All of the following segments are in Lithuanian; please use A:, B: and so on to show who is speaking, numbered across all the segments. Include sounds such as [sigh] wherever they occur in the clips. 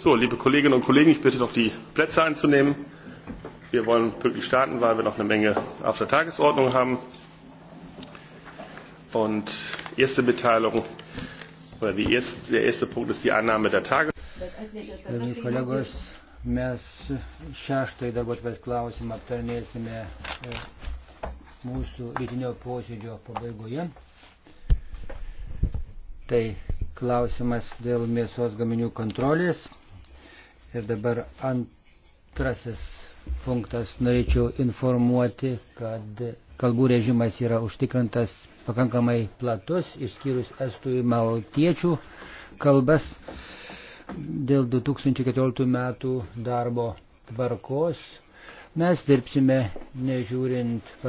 A: So, liebe Kolleginnen und Kollegen, ich bitte doch die Plätze einzunehmen. Wir wollen pünktlich starten, weil wir noch eine Menge auf der Tagesordnung haben. Und erste Mitteilung oder die erste, der erste Punkt ist die Annahme der Tagesordnung.
B: Mes šeštąjį darbotvarkės klausimą aptarnėsime e, mūsų rytinio posėdžio pabaigoje. Tai klausimas dėl mėsos gaminių kontrolės. Ir dabar antrasis punktas norėčiau informuoti, kad kalbų režimas yra užtikrintas pakankamai platus, išskyrus estų ir maltiečių kalbas dėl 2014 metų darbo tvarkos. Mes dirbsime nežiūrint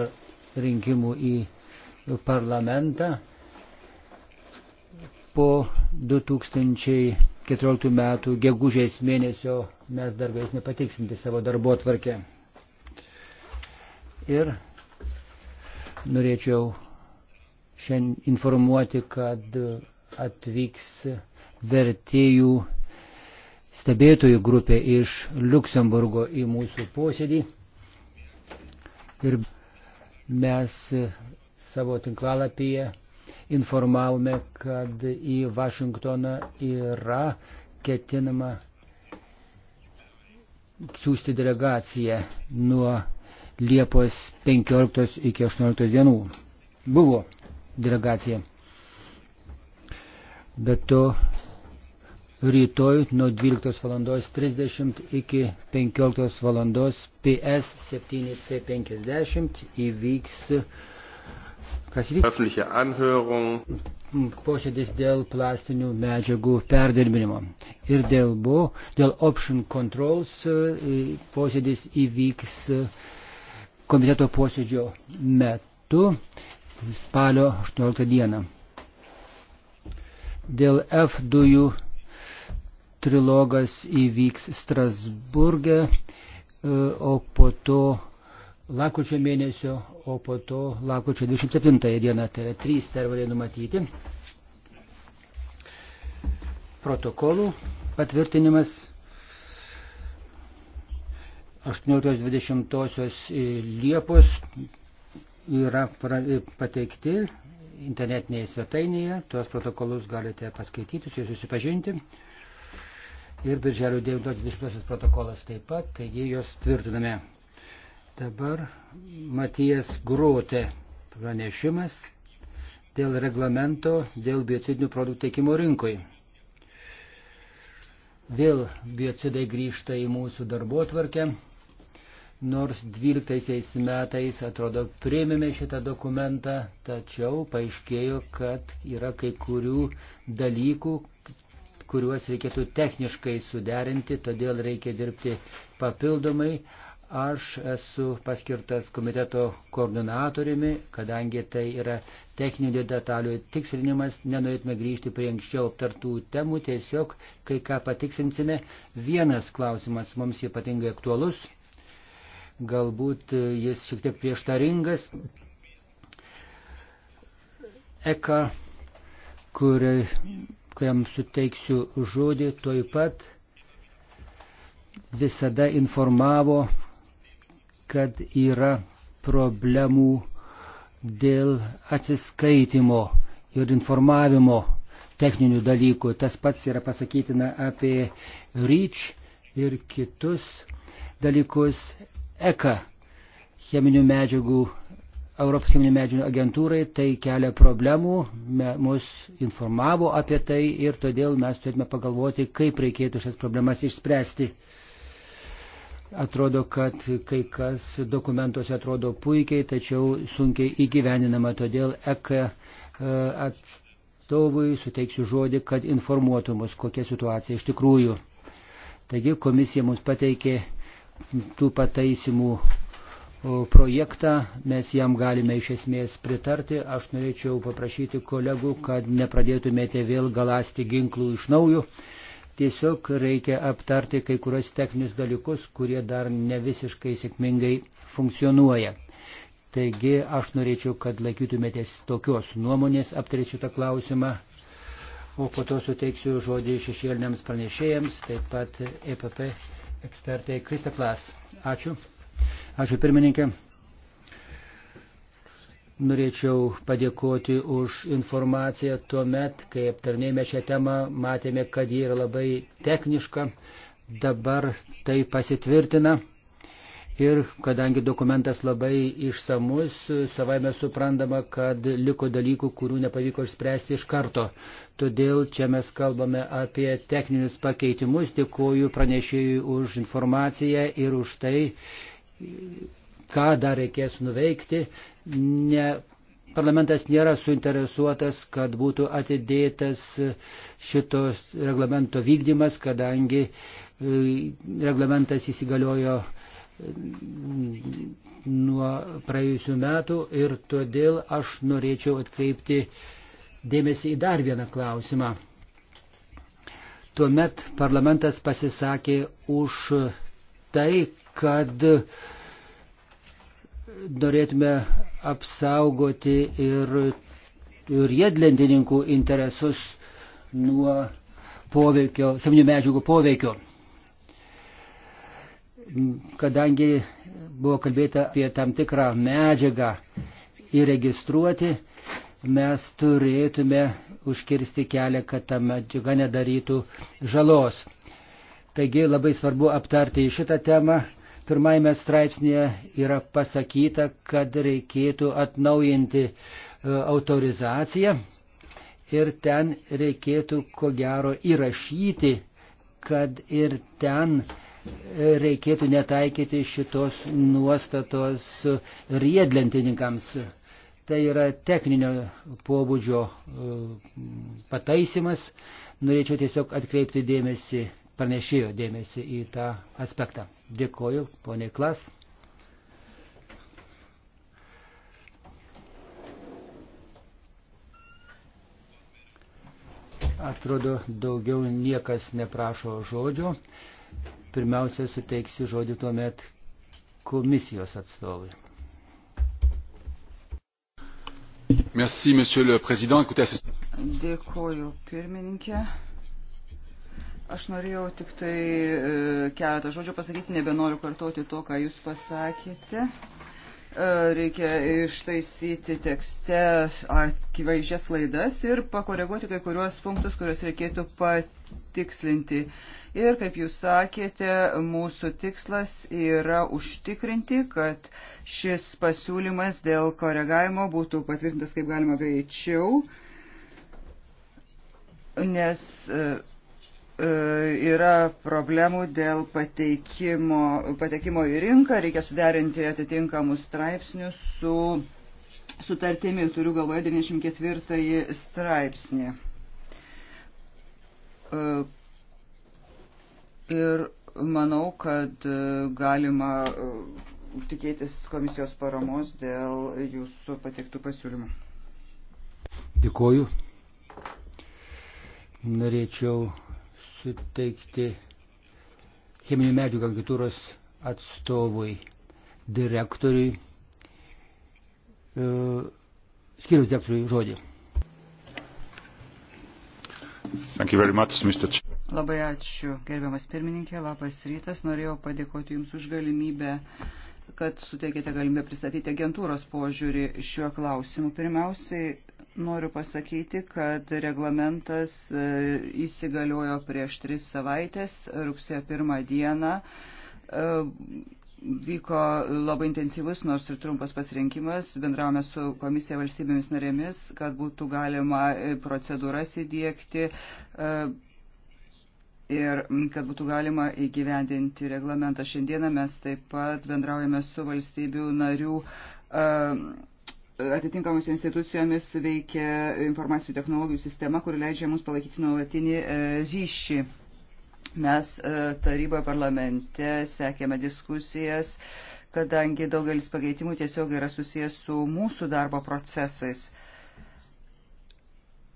B: rinkimų į parlamentą po 2000. 14 metų gegužės mėnesio mes dar galėsime pateiksinti savo darbo atvarkę. Ir norėčiau šiandien informuoti, kad atvyks vertėjų stebėtojų grupė iš Luksemburgo į mūsų posėdį. Ir mes savo tinklalapyje informavome, kad į Vašingtoną yra ketinama siūsti delegaciją nuo Liepos 15 iki 18 dienų. Buvo delegacija. Bet to rytoj nuo 12.30 iki 15.00 PS 7C50
A: įvyks Kas vyko?
B: Posėdis dėl plastinių medžiagų perdirbinimo. Ir dėl buvo, dėl option controls e, posėdis įvyks e, komiteto posėdžio metu spalio 18 dieną. Dėl F dujų trilogas įvyks Strasburgė, e, o po to lakučio mėnesio, o po to lakučio 27 dieną, tai yra trys tervaliai numatyti. Protokolų patvirtinimas 18.20 Liepos yra pateikti internetinėje svetainėje, tuos protokolus galite paskaityti, su jais susipažinti. Ir birželio 9.20 protokolas taip pat, taigi juos tvirtiname. Dabar Matijas Gruotė pranešimas dėl reglamento dėl biocidinių produktų teikimo rinkoj. Vėl biocidai grįžta į mūsų darbo tvarkę. Nors 12 metais, atrodo, priėmėme šitą dokumentą, tačiau paaiškėjo, kad yra kai kurių dalykų, kuriuos reikėtų techniškai suderinti, todėl reikia dirbti papildomai. Aš esu paskirtas komiteto koordinatoriumi, kadangi tai yra techninių detalių tikslinimas, nenorėtume grįžti prie anksčiau aptartų temų, tiesiog kai ką patiksinsime. Vienas klausimas mums ypatingai aktualus, galbūt jis šiek tiek prieštaringas. Eka, kuriai, kuriam suteiksiu žodį, toj pat visada informavo kad yra problemų dėl atsiskaitimo ir informavimo techninių dalykų. Tas pats yra pasakytina apie REACH ir kitus dalykus ECA cheminių medžiagų. Europos cheminių medžiagų agentūrai tai kelia problemų, me, mus informavo apie tai ir todėl mes turėtume pagalvoti, kaip reikėtų šias problemas išspręsti. Atrodo, kad kai kas dokumentuose atrodo puikiai, tačiau sunkiai įgyveninama, todėl EK e, atstovui suteiksiu žodį, kad informuotų mus, kokia situacija iš tikrųjų. Taigi komisija mums pateikė tų pataisimų projektą, mes jam galime iš esmės pritarti. Aš norėčiau paprašyti kolegų, kad nepradėtumėte vėl galasti ginklų iš naujo. Tiesiog reikia aptarti kai kurios techninius dalykus, kurie dar ne visiškai sėkmingai funkcionuoja. Taigi aš norėčiau, kad laikytumėtės tokios nuomonės, aptarėčiau tą klausimą, o po to suteiksiu žodį šešėliniams pranešėjams, taip pat EPP ekspertai Kristaplas. Ačiū. Ačiū pirmininkė. Norėčiau padėkoti už informaciją tuo met, kai aptarnėjome šią temą, matėme, kad ji yra labai techniška, dabar tai pasitvirtina. Ir kadangi dokumentas labai išsamus, savaime suprantama, kad liko dalykų, kurių nepavyko išspręsti iš karto. Todėl čia mes kalbame apie techninius pakeitimus. Dėkuoju pranešėjui už informaciją ir už tai, ką dar reikės nuveikti ne, parlamentas nėra suinteresuotas, kad būtų atidėtas šitos reglamento vykdymas, kadangi e, reglamentas įsigaliojo e, nuo praėjusių metų ir todėl aš norėčiau atkreipti dėmesį į dar vieną klausimą. Tuomet parlamentas pasisakė už tai, kad uh, norėtume apsaugoti ir riedlentininkų interesus nuo poveikio, cheminių medžiagų poveikio. Kadangi buvo kalbėta apie tam tikrą medžiagą įregistruoti, mes turėtume užkirsti kelią, kad ta medžiaga nedarytų žalos. Taigi labai svarbu aptarti šitą temą, pirmajame straipsnėje yra pasakyta, kad reikėtų atnaujinti e, autorizaciją ir ten reikėtų ko gero įrašyti, kad ir ten e, reikėtų netaikyti šitos nuostatos riedlentininkams. Tai yra techninio pobūdžio e, pataisimas. Norėčiau tiesiog atkreipti dėmesį, pranešėjo dėmesį į tą aspektą. Dėkoju, ponė Klas. Atrodo, daugiau niekas neprašo žodžio. Pirmiausia, suteiksiu žodį tuomet komisijos atstovui.
C: Merci, monsieur le président. Écoutez,
D: Dėkoju, pirmininkė. Aš norėjau tik tai e, keletą žodžių pasakyti, nebenoriu kartoti to, ką jūs pasakėte. E, reikia ištaisyti tekste akivaizdžias klaidas ir pakoreguoti kai kuriuos punktus, kuriuos reikėtų patikslinti. Ir, kaip jūs sakėte, mūsų tikslas yra užtikrinti, kad šis pasiūlymas dėl koregavimo būtų patvirtintas kaip galima greičiau, nes e, E, yra problemų dėl pateikimo, patekimo į rinką, reikia suderinti atitinkamus straipsnius su sutartimi, turiu galvoje 94 straipsnį. E, ir manau, kad e, galima tikėtis komisijos paramos dėl jūsų patektų pasiūlymų.
B: Dėkoju. Norėčiau suteikti cheminių medžiagų agentūros atstovui, direktoriui, e, skiriaus direktoriui žodį.
C: Much,
D: Labai ačiū, gerbiamas pirmininkė, labas rytas. Norėjau padėkoti Jums už galimybę, kad suteikėte galimybę pristatyti agentūros požiūrį šiuo klausimu. Pirmiausiai noriu pasakyti, kad reglamentas e, įsigaliojo prieš tris savaitės, rugsėjo pirmą dieną. E, vyko labai intensyvus, nors ir trumpas pasirinkimas, bendravome su komisija valstybėmis narėmis, kad būtų galima e, procedūras įdėkti ir kad būtų galima įgyvendinti reglamentą. Šiandieną mes taip pat bendraujame su valstybių narių atitinkamus institucijomis veikia informacinių technologijų sistema, kuri leidžia mums palaikyti nuolatinį e, ryšį. Mes e, taryboje parlamente sekėme diskusijas, kadangi daugelis pakeitimų tiesiog yra susijęs su mūsų darbo procesais.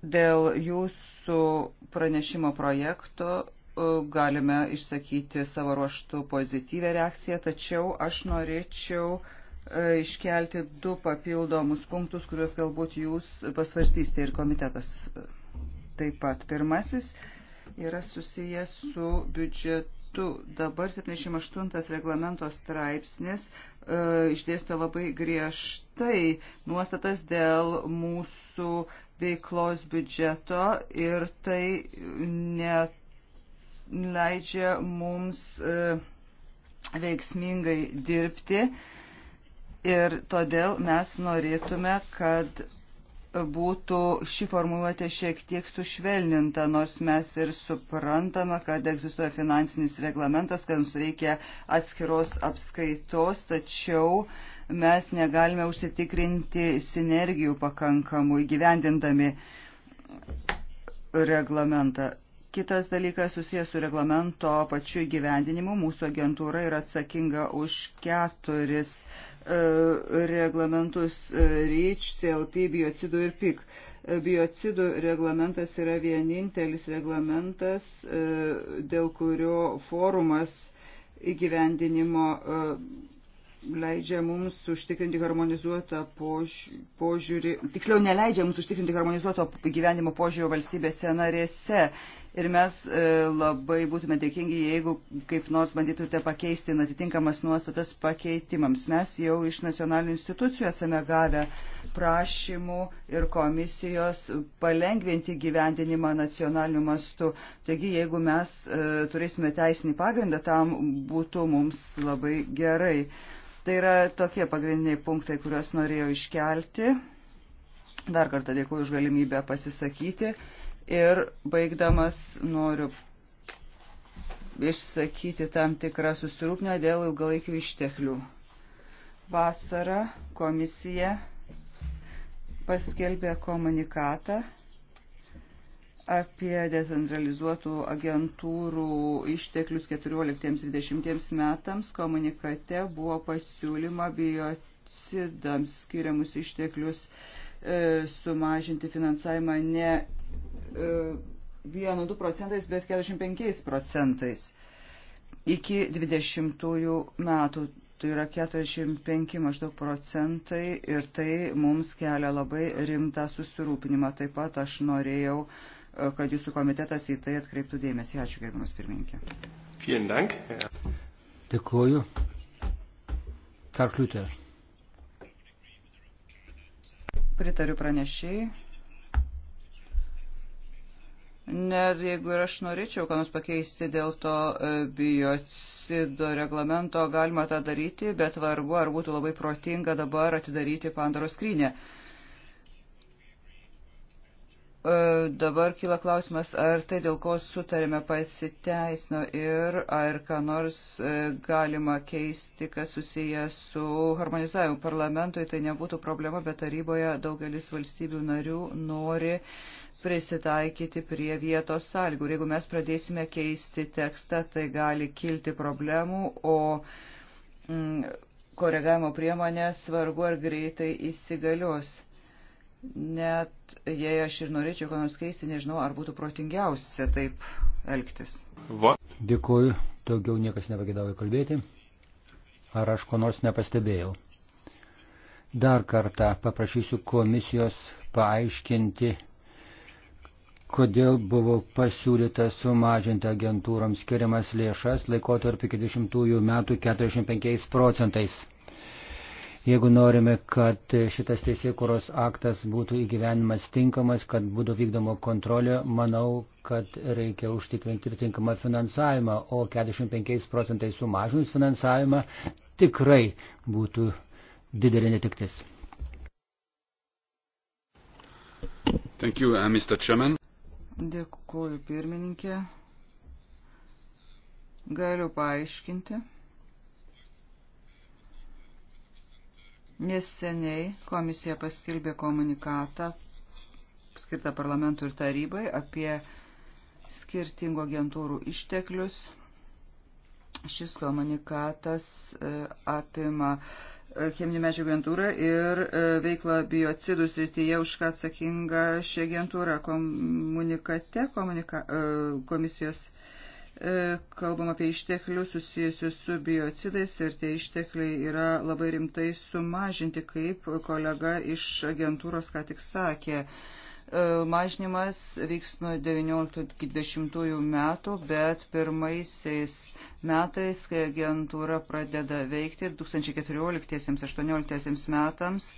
D: Dėl jūsų pranešimo projekto e, galime išsakyti savo ruoštų pozityvę reakciją, tačiau aš norėčiau uh, E, iškelti du papildomus punktus, kuriuos galbūt jūs pasvarstysite ir komitetas taip pat. Pirmasis yra susijęs su biudžetu. Dabar 78 reglamento straipsnis e, išdėsto labai griežtai nuostatas dėl mūsų veiklos biudžeto ir tai net leidžia mums e, veiksmingai dirbti. E, Ir todėl mes norėtume, kad būtų ši formuluotė šiek tiek sušvelninta, nors mes ir suprantame, kad egzistuoja finansinis reglamentas, kad mums reikia atskiros apskaitos, tačiau mes negalime užsitikrinti sinergijų pakankamų įgyvendindami reglamentą. Kitas dalykas susijęs su reglamento pačiu įgyvendinimu. Mūsų agentūra yra atsakinga už keturis E, reglamentus e, REACH, CLP, biocidų ir PIK. E, biocidų reglamentas yra vienintelis reglamentas, dėl kurio forumas įgyvendinimo leidžia mums užtikrinti harmonizuotą požiūrį, tiksliau neleidžia mums užtikrinti harmonizuoto gyvenimo požiūrio valstybėse narėse. Ir mes e, labai būtume dėkingi, jeigu kaip nors bandytumėte pakeisti atitinkamas nuostatas pakeitimams. Mes jau iš nacionalinių institucijų esame gavę prašymų ir komisijos palengvinti gyvendinimą nacionaliniu mastu. Taigi, jeigu mes e, turėsime teisinį pagrindą, tam būtų mums labai gerai. Tai yra tokie pagrindiniai punktai, kuriuos norėjau iškelti. Dar kartą dėkuoju už galimybę pasisakyti. Ir baigdamas noriu išsakyti tam tikrą susirūpnę dėl ilgalaikių išteklių. Vasarą komisija paskelbė komunikatą apie decentralizuotų agentūrų išteklius 14-20 metams komunikate buvo pasiūlyma biocidams skiriamus išteklius e, sumažinti finansavimą ne e, 1-2 procentais, bet 45 procentais iki 20 metų. Tai yra 45 maždaug procentai ir tai mums kelia labai rimtą susirūpinimą. Taip pat aš norėjau uh, kad jūsų komitetas į tai atkreiptų dėmesį. Ačiū, gerbimas pirmininkė.
B: Dėkuoju. Karkliutė.
D: Pritariu pranešiai. Net jeigu ir aš norėčiau, ką nors pakeisti dėl to e, biocido reglamento, galima tą daryti, bet vargu, ar būtų labai protinga dabar atidaryti Pandoros skrynę. Uh, E, dabar kyla klausimas, ar tai dėl ko sutarėme pasiteisino ir ar ką nors e, galima keisti, kas susiję su harmonizavimu parlamentui, tai nebūtų problema, bet taryboje daugelis valstybių narių nori prisitaikyti prie vietos sąlygų. Ir jeigu mes pradėsime keisti tekstą, tai gali kilti problemų, o mm, koregavimo priemonės vargu ar greitai įsigalios net jei aš ir norėčiau ką nors keisti, nežinau, ar būtų protingiausia taip elgtis. Va.
B: Dėkuoju, daugiau niekas nepagėdavo kalbėti. Ar aš ko nors nepastebėjau? Dar kartą paprašysiu komisijos paaiškinti, kodėl buvo pasiūlyta sumažinti agentūrams skiriamas lėšas laikotarpį 20 metų 45 procentais. Jeigu norime, kad šitas teisėkuros aktas būtų įgyvenimas tinkamas, kad būtų vykdoma kontrolė, manau, kad reikia užtikrinti ir tinkamą finansavimą, o 45 procentai sumažinus finansavimą tikrai būtų didelė netiktis.
C: Thank you, uh, Mr. Chairman.
D: Dėkuoju pirmininkė. Galiu paaiškinti. Neseniai komisija paskelbė komunikatą skirtą parlamentui ir tarybai apie skirtingų agentūrų išteklius. Šis komunikatas e, apima e, cheminių medžiagų agentūrą ir e, veiklą biocidų srityje, už ką atsakinga ši agentūra komunikate komunika, komisijos E, kalbam apie išteklius susijusius su biocidais ir tie ištekliai yra labai rimtai sumažinti, kaip kolega iš agentūros ką tik sakė. E, mažinimas vyks nuo 19-20 metų, bet pirmaisiais metais, kai agentūra pradeda veikti 2014-2018 metams, e,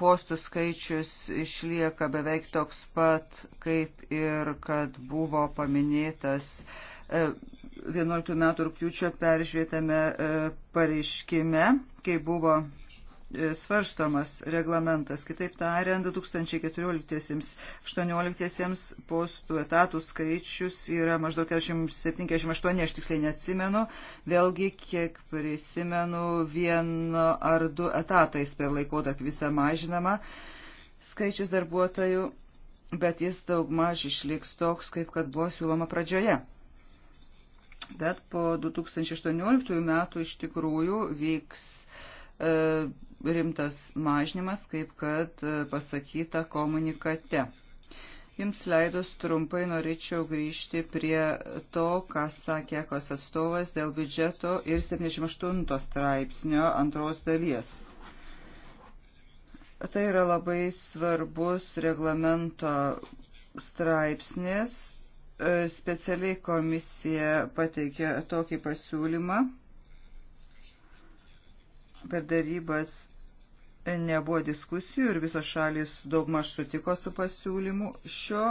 D: postų skaičius išlieka beveik toks pat, kaip ir kad buvo paminėtas 2014-2018 11 e, metų rūpjūčio peržiūrėtame e, pareiškime, kai buvo e, svarstomas reglamentas. Kitaip tariant, 2014-2018 postų etatų skaičius yra maždaug 78, aš tiksliai neatsimenu. Vėlgi, kiek prisimenu, vieno ar du etatais per laikotarpį visą mažinama skaičius darbuotojų, bet jis daugmaž išliks toks, kaip kad buvo siūloma pradžioje bet po 2018 metų iš tikrųjų vyks e, rimtas mažnymas, kaip kad e, pasakyta komunikate. Jums leidus trumpai norėčiau grįžti prie to, ką sakė ekos atstovas dėl biudžeto ir 78 straipsnio antros dalies. Tai yra labai svarbus reglamento straipsnis, E, specialiai komisija pateikė tokį pasiūlymą. Per darybas nebuvo diskusijų ir visos šalis daugmaž sutiko su pasiūlymu. Šio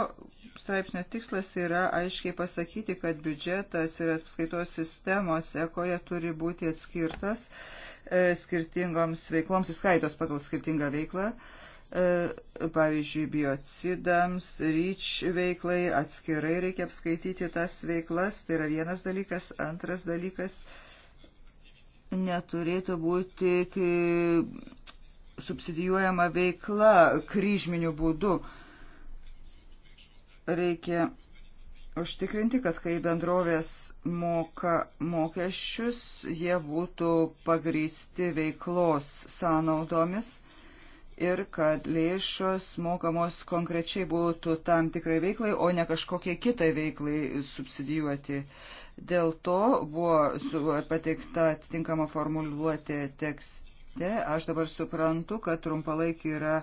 D: straipsnio tikslas yra aiškiai pasakyti, kad biudžetas ir apskaitos sistemos ekoje turi būti atskirtas e, skirtingoms veikloms, įskaitos pagal skirtingą veiklą. E, E, pavyzdžiui, biocidams, ryč veiklai, atskirai reikia apskaityti tas veiklas, tai yra vienas dalykas, antras dalykas neturėtų būti subsidijuojama veikla kryžminiu būdu. Reikia užtikrinti, kad kai bendrovės moka mokesčius, jie būtų pagrysti veiklos sąnaudomis ir kad lėšos mokamos konkrečiai būtų tam tikrai veiklai, o ne kažkokiai kitai veiklai subsidijuoti. Dėl to buvo pateikta atitinkama formuluotė tekste. Aš dabar suprantu, kad trumpalaikį yra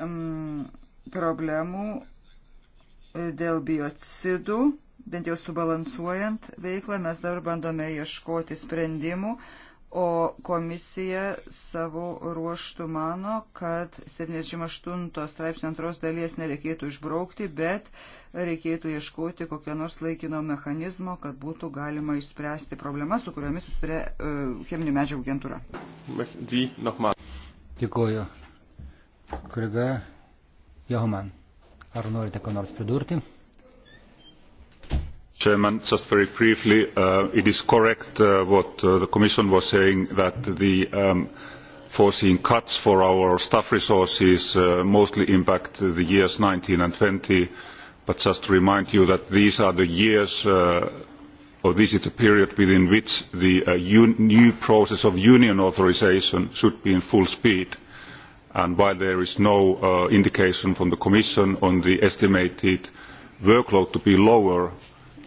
D: mm, problemų e, dėl biocidų, bent jau subalansuojant veiklą, mes dar bandome ieškoti sprendimų. Mm, O komisija savo ruoštų mano, kad 78 straipsnio antros dalies nereikėtų išbraukti, bet reikėtų ieškoti kokio nors laikino mechanizmo, kad būtų galima išspręsti problemas, su kuriomis susiturė uh, e, cheminių medžiagų agentūra.
A: Dėkuoju.
B: Kolega Johaman, ar norite ko nors pridurti?
C: Chairman, just very briefly, uh, it is correct uh, what uh, the Commission was saying that the um, foreseen cuts for our staff resources uh, mostly impact the years 19 and 20, but just to remind you that these are the years, uh, or this is the period within which the uh, un new process of union authorization should be in full speed. And while there is no uh, indication from the Commission on the estimated workload to be lower,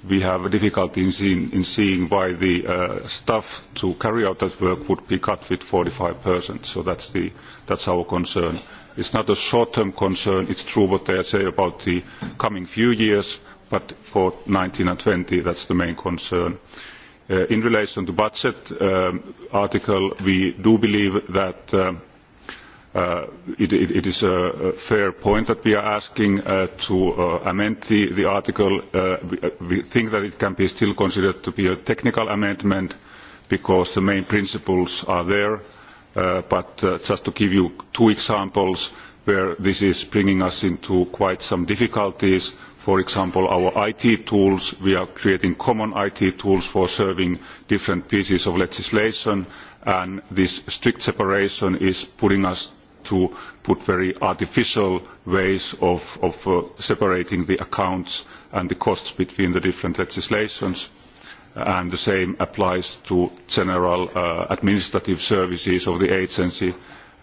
C: we have difficulty in seeing, in seeing why the uh, staff to carry out that work would be cut with 45%. So that's, the, that's our concern. It's not a short-term concern. It's true what they say about the coming few years, but for 19 and 20, that's the main concern. Uh, in relation to budget um, article, we do believe that um, uh, it, it, it is a, a fair point that we are asking uh, to uh, amend the, the article. Uh, we, uh, we think that it can be still considered to be a technical amendment because the main principles are there. Uh, but uh, just to give you two examples where this is bringing us into quite some difficulties, for example, our IT tools, we are creating common IT tools for serving different pieces of legislation, and this strict separation is putting us to put very artificial ways of, of uh, separating the accounts and the costs between the different legislations and the same applies to general uh, administrative services of the agency.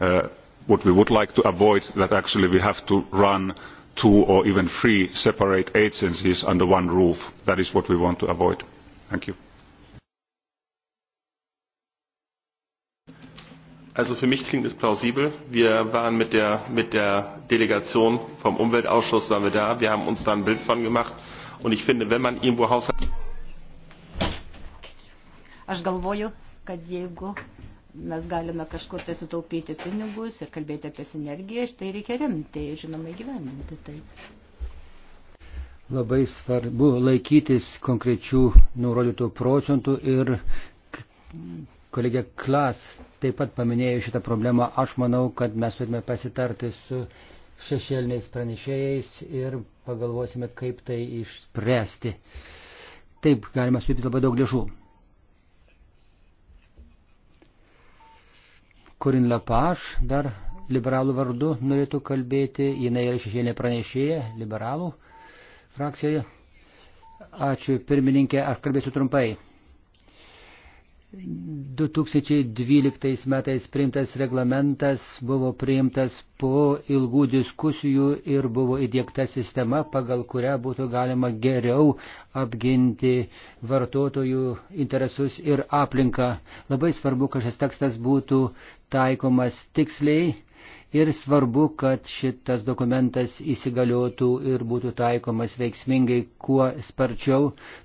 C: Uh, what we would like to avoid is that actually we have to run two or even three separate agencies under one roof. That is what we want to avoid. Thank you.
A: Also für mich klingt es plausibel. Wir waren mit der, mit der Delegation vom Umweltausschuss waren wir da. Wir haben uns da ein Bild von gemacht. Und ich finde, wenn man irgendwo Haushalt...
E: Aš galvoju, kad jeigu mes galime kažkur tai sutaupyti pinigus ir kalbėti apie sinergiją, tai reikia remti ir žinoma įgyvendinti tai.
B: Labai svarbu laikytis konkrečių nurodytų procentų ir Kolegė Klas taip pat paminėjo šitą problemą. Aš manau, kad mes turime pasitarti su šešėliniais pranešėjais ir pagalvosime, kaip tai išspręsti. Taip, galima sutaupyti labai daug lėšų. Korin Lapaš dar liberalų vardu norėtų kalbėti. Jinai yra šešėlinė pranešėja liberalų frakcijoje. Ačiū pirmininkė, aš kalbėsiu trumpai. 2012 metais priimtas reglamentas buvo priimtas po ilgų diskusijų ir buvo įdėkta sistema, pagal kurią būtų galima geriau apginti vartotojų interesus ir aplinką. Labai svarbu, kad šis tekstas būtų taikomas tiksliai ir svarbu, kad šitas dokumentas įsigaliotų ir būtų taikomas veiksmingai kuo sparčiau.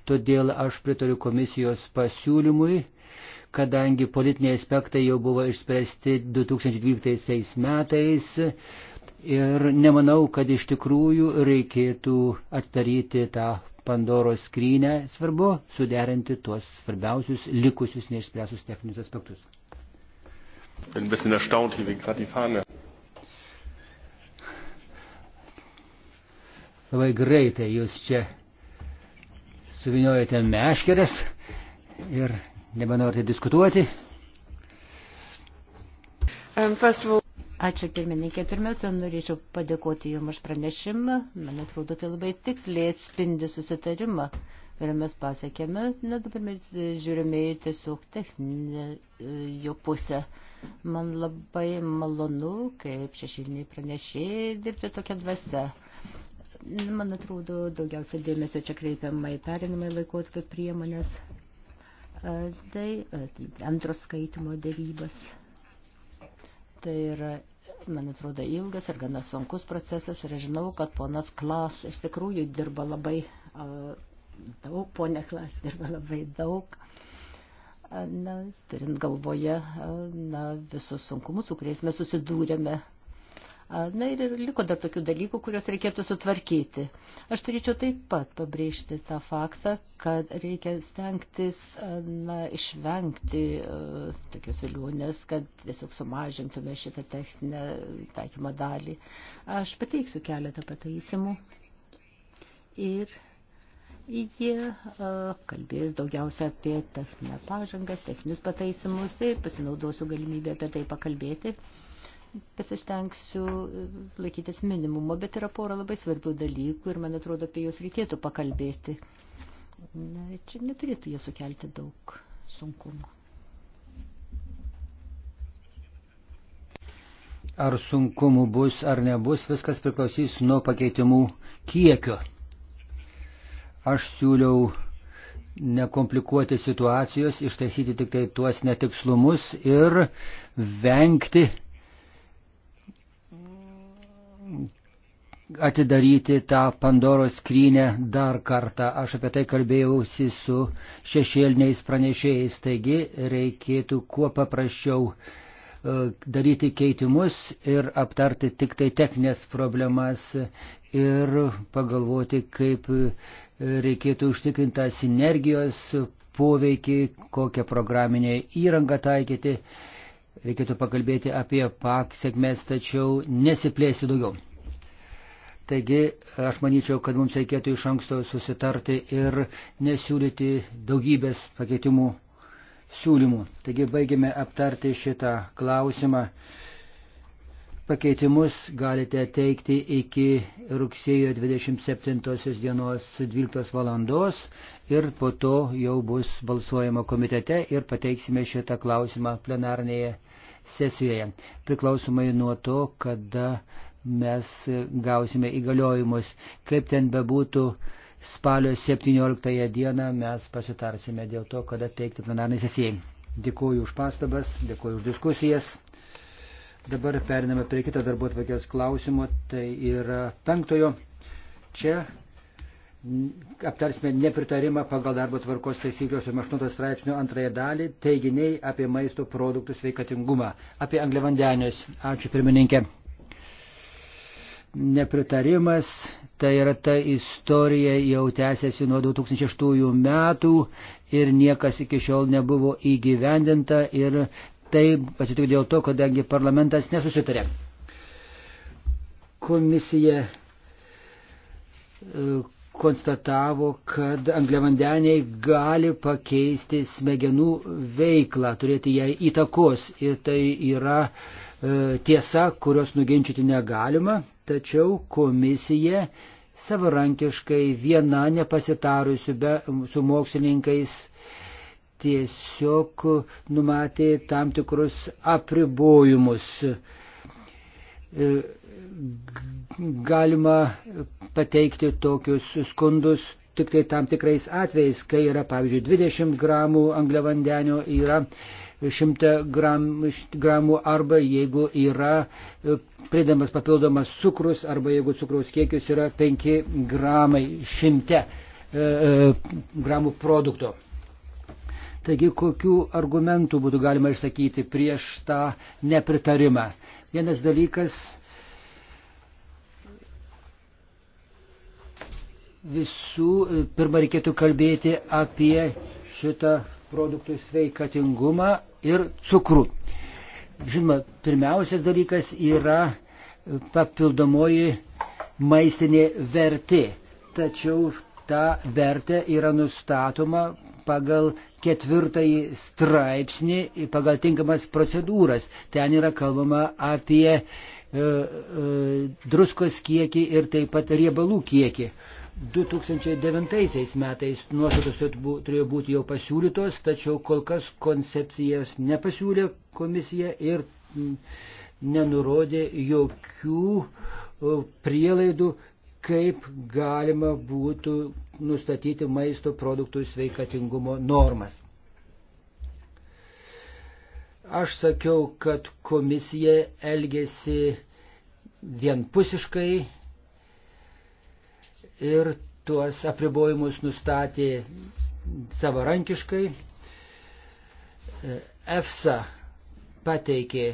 B: Todėl aš pritariu komisijos pasiūlymui kadangi politiniai aspektai jau buvo išspręsti 2012 metais. Ir nemanau, kad iš tikrųjų reikėtų atdaryti tą Pandoros skrynę. Svarbu suderinti tuos svarbiausius likusius neišspręsus techninius aspektus. Labai greitai jūs čia suviniojate meškeres ir nebenorite diskutuoti.
E: Um, Ačiū pirmininkė. Pirmiausia, norėčiau padėkoti Jums už pranešimą. Man atrodo, tai labai tiksliai atspindi susitarimą, kurį mes pasiekėme. Na, dabar mes žiūrime į tiesiog techninę e, jo pusę. Man labai malonu, kaip šešiliniai pranešėjai, dirbti tokią dvasę. Man atrodo, daugiausia dėmesio čia kreipiama į perinamą laikotarpį priemonės. E, tai e, antros skaitimo dėrybas. Tai yra, man atrodo, ilgas ir gana sunkus procesas ir aš žinau, kad ponas Klas iš tikrųjų dirba labai e, daug, ponė Klas dirba labai daug na, turint galvoje na, visus sunkumus, su kuriais mes susidūrėme Na ir liko dar tokių dalykų, kuriuos reikėtų sutvarkyti. Aš turėčiau taip pat pabrėžti tą faktą, kad reikia stengtis na, išvengti uh, tokios iliūnės, kad tiesiog sumažintume šitą techninę taikymo dalį. Aš pateiksiu keletą pataisimų ir jie uh, kalbės daugiausia apie techninę pažangą, techninius pataisimus ir tai pasinaudosiu galimybę apie tai pakalbėti. Uh, pasistengsiu e, laikytis minimumo, bet yra pora labai svarbių dalykų ir man atrodo, apie juos reikėtų pakalbėti. Na, čia neturėtų jie sukelti daug sunkumų.
B: Ar sunkumų bus ar nebus, viskas priklausys nuo pakeitimų kiekio. Aš siūliau nekomplikuoti situacijos, ištaisyti tik tai tuos netikslumus ir vengti atidaryti tą Pandoros skrynę dar kartą. Aš apie tai kalbėjausi su šešėliniais pranešėjais, taigi reikėtų kuo paprasčiau e, daryti keitimus ir aptarti tik tai techninės problemas ir pagalvoti, kaip e, reikėtų užtikrintą sinergijos poveikį, kokią programinę įrangą taikyti reikėtų pakalbėti apie PAK sėkmės, tačiau nesiplėsti daugiau. Taigi aš manyčiau, kad mums reikėtų iš anksto susitarti ir nesiūlyti daugybės pakeitimų siūlymų. Taigi baigėme aptarti šitą klausimą. Pakeitimus galite teikti iki rugsėjo 27 dienos 12 valandos ir po to jau bus balsuojama komitete ir pateiksime šitą klausimą plenarnėje sesijoje. Priklausomai nuo to, kada mes gausime įgaliojimus. Kaip ten bebūtų, spalio 17 dieną mes pasitarsime dėl to, kada teikti plenarnai sesijai. Dėkuoju už pastabas, dėkuoju už diskusijas. Dabar periname prie kitą darbo atvakės klausimo, tai yra penktojo. Čia aptarsime nepritarimą pagal darbo tvarkos taisyklių 8 straipsnio antrąją dalį, teiginiai apie maisto produktų sveikatingumą, apie angliavandenius. Ačiū pirmininkė. Nepritarimas, tai yra ta istorija jau tęsiasi nuo 2006 metų ir niekas iki šiol nebuvo įgyvendinta ir Tai atsitiko dėl to, kadangi parlamentas nesusitarė. Komisija e, konstatavo, kad angliavandeniai gali pakeisti smegenų veiklą, turėti ją įtakos. Ir tai yra e, tiesa, kurios nuginčyti negalima, tačiau komisija savarankiškai viena nepasitarusi be, su mokslininkais tiesiog numatė tam tikrus apribojimus. E, galima pateikti tokius skundus tik tai tam tikrais atvejais, kai yra, pavyzdžiui, 20 gramų angliavandenio yra 100 gramų, gramų arba jeigu yra e, pridamas papildomas cukrus arba jeigu cukraus kiekis yra 5 gramai 100 e, gramų produkto. Taigi, kokiu argumentu būtų galima išsakyti prieš tą nepritarimą? Vienas dalykas visų, pirmą reikėtų kalbėti apie šitą produktų sveikatingumą ir cukrų. Žinoma, pirmiausias dalykas yra papildomoji maistinė vertė, tačiau ta vertė yra nustatoma pagal ketvirtąjį straipsnį, pagal tinkamas procedūras. Ten yra kalbama apie e, e, druskos kiekį ir taip pat riebalų kiekį. 2009 metais nuostatos turėjo būti jau pasiūlytos, tačiau kol kas koncepcijas nepasiūlė komisija ir mm, nenurodė jokių e, prielaidų kaip galima būtų nustatyti maisto produktų sveikatingumo normas. Aš sakiau, kad komisija elgėsi vienpusiškai ir tuos apribojimus nustatė savarankiškai. E, EFSA pateikė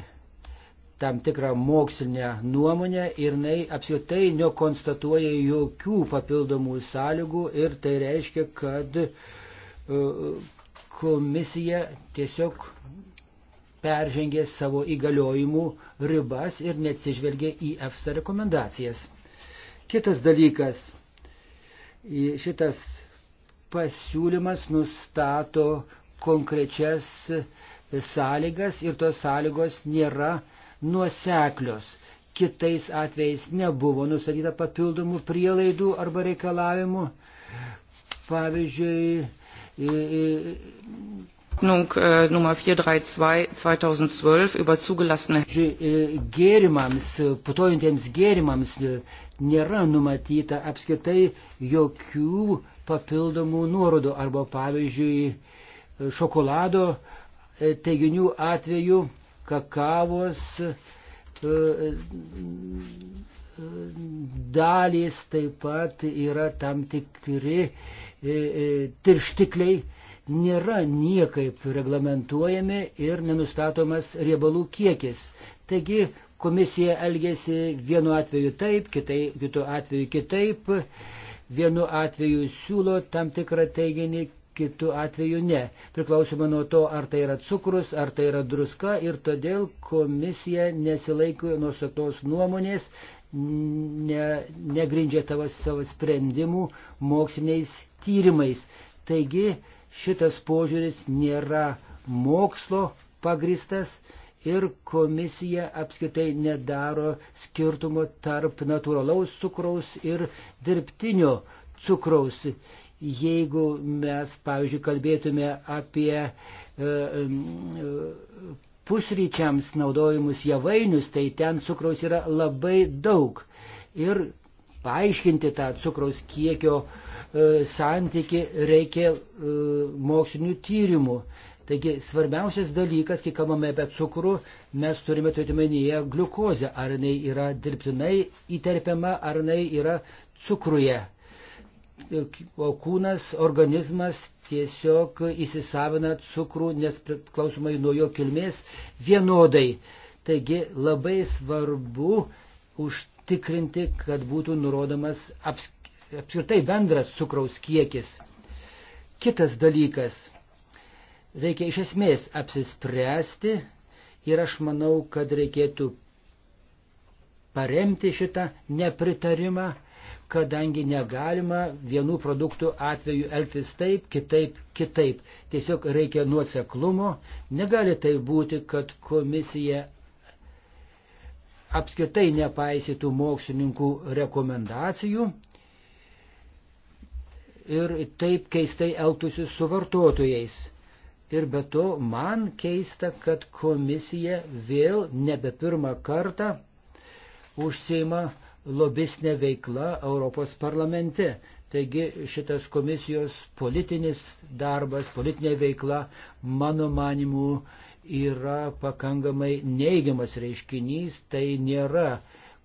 B: tam tikrą mokslinę nuomonę ir jinai apskritai nekonstatuoja jokių papildomų sąlygų ir tai reiškia, kad e, komisija tiesiog peržengė savo įgaliojimų ribas ir neatsižvelgė į EFSA rekomendacijas. Kitas dalykas, šitas pasiūlymas nustato konkrečias sąlygas ir tos sąlygos nėra uh, nuoseklios. Kitais atvejais nebuvo nustatyta papildomų prielaidų arba reikalavimų. Pavyzdžiui, äh, Nummer 432-2012 über zugelassene gėrimams, putojantiems gėrimams e, nėra numatyta apskritai jokių papildomų nuorodų arba pavyzdžiui šokolado e, teiginių atveju kakavos e, e, dalys taip pat yra tam tikri e, tirštikliai, nėra niekaip reglamentuojami ir nenustatomas riebalų kiekis. Taigi komisija elgėsi vienu atveju taip, kitai, kitu atveju kitaip. Vienu atveju siūlo tam tikrą teiginį, kitu atveju ne. Priklausoma nuo to, ar tai yra cukrus, ar tai yra druska ir todėl komisija nesilaiko nuoseklos nuomonės, ne, negrindžia tavo savo sprendimų moksliniais tyrimais. Taigi šitas požiūris nėra mokslo pagristas ir komisija apskritai nedaro skirtumo tarp natūralaus cukraus ir dirbtinio cukraus. Jeigu mes, pavyzdžiui, kalbėtume apie e, e, pusryčiams naudojimus javainius, tai ten cukraus yra labai daug. Ir paaiškinti tą cukraus kiekio e, santyki reikia e, mokslinių tyrimų. Taigi svarbiausias dalykas, kai kalbame apie cukrų, mes turime turėti menyje gliukozę, ar jinai yra dirbtinai įterpiama, ar jinai yra cukruje kūnas, organizmas tiesiog įsisavina cukrų, nes priklausomai nuo jo kilmės, vienodai. Taigi labai svarbu užtikrinti, kad būtų nurodomas aps, apskritai bendras cukraus kiekis. Kitas dalykas. Reikia iš esmės apsispręsti ir aš manau, kad reikėtų paremti šitą nepritarimą kadangi negalima vienų produktų atveju elgtis taip, kitaip, kitaip. Tiesiog reikia nuoseklumo. Negali tai būti, kad komisija apskritai nepaisytų mokslininkų rekomendacijų ir taip keistai elgtųsi su vartotojais. Ir be to man keista, kad komisija vėl nebe pirmą kartą užsima lobistinė veikla Europos parlamente. Taigi šitas komisijos politinis darbas, politinė veikla, mano manimu, yra pakankamai neigiamas reiškinys, tai nėra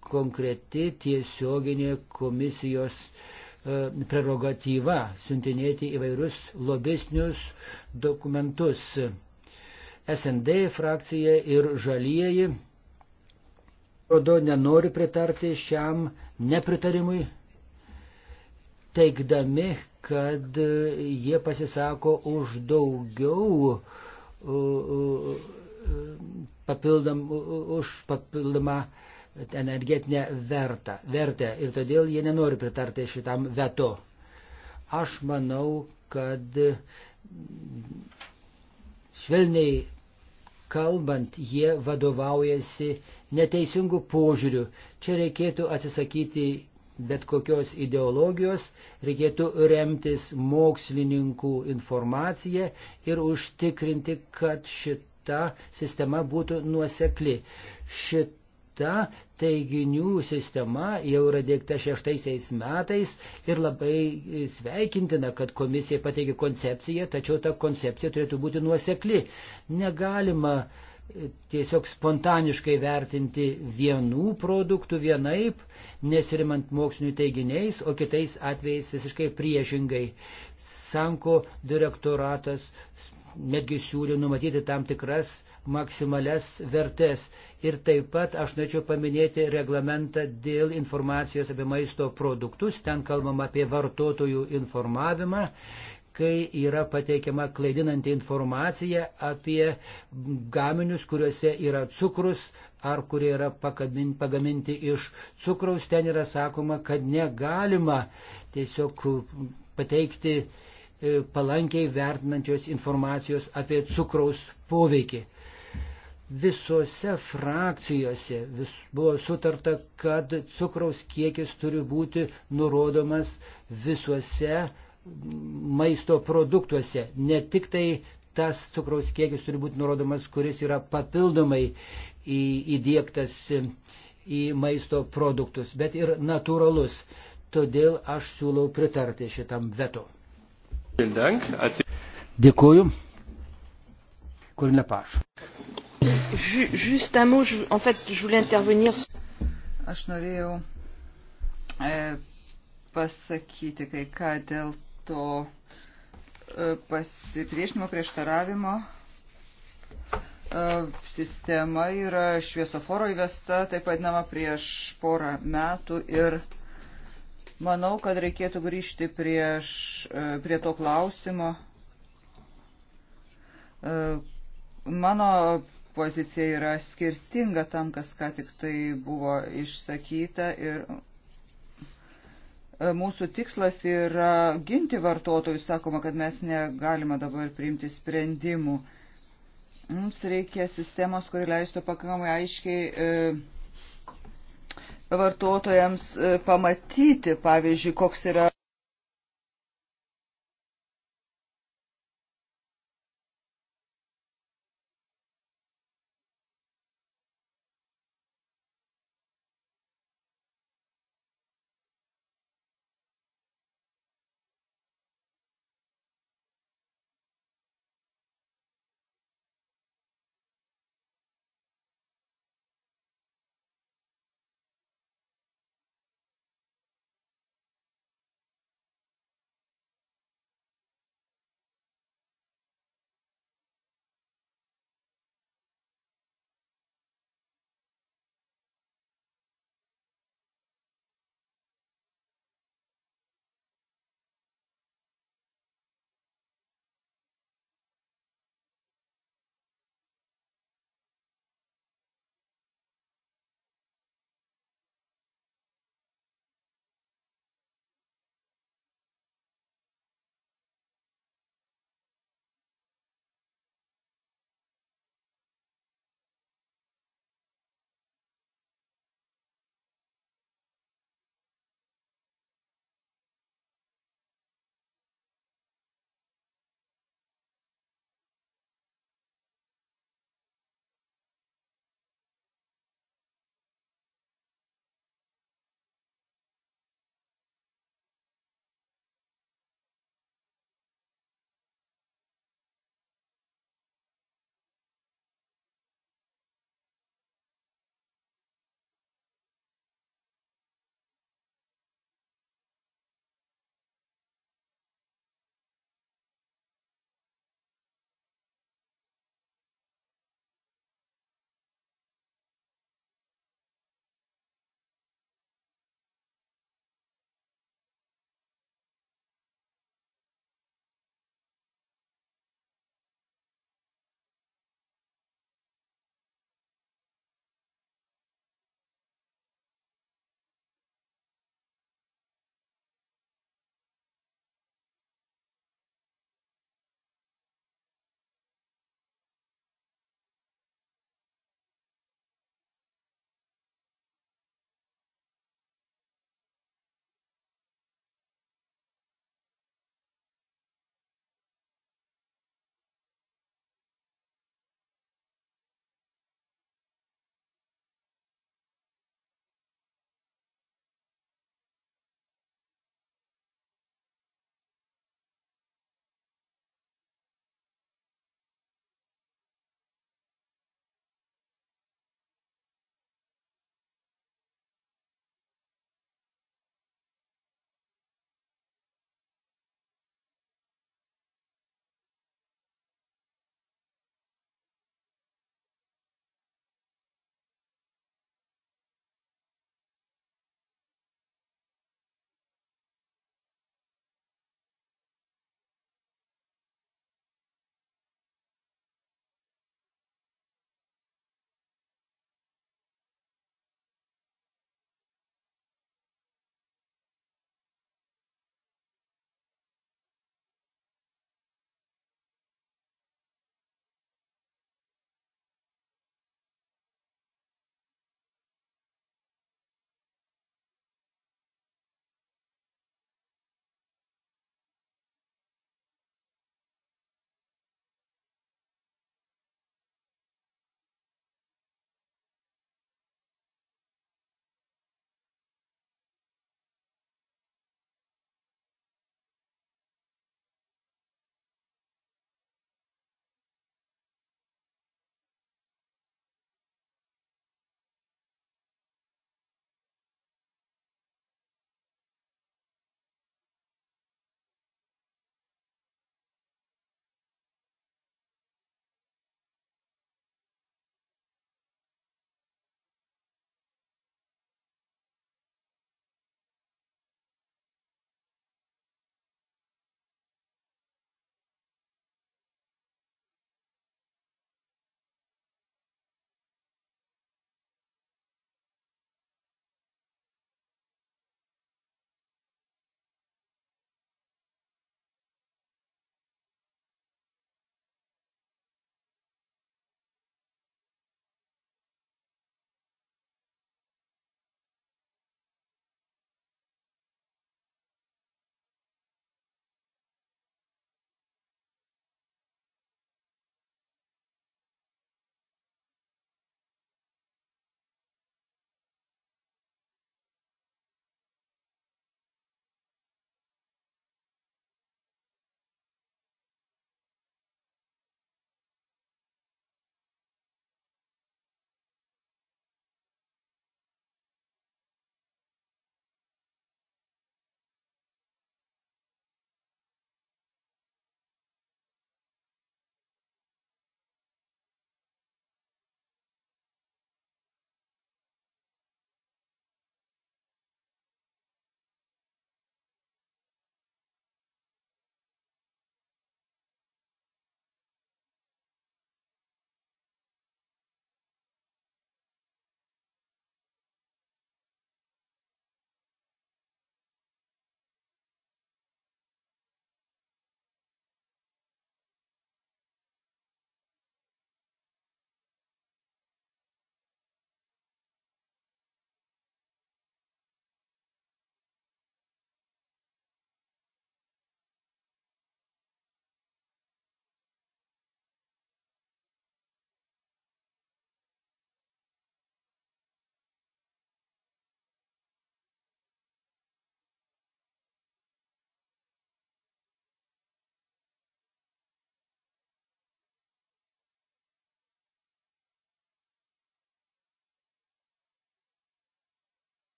B: konkreti tiesioginė komisijos e, prerogatyva siuntinėti įvairius lobistinius dokumentus. SND frakcija ir žalieji Rodo nenori pritarti šiam nepritarimui, teikdami, kad jie pasisako už daugiau papildom, už papildomą energetinę vertą, vertę ir todėl jie nenori pritarti šitam veto. Aš manau, kad švelniai kalbant, jie vadovaujasi neteisingų požiūrių. Čia reikėtų atsisakyti bet kokios ideologijos, reikėtų remtis mokslininkų informaciją ir užtikrinti, kad šita sistema būtų nuosekli. Šit ta teiginių sistema jau yra dėkta šeštaisiais metais ir labai sveikintina, kad komisija pateikė koncepciją, tačiau ta koncepcija turėtų būti nuosekli. Negalima e, tiesiog spontaniškai vertinti vienų produktų vienaip, nesirimant mokslinių teiginiais, o kitais atvejais visiškai priešingai. Sanko direktoratas netgi siūlė numatyti tam tikras maksimales vertės. Ir taip pat aš norėčiau paminėti reglamentą dėl informacijos apie maisto produktus. Ten kalbam apie vartotojų informavimą, kai yra pateikiama klaidinanti informacija apie gaminius, kuriuose yra cukrus ar kurie yra pagaminti iš cukraus. Ten yra sakoma, kad negalima tiesiog pateikti E, palankiai vertinančios informacijos apie cukraus poveikį. Visose frakcijose vis buvo sutarta, kad cukraus kiekis turi būti nurodomas visuose maisto produktuose. Ne tik tai tas cukraus kiekis turi būti nurodomas, kuris yra papildomai įdėktas į maisto produktus, bet ir natūralus. Todėl aš siūlau pritarti šitam veto. Dėkuoju. Kur nepaš.
D: Aš norėjau e, pasakyti kai ką dėl to e, pasipriešinimo prieštaravimo. E, sistema yra šviesoforo įvesta, taip vadinama, prieš porą metų ir e, Manau, kad reikėtų grįžti prieš, e, prie to klausimo. E, mano pozicija yra skirtinga tam, kas ką tik tai buvo išsakyta ir e, mūsų tikslas yra ginti vartotojus, sakoma, kad mes negalime dabar priimti sprendimų. Mums reikia sistemos, kuri leistų pakankamai aiškiai vartotojams e, pamatyti, pavyzdžiui, koks yra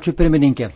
B: Ačiū pirmininkė.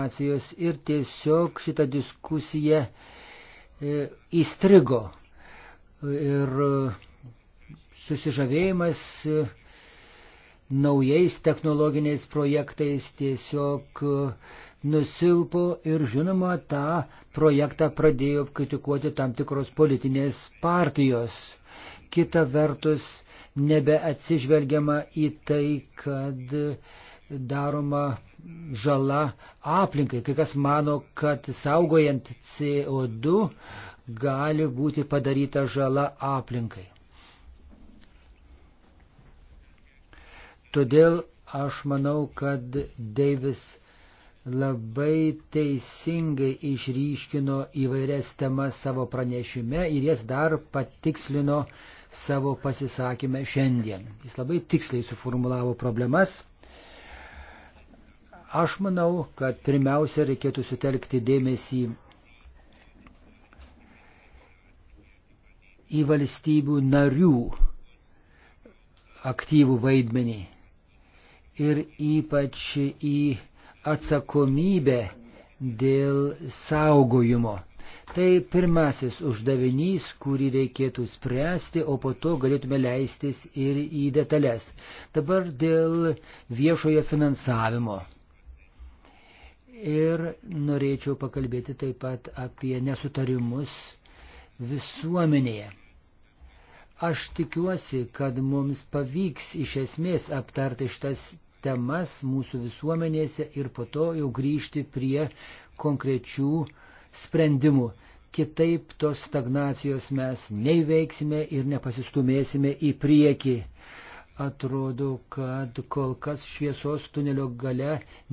B: informacijos ir tiesiog šitą diskusiją e, įstrigo. Ir e, susižavėjimas e, naujais technologiniais projektais tiesiog nusilpo ir žinoma tą projektą pradėjo kritikuoti tam tikros politinės partijos. Kita vertus, nebeatsižvelgiama į tai, kad daroma žala aplinkai. Kai kas mano, kad saugojant CO2 gali būti padaryta žala aplinkai. Todėl aš manau, kad Deivis labai teisingai išryškino įvairias temas savo pranešime ir jas dar patikslino savo pasisakymę šiandien. Jis labai tiksliai suformulavo problemas Aš manau, kad pirmiausia reikėtų sutelkti dėmesį į valstybių narių aktyvų vaidmenį ir ypač į atsakomybę dėl saugojimo. Tai pirmasis uždavinys, kurį reikėtų spręsti, o po to galėtume leistis ir į detalės. Dabar dėl viešojo finansavimo. Ir norėčiau pakalbėti taip pat apie nesutarimus visuomenėje. Aš tikiuosi, kad mums pavyks iš esmės aptarti šitas temas mūsų visuomenėse ir po to jau grįžti prie konkrečių sprendimų. Kitaip tos stagnacijos mes neįveiksime ir nepasistumėsime į priekį atrodo, kad kol kas šviesos tunelio gale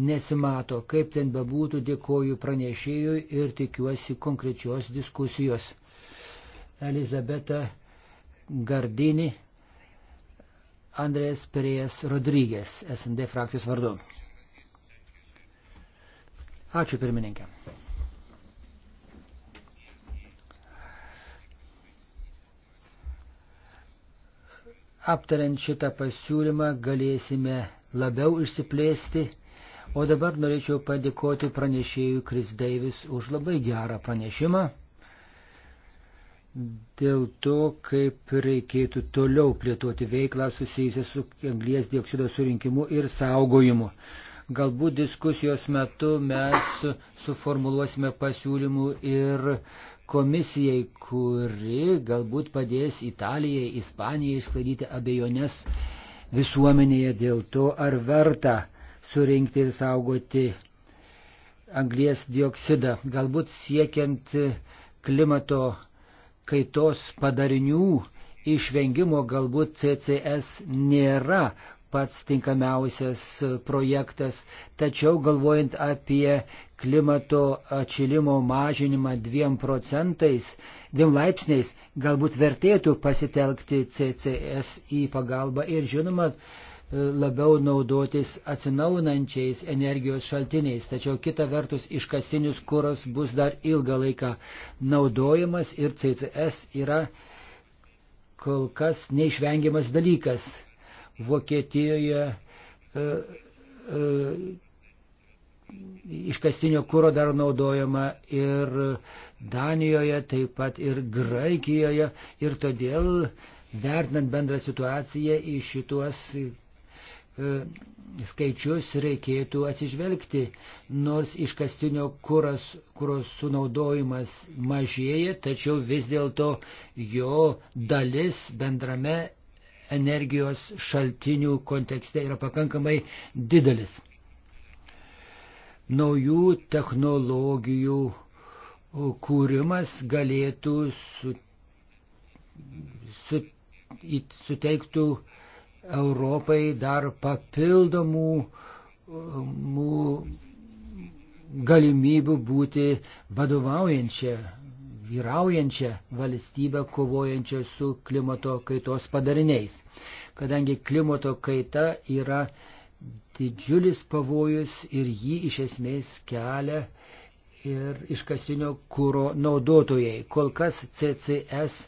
B: nesimato. Kaip ten bebūtų, dėkoju pranešėjui ir tikiuosi konkrečios diskusijos. Elizabeta Gardini, Andrės Perėjas Rodrygės, SND frakcijos vardu. Ačiū pirmininkė. aptariant šitą pasiūlymą galėsime labiau išsiplėsti. O dabar norėčiau padėkoti pranešėjui Kris Deivis už labai gerą pranešimą. Dėl to, kaip reikėtų toliau plėtoti veiklą susijusią su anglies dioksido surinkimu ir saugojimu. Galbūt diskusijos metu mes suformuluosime pasiūlymų ir komisijai, kuri galbūt padės Italijai, Ispanijai išsklaidyti abejonės visuomenėje dėl to, ar verta surinkti ir saugoti anglies dioksidą, galbūt siekiant klimato kaitos padarinių išvengimo, galbūt CCS nėra pats tinkamiausias projektas, tačiau galvojant apie klimato atšilimo mažinimą dviem procentais, dviem laipsniais, galbūt vertėtų pasitelkti CCS į pagalbą ir žinoma, labiau naudotis atsinaunančiais energijos šaltiniais, tačiau kita vertus iškasinius kuras bus dar ilgą laiką naudojamas ir CCS yra kol kas neišvengiamas dalykas. Vokietijoje e, e, iškastinio kūro dar naudojama ir Danijoje, taip pat ir Graikijoje. Ir todėl, vertinant bendrą situaciją, į šituos e, skaičius reikėtų atsižvelgti, nors iškastinio kuras, kuros sunaudojimas mažėja, tačiau vis dėlto jo dalis bendrame energijos šaltinių kontekste yra pakankamai didelis. Naujų technologijų kūrimas galėtų su, su, suteiktų Europai dar papildomų mū, galimybių būti vadovaujančia vyraujančią valstybę kovojančią su klimato kaitos padariniais. Kadangi klimato kaita yra didžiulis pavojus ir jį iš esmės kelia ir iškastinio kūro naudotojai. Kol kas CCS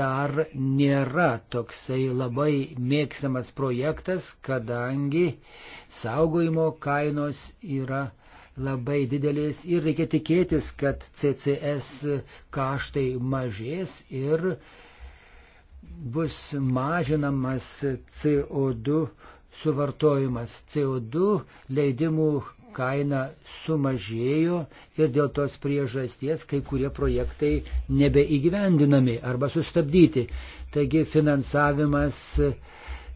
B: dar nėra toksai labai mėgstamas projektas, kadangi saugojimo kainos yra labai didelis ir reikia tikėtis, kad CCS kaštai mažės ir bus mažinamas CO2 suvartojimas. CO2 leidimų kaina sumažėjo ir dėl tos priežasties kai kurie projektai nebeįgyvendinami arba sustabdyti. Taigi finansavimas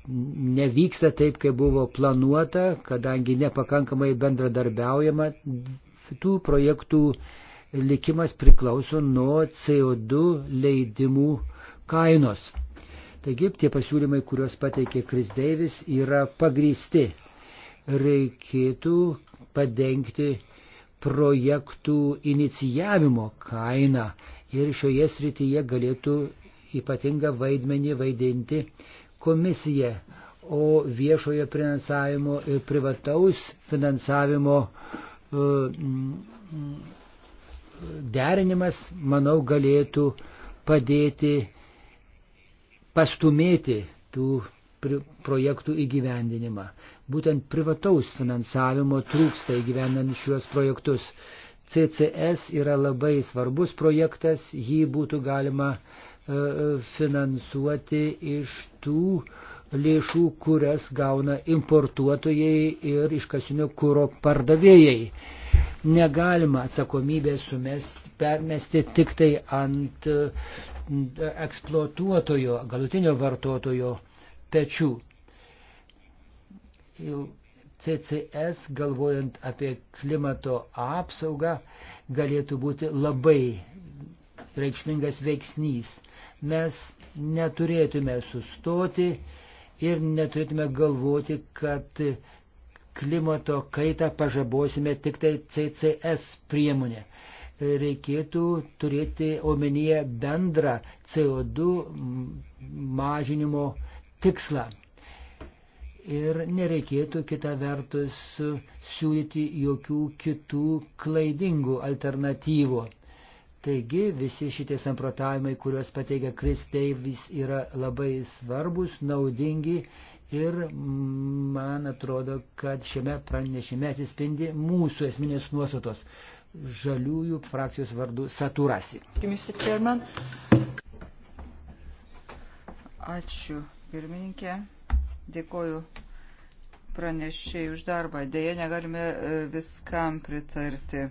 B: nevyksta taip, kaip buvo planuota, kadangi nepakankamai bendradarbiaujama. Tų projektų likimas priklauso nuo CO2 leidimų kainos. Taigi tie pasiūlymai, kuriuos pateikė Kris Deivis, yra pagrysti. Reikėtų padengti projektų inicijavimo kainą ir šioje srityje galėtų ypatingą vaidmenį vaidinti komisija, o viešojo finansavimo ir privataus finansavimo e, mm, derinimas, manau, galėtų padėti pastumėti tų projektų įgyvendinimą. Būtent privataus finansavimo trūksta įgyvendinant šiuos projektus. CCS yra labai svarbus projektas, jį būtų galima uh, E, finansuoti iš tų lėšų, kurias gauna importuotojai ir iškasinio kūro pardavėjai. Negalima atsakomybę sumesti, permesti tik tai ant e, eksploatuotojo, galutinio vartotojo pečių. CCS, galvojant apie klimato apsaugą, galėtų būti labai reikšmingas veiksnys mes neturėtume sustoti ir neturėtume galvoti, kad klimato kaitą pažabosime tik tai CCS priemonė. Reikėtų turėti omenyje bendrą CO2 mažinimo tikslą. Ir nereikėtų kita vertus siūlyti jokių kitų klaidingų alternatyvų. Taigi visi šitie samprotavimai, kuriuos pateikia Kris Deivis, yra labai svarbus, naudingi ir man atrodo, kad šiame pranešime atsispindi mūsų esminės nuostatos. Žaliųjų frakcijos vardu Saturasi.
D: Ačiū, pirmininkė. Dėkoju pranešėjai už darbą. Deja, negalime e, viskam pritarti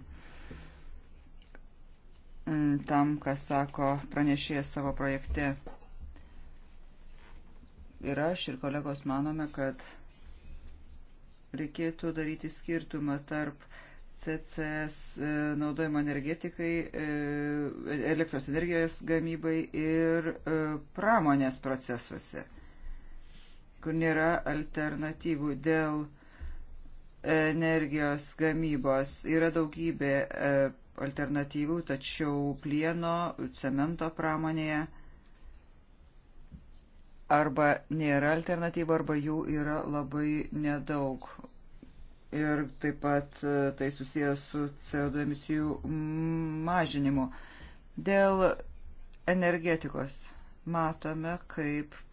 D: tam, kas sako pranešėjas savo projekte. Ir aš ir kolegos manome, kad reikėtų daryti skirtumą tarp CCS e, naudojimo energetikai, e, elektros energijos gamybai ir e, pramonės procesuose, kur nėra alternatyvų dėl energijos gamybos. Yra daugybė alternatyvų, tačiau plieno, cemento pramonėje arba nėra alternatyvų, arba jų yra labai nedaug. Ir taip pat e, tai susijęs su CO2 emisijų mažinimu. Dėl energetikos matome, kaip e,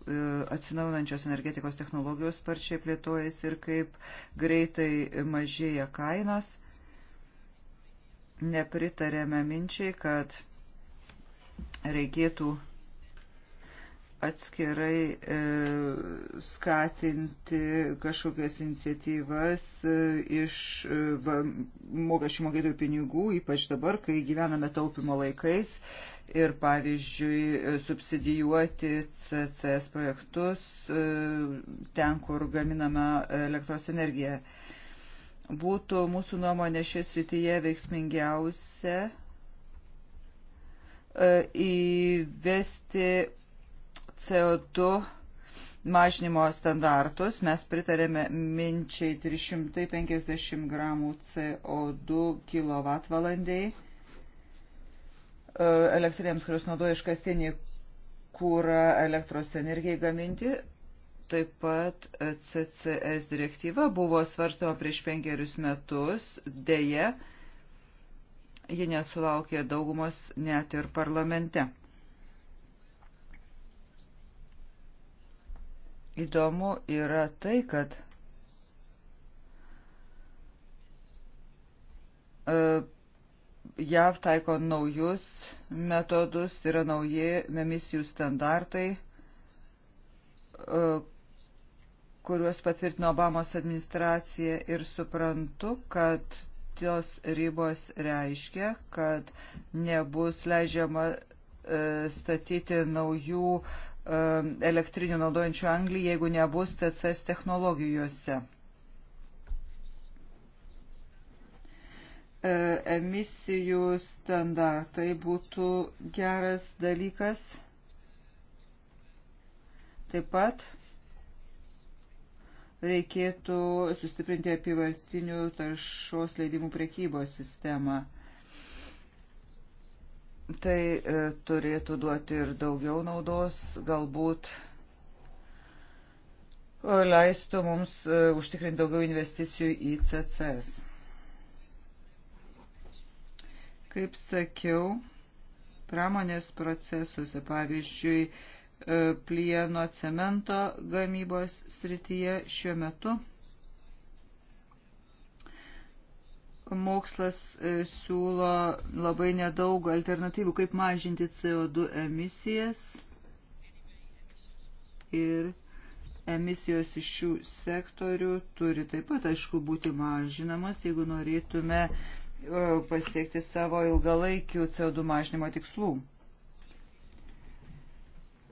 D: atsinaunančios energetikos technologijos sparčiai plėtojasi ir kaip greitai mažėja kainos – nepritarėme minčiai, kad reikėtų atskirai e, skatinti kažkokias iniciatyvas e, iš e, mokesčių mokėtojų pinigų, ypač dabar, kai gyvename taupimo laikais ir, pavyzdžiui, e, subsidijuoti CCS projektus e, ten, kur gaminama elektros energija. E, būtų mūsų nuomonė šioje srityje veiksmingiausia e, įvesti CO2 mažinimo standartus. Mes pritarėme minčiai 350 gramų CO2 kWh e, elektrinėms, kurios naudoja iškasinį kūrą elektros energijai gaminti. Taip pat e, CCS direktyva buvo svarstoma prieš penkerius metus, dėje ji nesulaukė daugumos net ir parlamente. Įdomu yra tai, kad e, JAV taiko naujus metodus, yra nauji emisijų standartai, e, kuriuos patvirtino Obamos administracija ir suprantu, kad tos ribos reiškia, kad nebus leidžiama e, statyti naujų e, elektrinių naudojančių Anglį, jeigu nebus CCS technologijose. E, emisijų standartai būtų geras dalykas. Taip pat reikėtų sustiprinti apivartinių taršos leidimų prekybos sistemą. Tai e, turėtų duoti ir daugiau naudos, galbūt e, leistų mums e, užtikrinti daugiau investicijų į CCS. Kaip sakiau, pramonės procesuose, pavyzdžiui, E, plieno cemento gamybos srityje šiuo metu. Mokslas e, siūlo labai nedaug alternatyvų, kaip mažinti CO2 emisijas ir emisijos iš šių sektorių turi taip pat, aišku, būti mažinamas, jeigu norėtume e, pasiekti savo ilgalaikių CO2 mažinimo tikslų.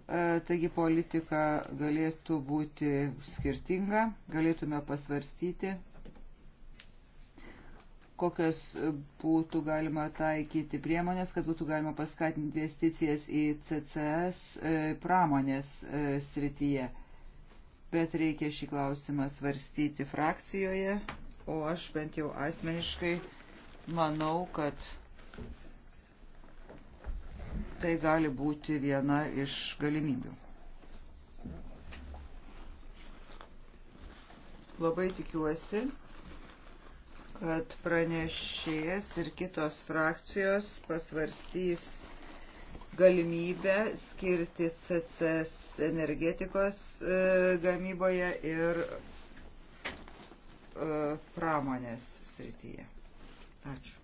D: E, taigi politika galėtų būti skirtinga, galėtume pasvarstyti, kokias būtų galima taikyti priemonės, kad būtų galima paskatinti investicijas į CCS e, pramonės e, srityje. Bet reikia šį klausimą svarstyti frakcijoje, o aš bent jau asmeniškai manau, kad Tai gali būti viena iš galimybių. Labai tikiuosi, kad pranešėjas ir kitos frakcijos pasvarstys galimybę skirti CCS energetikos e, gamyboje ir e, pramonės srityje. Ačiū.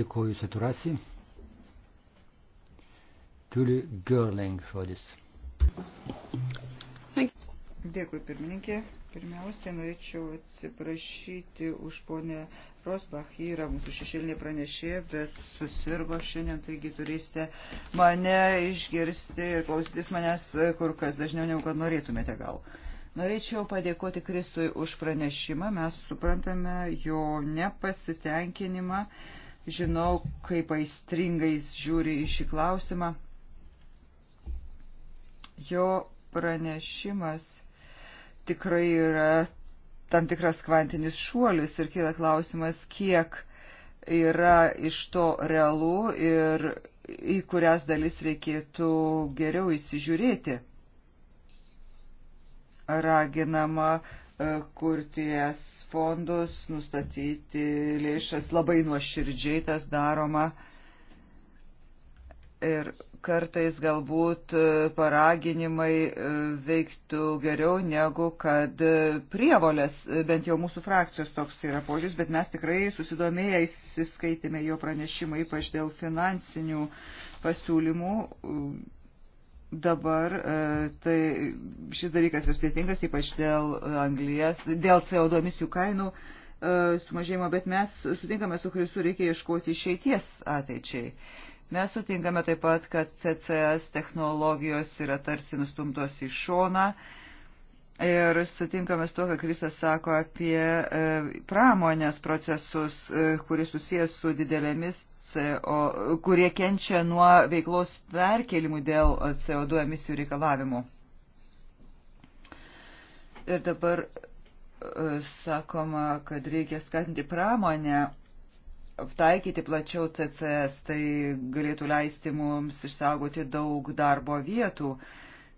B: Dėkuoju, Saturasi. Tuli Görling žodis.
D: Dėkui, pirmininkė. Pirmiausia, norėčiau atsiprašyti už ponę Rosbach. Ji yra mūsų šešėlinė pranešėja, bet susirgo šiandien, taigi turėsite mane išgirsti ir klausytis manęs kur kas dažniau, negu kad norėtumėte gal. Norėčiau padėkoti Kristui už pranešimą. Mes suprantame jo nepasitenkinimą. Žinau, kaip aistringai jis žiūri į šį klausimą. Jo pranešimas tikrai yra tam tikras kvantinis šuolis ir kyla klausimas, kiek yra iš to realu ir į kurias dalis reikėtų geriau įsižiūrėti. Raginama e, kurti es fondus, nustatyti lėšas, labai nuoširdžiai tas daroma. Ir kartais galbūt e, paraginimai e, veiktų geriau negu kad e, prievolės, bent jau mūsų frakcijos toks yra požiūris, bet mes tikrai susidomėję įsiskaitėme jo pranešimą, ypač dėl finansinių pasiūlymų. Dabar tai šis dalykas yra sudėtingas, ypač dėl anglijas, dėl CO2 emisijų kainų sumažėjimo, bet mes sutinkame su Kristu, reikia ieškoti išeities ateičiai. Mes sutinkame taip pat, kad CCS technologijos yra tarsi nustumtos į šoną ir sutinkame su to, ką Kristas sako apie e, pramonės procesus, e, kuris susijęs su didelėmis CO, kurie kenčia nuo veiklos perkelimų dėl CO2 emisijų reikalavimų. Ir dabar e, sakoma, kad reikia skatinti pramonę taikyti plačiau CCS, tai galėtų leisti mums išsaugoti daug darbo vietų.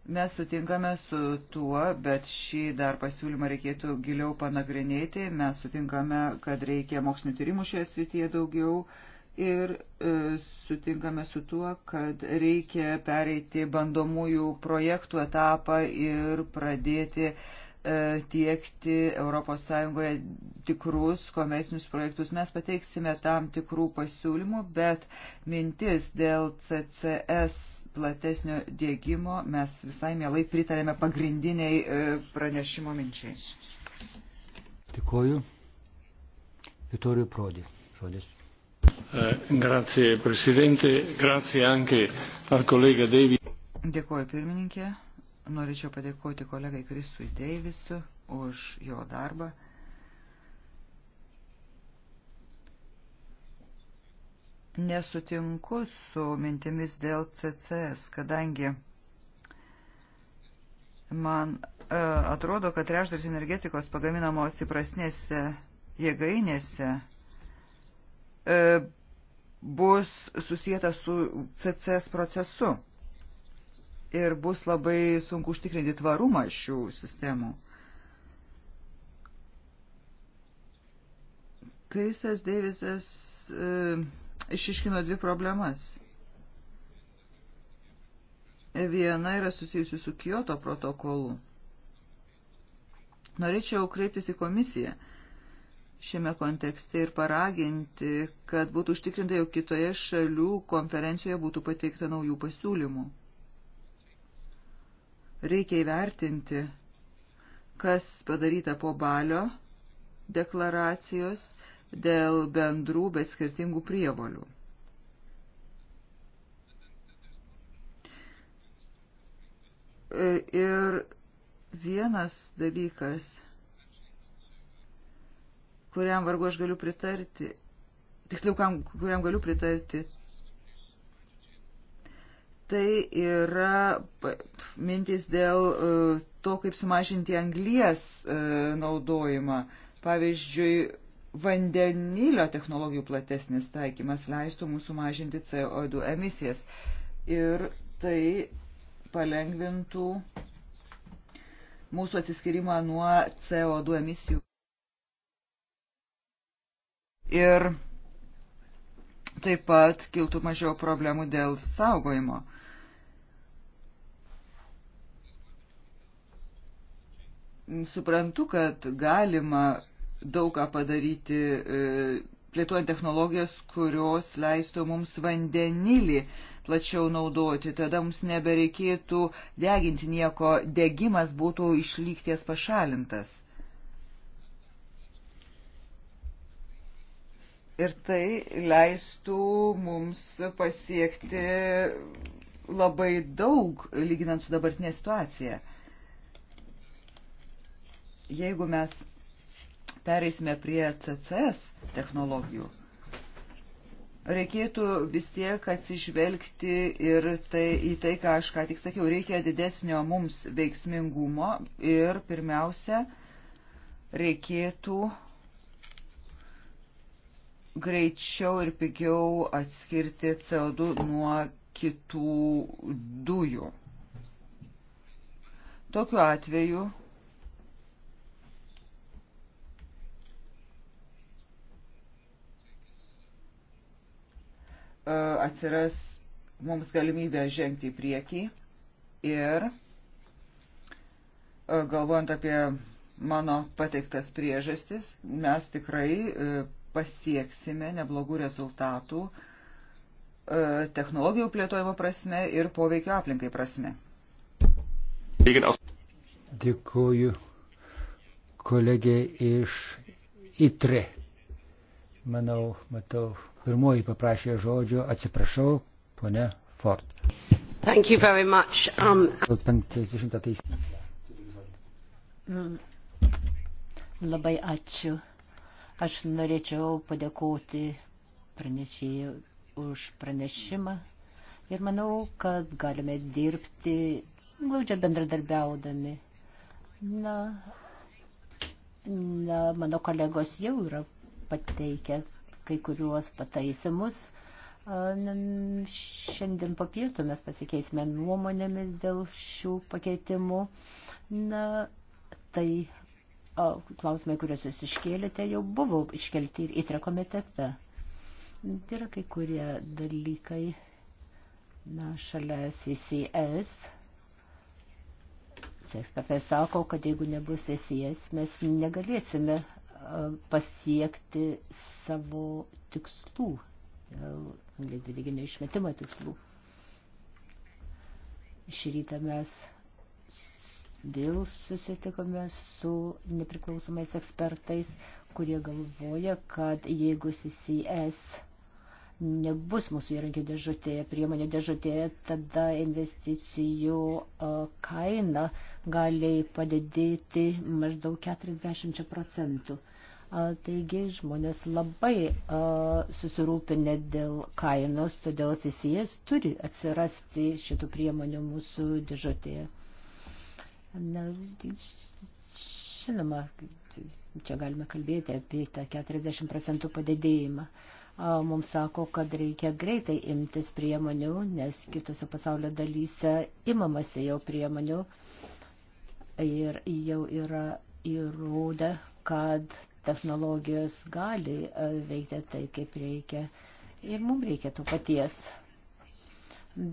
D: Mes sutinkame su tuo, bet šį dar pasiūlymą reikėtų giliau panagrinėti. Mes sutinkame, kad reikia mokslinių tyrimų šioje srityje daugiau ir e, sutinkame su tuo, kad reikia pereiti bandomųjų projektų etapą ir pradėti e, E, tiekti ES tikrus komercinius projektus. Mes pateiksime tam tikrų pasiūlymų, bet mintis dėl CCS platesnio dėgymo mes visai mielai pritarėme pagrindiniai e, pranešimo minčiai.
B: Dėkuoju. Vittorio Prodi. Žodis.
F: E, grazie Presidente, grazie anche al collega David.
D: Dėkuoju pirmininkė. Norėčiau padėkoti kolegai Kristui Deivisu už jo darbą. Nesutinku su mintimis dėl CCS, kadangi man e, atrodo, kad trečdalis energetikos pagaminamos įprasnėse jėgainėse e, bus susijęta su CCS procesu ir bus labai sunku užtikrinti tvarumą šių sistemų. Krisas Deivisas e, išiškino dvi problemas. Viena yra susijusi su Kyoto protokolu. Norėčiau kreiptis į komisiją šiame kontekste ir paraginti, kad būtų užtikrinta jau kitoje šalių konferencijoje būtų pateikta naujų pasiūlymų. Reikia įvertinti, kas padaryta po balio deklaracijos dėl bendrų, bet skirtingų prievolių. Ir vienas dalykas, kuriam vargu aš galiu pritarti, tiksliau, kam, kuriam galiu pritarti, tai yra mintis dėl e, to, kaip sumažinti anglies e, naudojimą. Pavyzdžiui, vandenilio technologijų platesnis taikymas leistų mūsų mažinti CO2 emisijas ir tai palengvintų mūsų atsiskirimą nuo CO2 emisijų. Ir Taip pat kiltų mažiau problemų dėl saugojimo. Suprantu, kad galima daug ką padaryti e, plėtuojant technologijas, kurios leistų mums vandenilį plačiau naudoti. Tada mums nebereikėtų deginti nieko, degimas būtų išlygties pašalintas. ir tai leistų mums pasiekti labai daug, lyginant su dabartinė situacija. Jeigu mes pereisime prie CCS technologijų, reikėtų vis tiek atsižvelgti ir tai, į tai, ką aš ką tik sakiau, reikia didesnio mums veiksmingumo ir pirmiausia, reikėtų greičiau ir pigiau atskirti CO2 nuo kitų dujų. Tokiu atveju e, atsiras mums galimybė žengti į priekį ir e, galvojant apie mano pateiktas priežastis, mes tikrai e, pasieksime neblogų rezultatų e, technologijų plėtojimo prasme ir poveikio aplinkai prasme.
B: Dėkuoju kolegė iš ITRE. Manau, matau, pirmoji paprašė žodžio, atsiprašau, ponia Ford.
D: Thank you very much.
E: Um... Mm. Labai ačiū. Aš norėčiau padėkoti pranešėjai už pranešimą ir manau, kad galime dirbti glaudžia bendradarbiaudami. Na, na, mano kolegos jau yra pateikę kai kuriuos pataisimus. Šiandien po pietų mes pasikeisime nuomonėmis dėl šių pakeitimų. Na, tai klausimai, kuriuos jūs iškėlėte, jau buvo iškelti ir įtre komitete. Yra kai kurie dalykai, na, šalia CCS, ekspertai sako, kad jeigu nebus sesijas, mes negalėsime e, pasiekti savo tikslų, e, anglės dvideginio išmetimo tikslų. Šį rytą mes Todėl susitikome su nepriklausomais ekspertais, kurie galvoja, kad jeigu CCS nebus mūsų įrankio dėžutėje, priemonė dėžutėje, tada investicijų kaina gali padidėti maždaug 40 procentų. Taigi žmonės labai susirūpinę dėl kainos, todėl CCS turi atsirasti šitų priemonių mūsų dėžutėje. Na, žinoma, čia galime kalbėti apie tą 40 procentų padidėjimą. Mums sako, kad reikia greitai imtis priemonių, nes kitose pasaulio dalyse imamasi jau priemonių ir jau yra įrūdę, kad technologijos gali veikti tai, kaip reikia. Ir mums reikia to paties.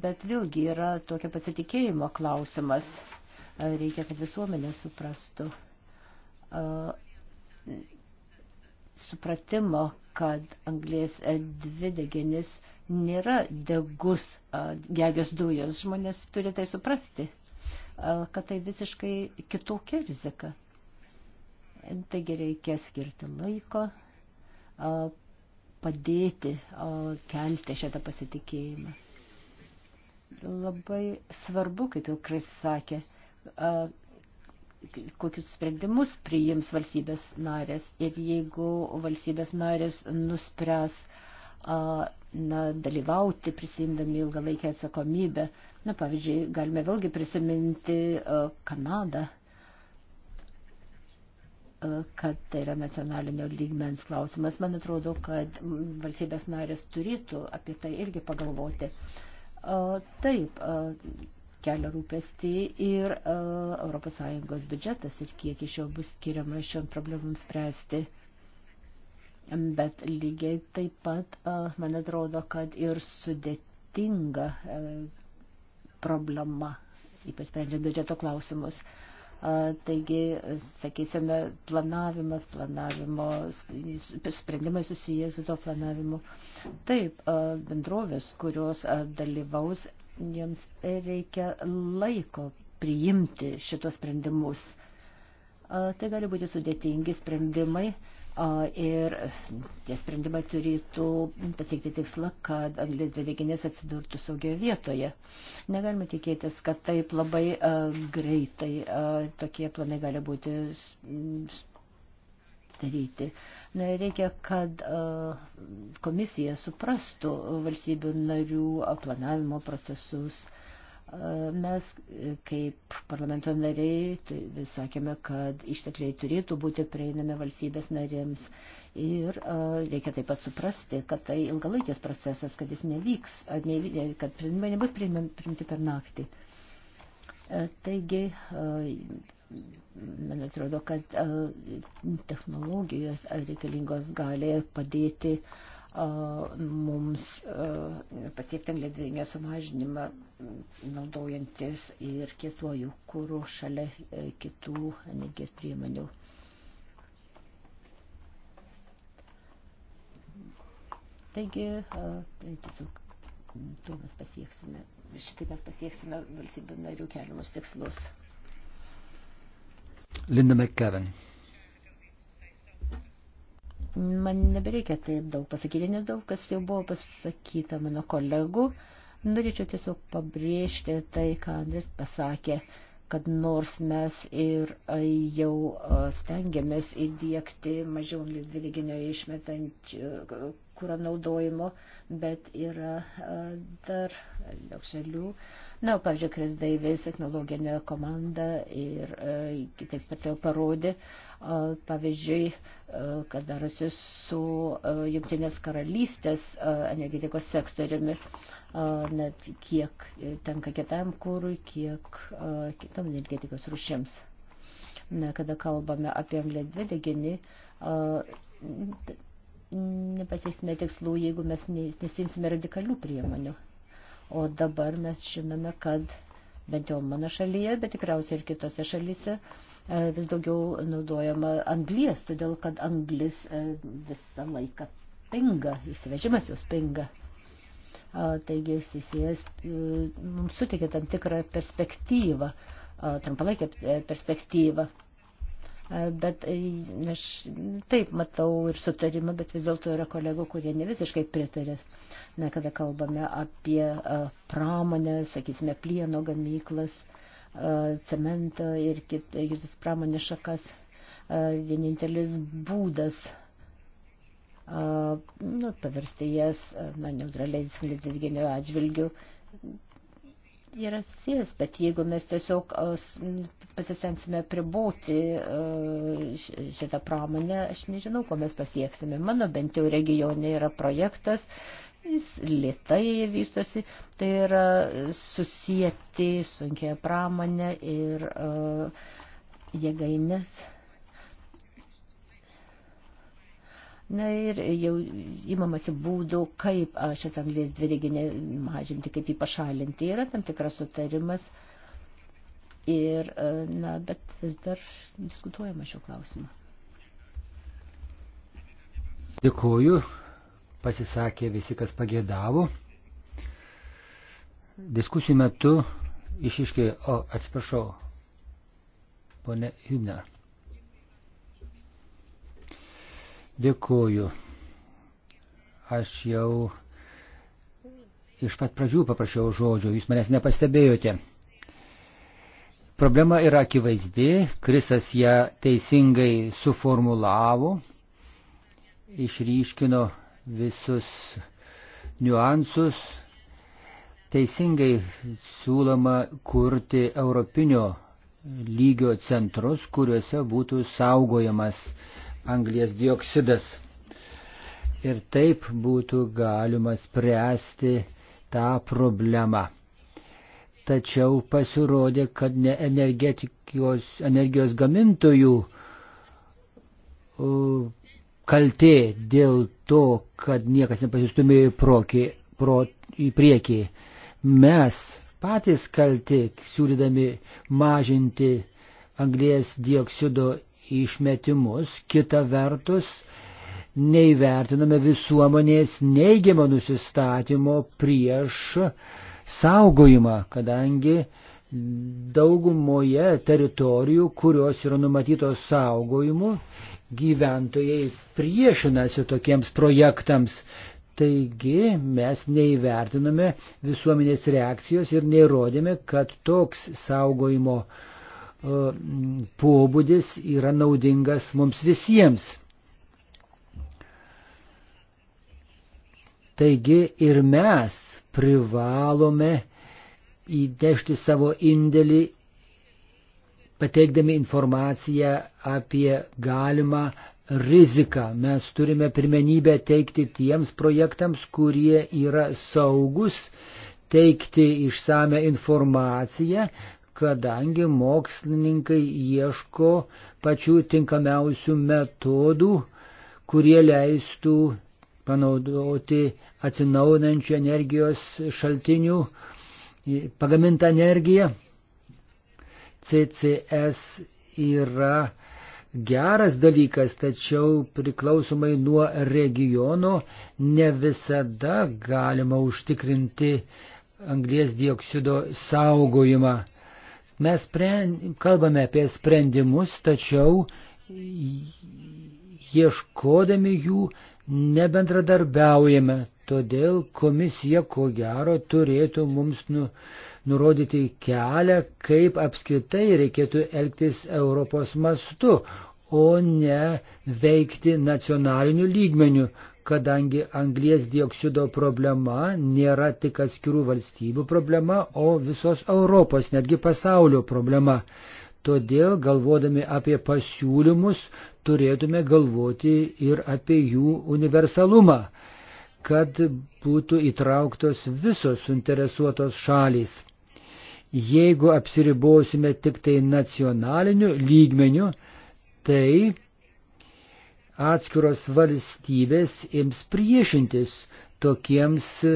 E: Bet vėlgi yra tokia pasitikėjimo klausimas. Reikia, kad visuomenė suprastų supratimo, kad anglės dvideginis nėra degus degios dujos. Žmonės turi tai suprasti, kad tai visiškai kitokia rizika. Taigi reikia skirti laiko, padėti kelti šitą pasitikėjimą. Labai svarbu, kaip jau Kris sakė, kokius sprendimus priims valstybės narės ir jeigu valstybės narės nuspręs na, dalyvauti prisimdami ilgalaikę atsakomybę. Na, pavyzdžiui, galime vėlgi prisiminti Kanadą, kad tai yra nacionalinio lygmens klausimas. Man atrodo, kad valstybės narės turėtų apie tai irgi pagalvoti. Taip, kelia rūpestį ir ES biudžetas ir kiek iš jo bus skiriama šiom problemams spręsti. Bet lygiai taip pat, e, man atrodo, kad ir sudėtinga e, problema, ypač sprendžiant biudžeto klausimus. E, taigi, sakysime, planavimas, planavimo, sprendimai susijęs su to planavimu. Taip, bendrovės, kurios dalyvaus jiems reikia laiko priimti šitos sprendimus. Tai gali būti sudėtingi sprendimai ir tie sprendimai turėtų pasiekti tikslą, kad anglės dvideginės atsidurtų saugioje vietoje. Negalime tikėtis, kad taip labai greitai tokie planai gali būti daryti. Na, reikia, kad komisija suprastų valstybių narių planavimo procesus. Mes kaip parlamento nariai tai vis sakėme, kad ištekliai turėtų būti prieinami valstybės narėms ir reikia taip pat suprasti, kad tai ilgalaikės procesas, kad jis nevyks, kad nebus priimti per naktį. Taigi man atrodo, kad technologijos reikalingos gali padėti mums pasiekti anglės dvideginio sumažinimą, naudojantis ir kietuoju kūru šalia e, kitų energijos priemonių. Taigi, tai tiesiog tuo mes pasieksime, šitai mes pasieksime valstybių narių keliamus tikslus.
B: Linda McKevin.
E: Man nebereikia taip daug pasakyti, nes daug kas jau buvo pasakyta mano kolegų. Norėčiau tiesiog pabrėžti tai, ką Andris pasakė, kad nors mes ir jau stengiamės įdėkti mažiau anglės dvideginio išmetančių kūro naudojimo, bet yra dar daug šalių, Na, pavyzdžiui, Kris Davis, technologinė komanda ir e, kiti ekspertai parodė, e, pavyzdžiui, e, kas darosi su e, Junktinės karalystės e, energetikos sektoriumi, e, net kiek tenka kitam kūrui, kiek e, kitam energetikos rušims. Na, kada kalbame apie anglės dvideginį, e, nepasieksime tikslų, jeigu mes nesimsime radikalių priemonių. O dabar mes žinome, kad bent jau mano šalyje, bet tikriausiai ir kitose šalyse e, vis daugiau naudojama anglies, todėl kad anglis e, visą laiką pinga, įsivežimas jos pinga. Taigi CCS e, mums suteikia tam tikrą perspektyvą, trumpalaikę perspektyvą. E, bet e, aš taip matau ir sutarimą, bet vis dėlto yra kolegų, kurie ne visiškai pritarė. Na, kada kalbame apie e, pramonę, sakysime, plieno gamyklas, cementą ir kitas pramonės šakas, vienintelis būdas nu, paversti jas na, neutraliais glicidgenio atžvilgių yra susijęs, bet jeigu mes tiesiog pasistengsime pribūti šitą pramonę, aš nežinau, ko mes pasieksime. Mano bent jau regione yra projektas, jis lietai vystosi, tai yra susijęti sunkia pramonė ir jėgainės. Uh, Na ir jau įmamasi būdų, kaip šitą anglės dvideginį mažinti, kaip jį pašalinti. Yra tam tikras sutarimas. Ir, e, na, bet vis dar diskutuojama šio klausimu.
B: Dėkuoju. Pasisakė visi, kas pagėdavo. Diskusijų metu išiškė, o atsiprašau, ponė Hübner. Dėkuoju. Aš jau iš pat pradžių paprašiau žodžio, jūs manęs nepastebėjote. Problema yra akivaizdi, Krisas ją teisingai suformulavo, išryškino visus niuansus, teisingai siūloma kurti europinio lygio centrus, kuriuose būtų saugojamas anglės dioksidas. Ir taip būtų galima spręsti tą problemą. Tačiau pasirodė, kad ne energetikos, energijos gamintojų uh, kaltė dėl to, kad niekas nepasistumėjo į, prokį, pro, į priekį. Mes patys kalti, siūlydami mažinti anglės dioksido išmetimus, kita vertus neįvertiname visuomenės neigiamą nusistatymo prieš saugojimą, kadangi daugumoje teritorijų, kurios yra numatytos saugojimu, gyventojai priešinasi tokiems projektams. Taigi mes neįvertinome visuomenės reakcijos ir neįrodėme, kad toks saugojimo uh, pobūdis yra naudingas mums visiems. Taigi ir mes privalome įdešti savo indėlį, pateikdami informaciją apie galimą riziką. Mes turime pirmenybę teikti tiems projektams, kurie yra saugus, teikti išsame informaciją, kadangi mokslininkai ieško pačių tinkamiausių metodų, kurie leistų panaudoti atsinaunančių energijos šaltinių pagamintą energiją. CCS yra geras dalykas, tačiau priklausomai nuo regiono ne visada galima užtikrinti anglės dioksido saugojimą. Mes pren, kalbame apie sprendimus, tačiau ieškodami jų nebendradarbiaujame. Todėl komisija, ko gero, turėtų mums nu, nurodyti kelią, kaip apskritai reikėtų elgtis Europos mastu, o ne veikti nacionaliniu lygmeniu kadangi anglies dioksido problema nėra tik atskirų valstybių problema, o visos Europos, netgi pasaulio problema. Todėl, galvodami apie pasiūlymus, turėtume galvoti ir apie jų universalumą, kad būtų įtrauktos visos suinteresuotos šalys. Jeigu apsiribosime tik tai nacionaliniu lygmeniu, tai atskiros valstybės ims priešintis tokiems e,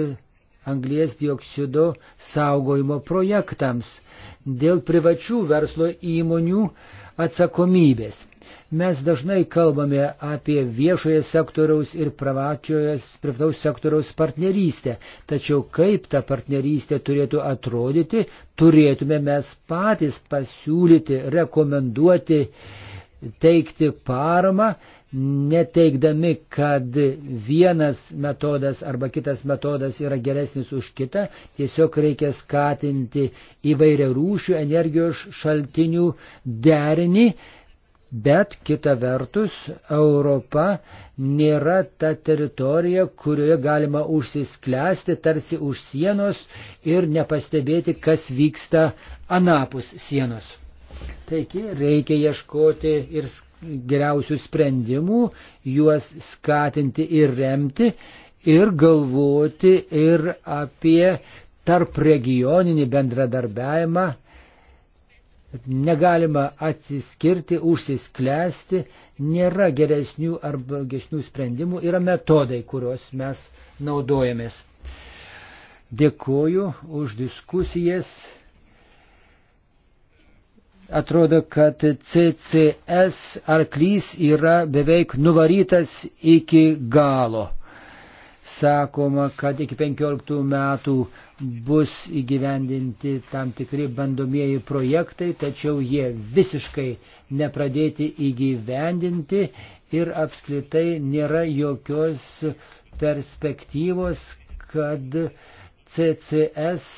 B: anglės dioksido saugojimo projektams dėl privačių verslo įmonių atsakomybės. Mes dažnai kalbame apie viešoje sektoriaus ir privataus sektoriaus partnerystę, tačiau kaip ta partnerystė turėtų atrodyti, turėtume mes patys pasiūlyti, rekomenduoti, uh, teikti paramą, neteikdami, kad vienas metodas arba kitas metodas yra geresnis už kitą, tiesiog reikia skatinti įvairia rūšių energijos šaltinių derinį, bet kita vertus Europa nėra ta teritorija, kurioje galima užsisklęsti tarsi už sienos ir nepastebėti, kas vyksta anapus sienos. Taigi reikia ieškoti ir geriausių sprendimų, juos skatinti ir remti ir galvoti ir apie tarp regioninį bendradarbiavimą. Negalima atsiskirti, užsisklęsti, nėra geresnių ar blogesnių sprendimų, yra metodai, kuriuos mes naudojamės. Dėkuoju už diskusijas atrodo, kad CCS arklys yra beveik nuvarytas iki galo. Sakoma, kad iki 15 metų bus įgyvendinti tam tikri bandomieji projektai, tačiau jie visiškai nepradėti įgyvendinti ir apskritai nėra jokios perspektyvos, kad CCS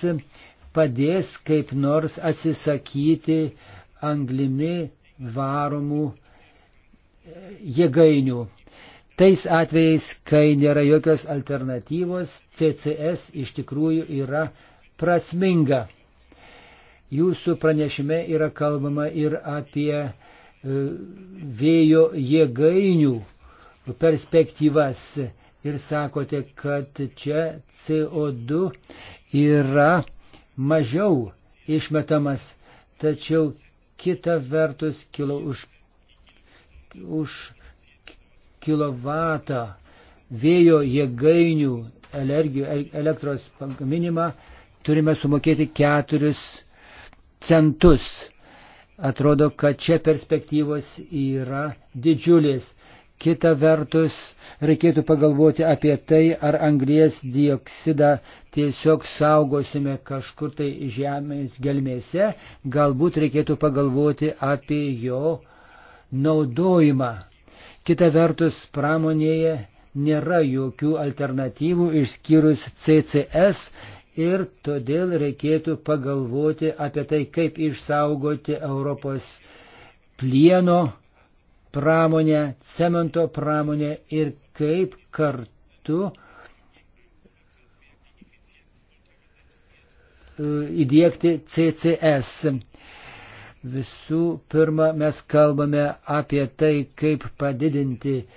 B: padės kaip nors atsisakyti uh, anglimi varomų e, jėgainių. Tais atvejais, kai nėra jokios alternatyvos, CCS iš tikrųjų yra prasminga. Jūsų pranešime yra kalbama ir apie e, vėjo jėgainių perspektyvas ir sakote, kad čia CO2 yra mažiau išmetamas. Tačiau kita vertus kilo už, už kilovatą vėjo jėgainių energijų, elektros pagaminimą turime sumokėti 4 centus. Atrodo, kad čia perspektyvos yra didžiulės. Kita vertus, reikėtų pagalvoti apie tai, ar anglies dioksidą tiesiog saugosime kažkur tai žemės gelmėse, galbūt reikėtų pagalvoti apie jo naudojimą. Kita vertus, pramonėje nėra jokių alternatyvų išskyrus CCS ir todėl reikėtų pagalvoti apie tai, kaip išsaugoti Europos plieno pramonę, cemento pramonę ir kaip kartu e, įdėkti CCS. Visų pirma, mes kalbame apie tai, kaip padidinti e,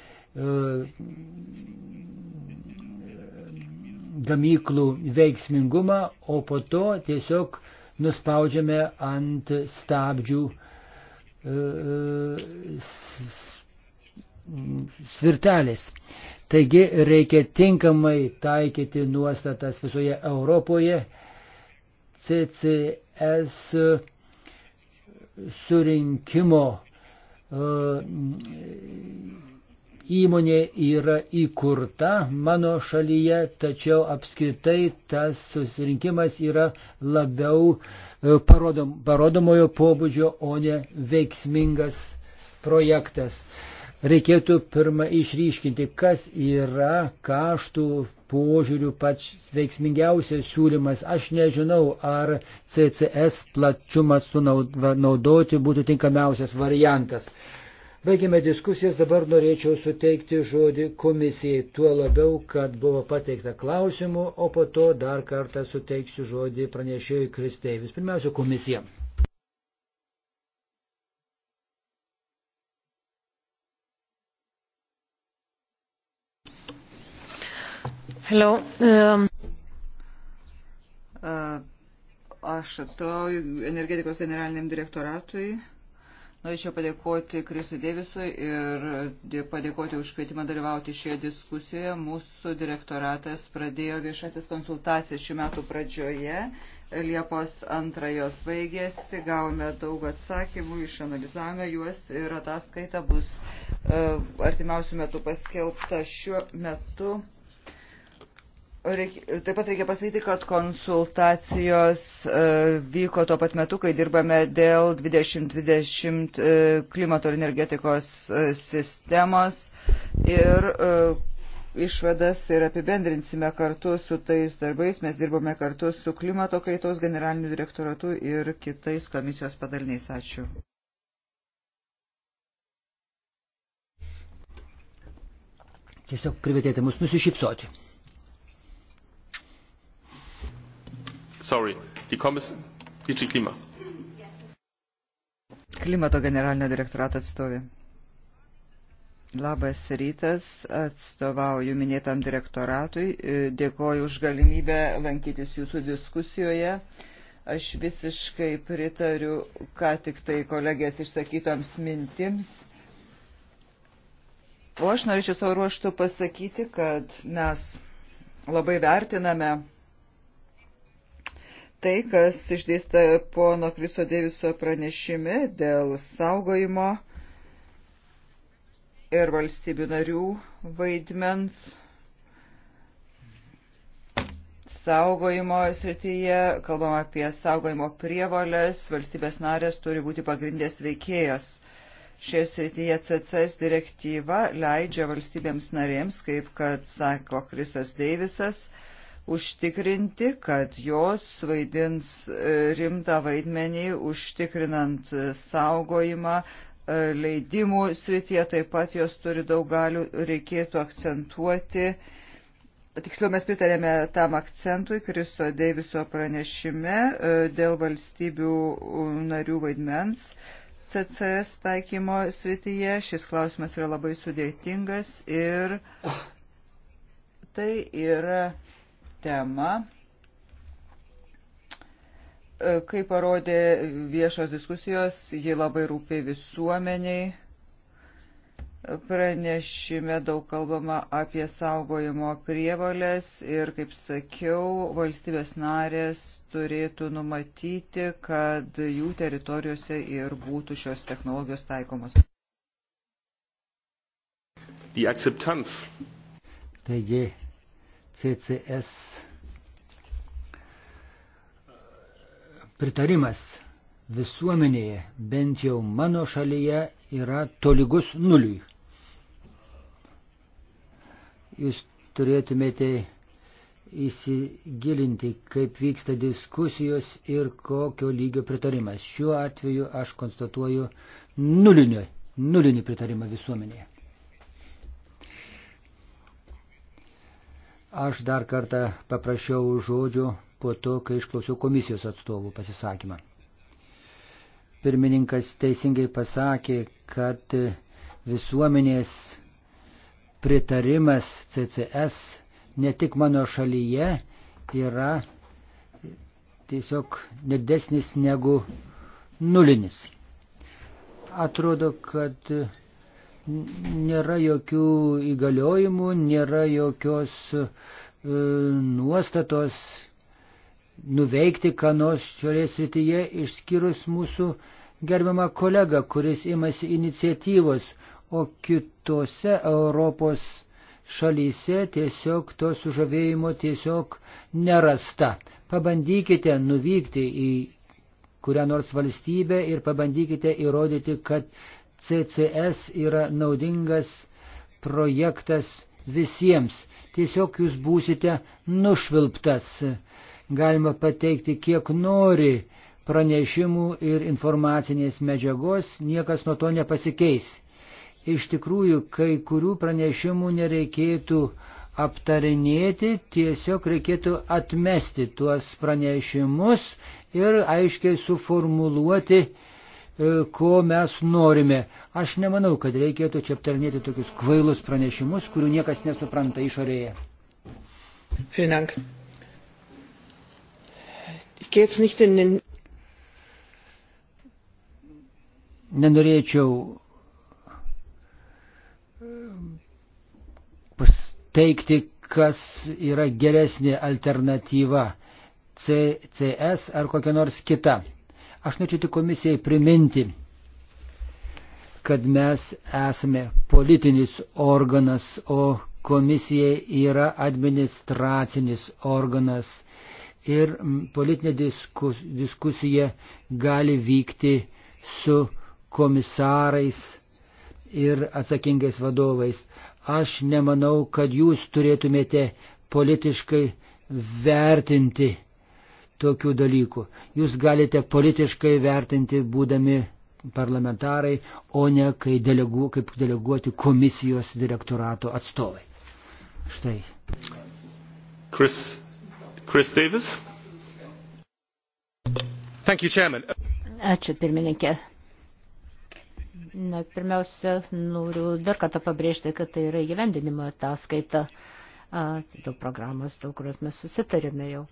B: gamyklų veiksmingumą, o po to tiesiog nuspaudžiame ant stabdžių uh, E, svirtelės. Taigi reikia tinkamai taikyti nuostatas visoje Europoje. CCS surinkimo e, Įmonė yra įkurta mano šalyje, tačiau apskritai tas susirinkimas yra labiau e, parodom, parodomojo pobūdžio, o ne veiksmingas projektas. Reikėtų pirmą išryškinti, kas yra kaštų požiūrių pats veiksmingiausias siūlymas. Aš nežinau, ar CCS plačiumas naudoti būtų tinkamiausias variantas. Baigėme diskusijas, dabar norėčiau suteikti žodį komisijai, tuo labiau, kad buvo pateikta klausimų, o po to dar kartą suteiksiu žodį pranešėjui Kristeivis. Pirmiausia, komisija.
D: Hello. Um. Uh, aš atstovauju energetikos generaliniam direktoratui Norėčiau padėkoti Krisui Dėvisui ir padėkoti už kvietimą dalyvauti šioje diskusijoje. Mūsų direktoratas pradėjo viešasis konsultacijas šių metų pradžioje. Liepos antrą jos baigėsi, gavome daug atsakymų, išanalizavome juos ir ataskaita bus e, artimiausių metų paskelbta šiuo metu. Reikia, taip pat reikia pasakyti, kad konsultacijos uh, vyko tuo pat metu, kai dirbame dėl 2020 uh, e, klimato ir energetikos uh, sistemos ir uh, išvadas ir apibendrinsime kartu su tais darbais. Mes dirbame kartu su klimato kaitos generaliniu direktoratu ir kitais komisijos padaliniais. Ačiū.
B: Tiesiog privetėte mus nusišypsoti.
A: sorry, die Kommission, DG Klima.
D: Klimato generalinio direktorato atstovė. Labas rytas, atstovauju minėtam direktoratui, dėkoju už galimybę lankytis jūsų diskusijoje. Aš visiškai pritariu, ką tik tai kolegės išsakytoms mintims. O aš norėčiau savo ruoštų pasakyti, kad mes labai vertiname tai, kas išdėsta pono Kriso Dėviso pranešime dėl saugojimo ir valstybių narių vaidmens saugojimo srityje, kalbam apie saugojimo prievolės, valstybės narės turi būti pagrindės veikėjos. Šioje srityje CCS direktyva leidžia valstybėms narėms, kaip kad sako Krisas Deivisas, užtikrinti, kad jos vaidins e, rimtą vaidmenį, užtikrinant e, saugojimą e, leidimų srityje, taip pat jos turi daug galių, reikėtų akcentuoti. Tiksliau mes pritarėme tam akcentui Kristo Deiviso pranešime dėl valstybių narių vaidmens. CCS taikymo srityje. Šis klausimas yra labai sudėtingas ir tai yra temą. E, kaip parodė viešos diskusijos, ji labai rūpė visuomeniai. Pranešime daug kalbama apie saugojimo prievalės ir, kaip sakiau, valstybės narės turėtų numatyti, kad jų teritorijose ir būtų šios technologijos taikomos.
B: Taigi, CCS pritarimas visuomenėje, bent jau mano šalyje, yra tolygus nuliui. Jūs turėtumėte įsigilinti, kaip vyksta diskusijos ir kokio lygio pritarimas. Šiuo atveju aš konstatuoju nulinį, nulinį pritarimą visuomenėje. Aš dar kartą paprašiau žodžio po to, kai išklausiau komisijos atstovų pasisakymą. Pirmininkas teisingai pasakė, kad visuomenės pritarimas CCS ne tik mano šalyje yra tiesiog nedesnis negu nulinis. Atrodo, kad nėra jokių įgaliojimų, nėra jokios e, nuostatos nuveikti, ką nors šioje srityje, išskyrus mūsų gerbiamą kolegą, kuris imasi iniciatyvos, o kitose Europos šalyse tiesiog to sužavėjimo tiesiog nerasta. Pabandykite nuvykti į kurią nors valstybę ir pabandykite įrodyti, kad CCS yra naudingas projektas visiems. Tiesiog jūs būsite nušvilptas. Galima pateikti kiek nori pranešimų ir informacinės medžiagos, niekas nuo to nepasikeis. Iš tikrųjų, kai kurių pranešimų nereikėtų aptarinėti, tiesiog reikėtų atmesti tuos pranešimus ir aiškiai suformuluoti, E, ko mes norime. Aš nemanau, kad reikėtų čia aptarnėti tokius kvailus pranešimus, kurių niekas nesupranta išorėje. Nenorėčiau e, teikti, kas yra geresnė alternatyva - CCS ar kokia nors kita. Aš norėčiau tik komisijai priminti, kad mes esame politinis organas, o komisija yra administracinis organas. Ir politinė diskus, diskusija gali vykti su komisarais ir atsakingais vadovais. Aš nemanau, kad jūs turėtumėte politiškai vertinti tokių dalykų. Jūs galite politiškai vertinti, būdami parlamentarai, o ne kai delegu, kaip deleguoti komisijos direktorato atstovai. Štai.
A: Chris, Chris Davis. Thank you, Chairman.
E: Ačiū, pirmininkė. Na, pirmiausia, noriu dar kartą pabrėžti, kad tai yra įgyvendinimo ataskaita dėl programos, dėl kurios mes susitarėme jau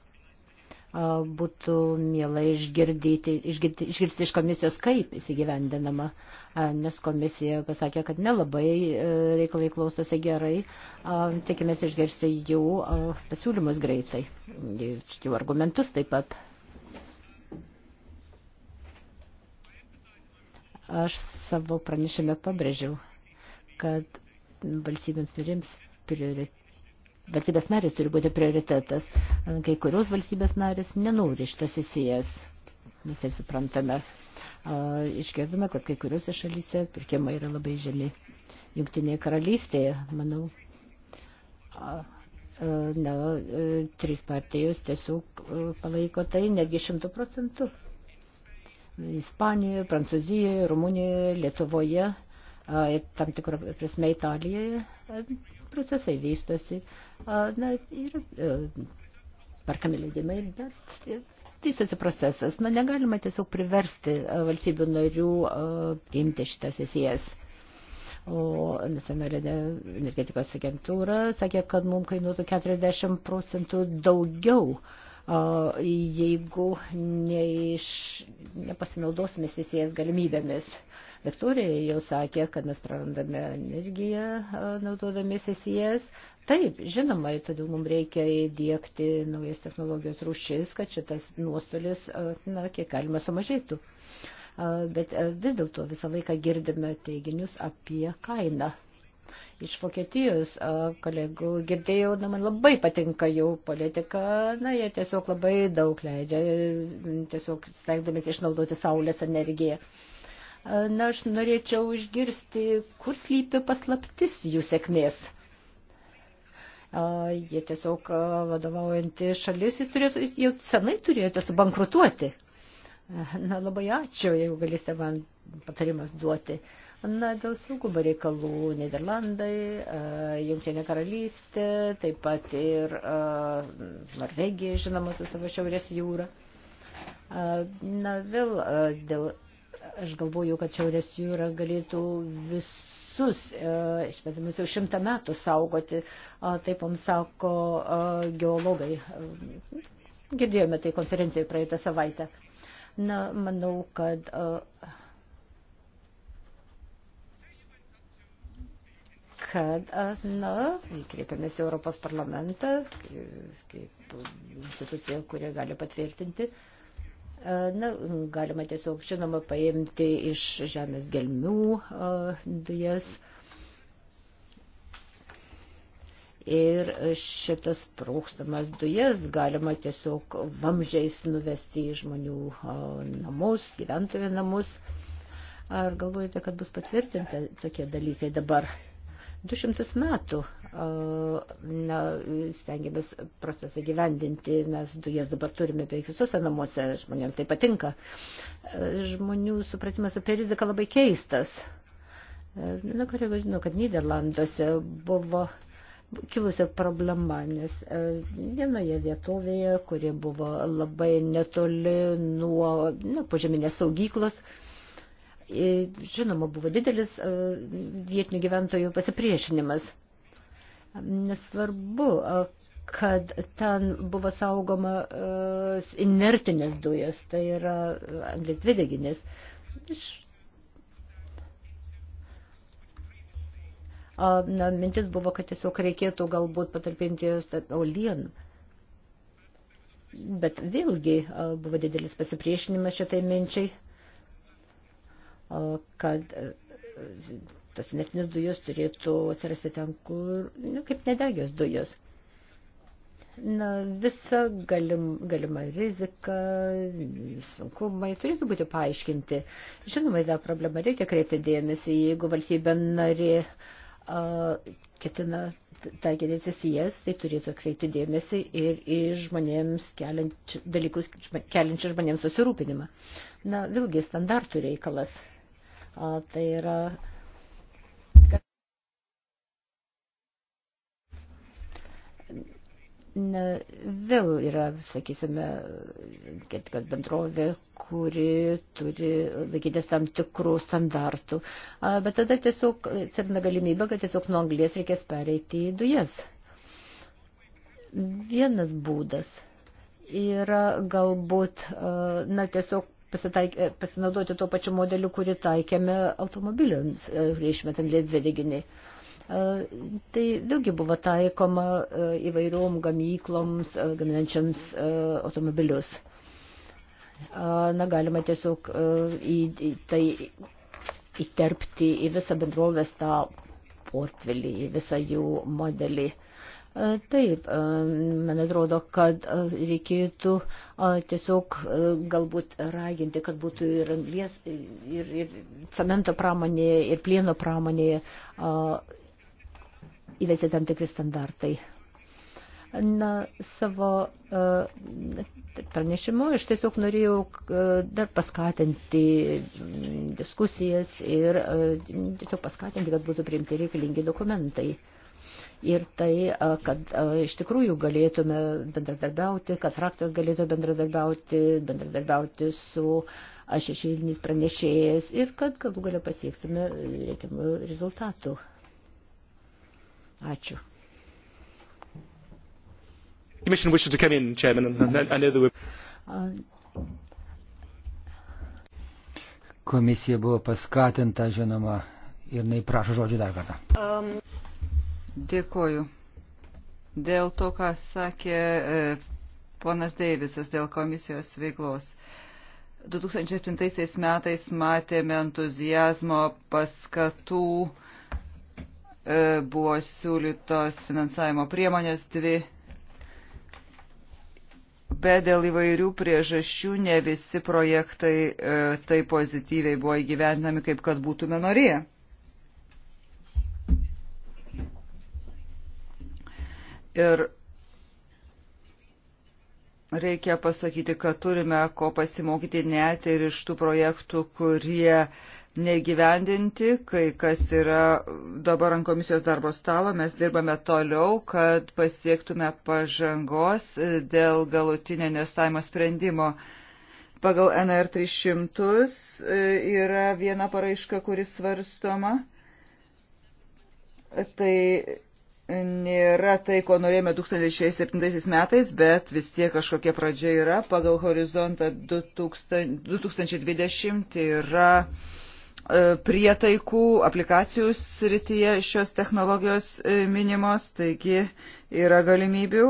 E: būtų mielai išgirdyti, išgirti, išgirsti iš komisijos, kaip įsigyvendinama, nes komisija pasakė, kad nelabai e, reikalai klausosi gerai, tikimės išgirsti jų pasiūlymus greitai, jų argumentus taip pat. Aš savo pranešime pabrėžiau, kad valstybėms narims prioritetų valstybės narės turi būti prioritetas. Kai kurios valstybės narės nenori šitas įsijas. Mes taip suprantame. Išgirdome, kad kai kuriuose šalyse pirkimai yra labai žemi. Jungtinėje karalystėje, manau, na, trys partijos tiesiog palaiko tai netgi šimtų procentų. Ispanijoje, Prancūzijoje, Rumunijoje, Lietuvoje, tam tikrą prasme Italijoje procesai vystosi, na, ir e, perkami leidimai, bet e, vystosi procesas. Na, negalima tiesiog priversti e, valstybių narių imti šitas esijas. O nacionalinė energetikos agentūra sakė, kad mums kainuotų 40 procentų daugiau uh, jeigu neiš, nepasinaudosime sesijas galimybėmis. Viktorija jau sakė, kad mes prarandame energiją naudodami sesijas. Taip, žinoma, todėl mums reikia įdėkti naujas technologijos rūšis, kad šitas nuostolis, na, kiek galima sumažėtų. Bet e, vis dėlto visą laiką girdime teiginius apie kainą iš Vokietijos kolegų girdėjau, na, man labai patinka jų politika, na, jie tiesiog labai daug leidžia, tiesiog stengdamės išnaudoti saulės energiją. Na, aš norėčiau išgirsti, kur slypi paslaptis jų sėkmės. Jie tiesiog vadovaujantį šalis, jis turėtų, jau senai turėjote subankrutuoti. Na, labai ačiū, jeigu galėsite man patarimas duoti. Uh, Na, dėl saugumo reikalų Niderlandai, e, Junktinė karalystė, taip pat ir e, Norvegija, žinoma, su savo šiaurės jūra. E, na, vėl dėl, aš galvoju, kad šiaurės jūras galėtų visus, išmetimus jau šimtą metų saugoti, taip mums sako geologai. Girdėjome tai konferencijoje praeitą savaitę. Na, manau, kad uh, kad na, kreipiamės į Europos parlamentą, kaip institucija, kurie gali patvirtinti. Na, galima tiesiog, žinoma, paimti iš žemės gelmių dujas. Ir šitas prūkstamas dujas galima tiesiog vamžiais nuvesti į žmonių namus, gyventojų namus. Ar galvojate, kad bus patvirtinti tokie dalykai dabar? 200 metų na, stengiamės procesą gyvendinti, mes dujas dabar turime beveik visuose namuose, žmonėms tai patinka. Žmonių supratimas apie riziką labai keistas. Na, kolegos, žinau, kad Niderlanduose buvo kilusi problema, nes vienoje vietovėje, kuri buvo labai netoli nuo na, požeminės saugyklos, E, žinoma, buvo didelis e, vietinių gyventojų pasipriešinimas. Nesvarbu, e, kad ten buvo saugoma inertinės dujos, tai yra anglis dvideginės. Na, mintis buvo, kad tiesiog reikėtų galbūt patalpinti olien. Bet vėlgi buvo didelis pasipriešinimas šitai minčiai kad e, tas neftinės dujos turėtų atsirasti ten, kur, nu, kaip nedegios dujos. Na, visa galim, galima rizika, sunkumai turėtų būti paaiškinti. Žinoma, tą problemą reikia kreipti dėmesį, jeigu valstybė nari uh, ketina taikyti sesijas, tai turėtų kreipti dėmesį ir į žmonėms keliančių, dalykus keliančių žmonėms susirūpinimą. Na, vėlgi, standartų reikalas. Tai yra. Ne, vėl yra, sakysime, kad, kad bendrovė, kuri turi laikytis tam tikrų standartų, a, bet tada tiesiog atsiranda galimybė, kad tiesiog nuo anglės reikės pereiti į dujas. Vienas būdas yra galbūt, na, tiesiog pasitaikė, e, pasinaudoti tuo pačiu modeliu, kurį taikėme automobiliams, e, išmetant lėdzeliginiai. E, tai vėlgi buvo taikoma įvairiom gamykloms, gaminančiams automobilius. Na, galima tiesiog į, į tai įterpti į visą bendrovės tą portfelį, į visą jų modelį. Uh, Taip, man atrodo, kad reikėtų tiesiog galbūt raginti, kad būtų ir anglės, ir, ir cemento pramonėje, ir plieno pramonėje įvesti tam tikri standartai. Na, savo pranešimu aš tiesiog norėjau dar paskatinti diskusijas ir tiesiog paskatinti, kad būtų priimti reikalingi dokumentai ir tai, kad iš tikrųjų galėtume bendradarbiauti, kad frakcijos galėtų bendradarbiauti, bendradarbiauti su šešėliniais pranešėjais ir kad galų galia pasiektume reikiamų rezultatų.
A: Ačiū. Commission wishes to come in, Chairman, and I know there were
B: komisija buvo paskatinta, žinoma, ir jinai prašo žodžių dar kartą.
D: Um. Dėkoju. Dėl to, ką sakė e, ponas Deivisas dėl komisijos veiklos. 2007 metais matėme entuzijazmo paskatų, e, buvo siūlytos finansavimo priemonės dvi, bet dėl įvairių priežasčių ne visi projektai e, taip pozityviai buvo įgyvendinami, kaip kad būtume norėję. Ir reikia pasakyti, kad turime ko pasimokyti net ir iš tų projektų, kurie negyvendinti, kai kas yra dabar ant komisijos darbo stalo, mes dirbame toliau, kad pasiektume pažangos dėl galutinio investavimo sprendimo. Pagal NR 300 e, yra viena paraiška, kuris svarstoma. Tai nėra tai, ko norėjome 2007 metais, bet vis tiek kažkokia pradžia yra. Pagal horizontą 2020 yra e, prietaikų, aplikacijų srityje šios technologijos e, minimos, taigi yra galimybių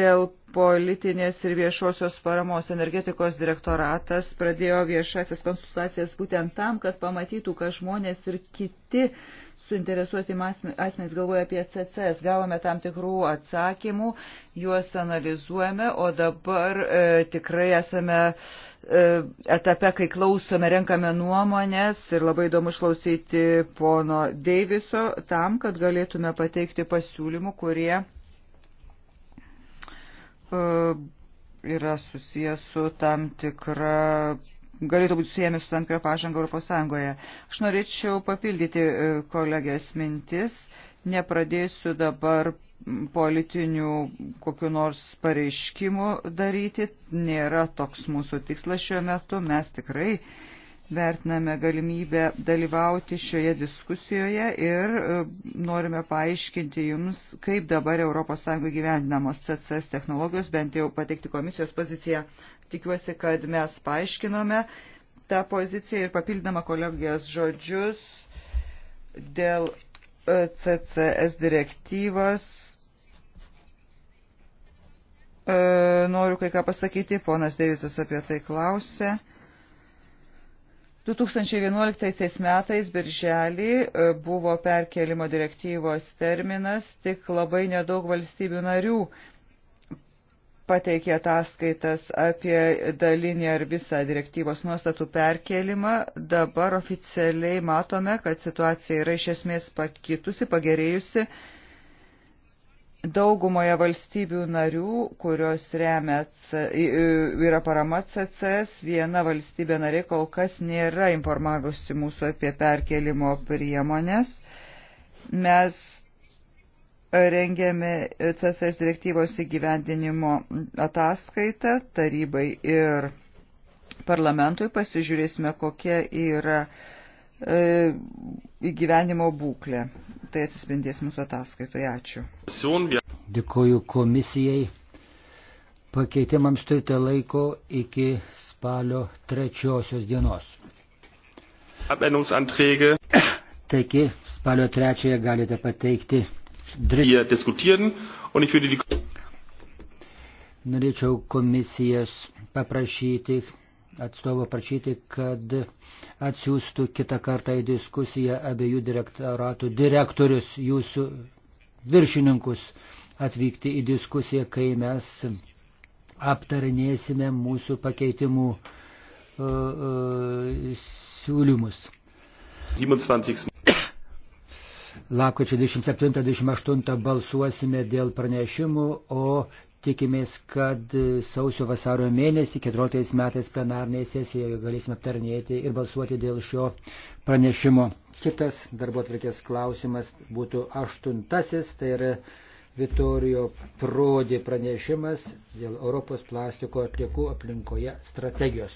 D: dėl politinės ir viešosios paramos energetikos direktoratas pradėjo viešasias konsultacijas būtent tam, kad pamatytų, kad žmonės ir kiti uh, suinteresuoti asmenys galvoja apie CCS. Gavome tam tikrų atsakymų, juos analizuojame, o dabar e, tikrai esame e, etape, kai klausome, renkame nuomonės ir labai įdomu išklausyti pono Deiviso tam, kad galėtume pateikti pasiūlymų, kurie e, yra susijęs su tam tikra galėtų būti siejami su tam tikra pažanga Europos Sąjungoje. Aš norėčiau papildyti e, kolegės mintis, nepradėsiu dabar politinių kokiu nors pareiškimų daryti, nėra toks mūsų tikslas šiuo metu, mes tikrai vertiname galimybę dalyvauti šioje diskusijoje ir e, norime paaiškinti jums, kaip dabar ES gyvendinamos CCS technologijos, bent jau pateikti komisijos poziciją Tikiuosi, kad mes paaiškinome tą poziciją ir papildama kolegijos žodžius dėl e, CCS direktyvos. E, noriu kai ką pasakyti, ponas Deivisas apie tai klausė. 2011 metais birželį e, buvo perkelimo direktyvos terminas, tik labai nedaug valstybių narių pateikė ataskaitas apie dalinį ar visą direktyvos nuostatų perkelimą. Dabar oficialiai matome, kad situacija yra iš esmės pakitusi, pagerėjusi. Daugumoje valstybių narių, kurios remia, yra parama CCS, viena valstybė narė kol kas nėra informavusi mūsų apie perkelimo priemonės. Mes rengiame CCS direktyvos įgyvendinimo ataskaitą tarybai ir parlamentui. Pasižiūrėsime, kokia yra e, įgyvenimo būklė. Tai atsispindės mūsų ataskaitoje. Ačiū.
B: Dėkuoju komisijai. Pakeitimams turite laiko iki spalio trečiosios dienos. Taigi, spalio trečiąją galite pateikti
A: hier diskutieren. Und ich würde die
B: Norėčiau komisijas paprašyti, atstovo prašyti, kad atsiųstų kitą kartą į diskusiją abiejų direktoratų direktorius, jūsų viršininkus atvykti į diskusiją, kai mes aptarinėsime mūsų pakeitimų uh, uh, siūlymus.
A: 27.
B: Lapkričio 27-28 balsuosime dėl pranešimų, o tikimės, kad sausio vasario mėnesį 14 metais plenarnėje sesijoje galėsime aptarnėti ir balsuoti dėl šio pranešimo. Kitas darbo atvarkės klausimas būtų aštuntasis, tai yra Vitorijo Prodi pranešimas dėl Europos plastiko atliekų aplinkoje strategijos.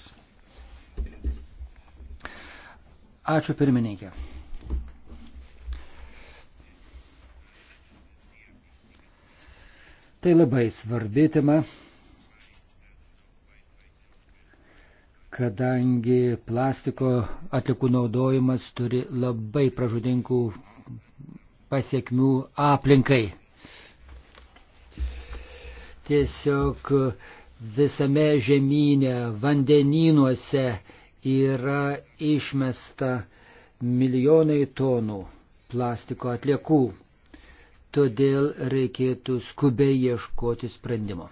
B: Ačiū pirmininkė. Tai labai svarbi tema, kadangi plastiko atlikų naudojimas turi labai pražudinkų pasiekmių aplinkai. Tiesiog visame žemynė, vandenynuose yra išmesta milijonai tonų plastiko atliekų todėl reikėtų skubiai ieškoti sprendimo.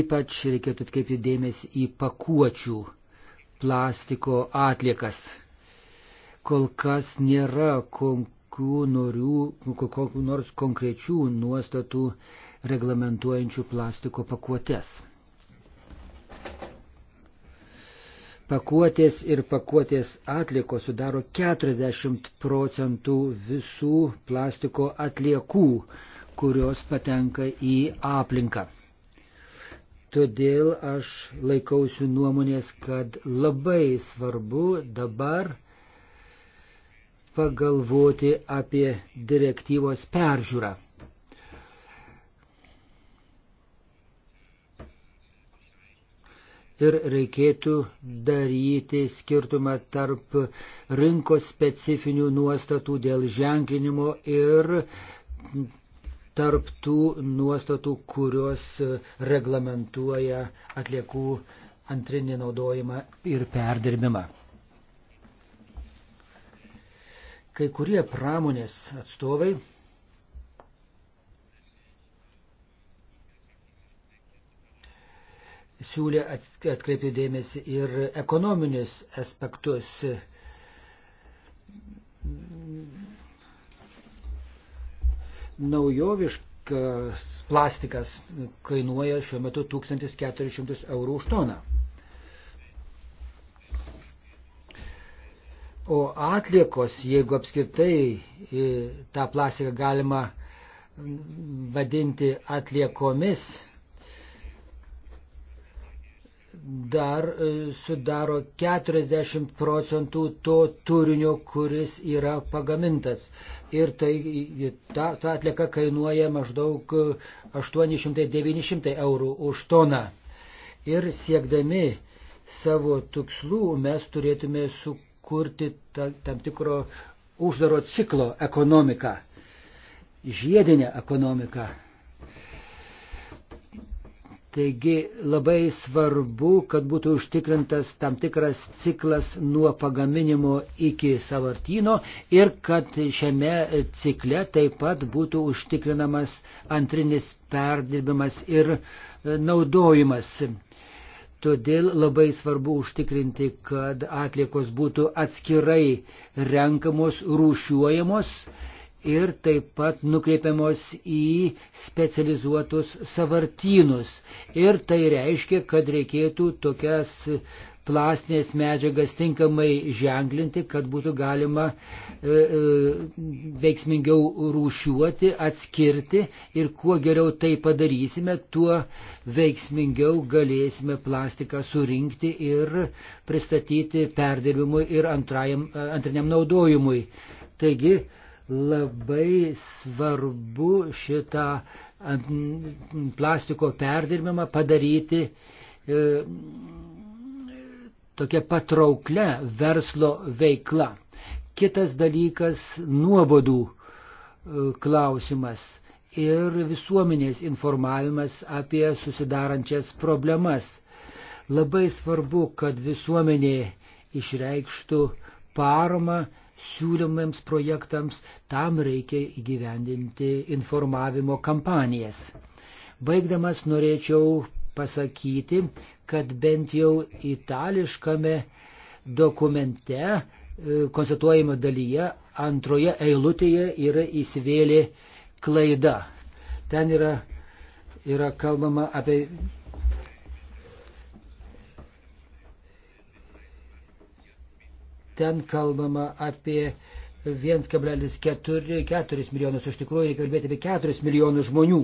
B: Ypač reikėtų atkreipti dėmesį į pakuočių plastiko atliekas. Kol kas nėra kokių, norių, kokių nors konkrečių nuostatų reglamentuojančių plastiko pakuotės. Pakuotės ir pakuotės atliko sudaro 40 procentų visų plastiko atliekų, kurios patenka į aplinką. Todėl aš laikausi nuomonės, kad labai svarbu dabar pagalvoti apie direktyvos peržiūrą. ir reikėtų daryti skirtumą tarp rinkos specifinių nuostatų dėl ženklinimo ir tarp tų nuostatų, kurios reglamentuoja atliekų antrinį naudojimą ir perdirbimą. Kai kurie pramonės atstovai siūlė atkreipti dėmesį ir ekonominius aspektus. Naujoviškas plastikas kainuoja šiuo metu 1400 eurų už toną. O atliekos, jeigu apskritai e, tą plastiką galima vadinti atliekomis, dar e, sudaro 40 procentų to turinio, kuris yra pagamintas. Ir tai ta, ta atlika kainuoja maždaug 800-900 e, eurų už toną. Ir siekdami savo tikslų mes turėtume sukurti ta, tam tikro uždaro ciklo ekonomiką, žiedinę ekonomiką. Taigi labai svarbu, kad būtų užtikrintas tam tikras ciklas nuo pagaminimo iki savartino ir kad šiame cikle taip pat būtų užtikrinamas antrinis perdirbimas ir e, naudojimas. Todėl labai svarbu užtikrinti, kad atliekos būtų atskirai renkamos, rūšiuojamos ir taip pat nukreipiamos į specializuotus savartynus. Ir tai reiškia, kad reikėtų tokias plastinės medžiagas tinkamai ženklinti, kad būtų galima e, e, veiksmingiau rūšiuoti, atskirti ir kuo geriau tai padarysime, tuo veiksmingiau galėsime plastiką surinkti ir pristatyti perdirbimui ir antrajam, e, antriniam naudojimui. Taigi, labai svarbu šitą plastiko perdirbimą padaryti e, tokia patrauklė verslo veikla. Kitas dalykas - nuobodų e, klausimas ir visuomenės informavimas apie susidarančias problemas. Labai svarbu, kad visuomenė išreikštų paramą siūlomiems projektams, tam reikia įgyvendinti informavimo kampanijas. Baigdamas norėčiau pasakyti, kad bent jau itališkame dokumente e, konstatuojama dalyje antroje eilutėje yra įsivėlė klaida. Ten yra, yra kalbama apie ten kalbama apie 1,4 milijonus, iš tikrųjų reikia kalbėti apie 4 milijonus žmonių.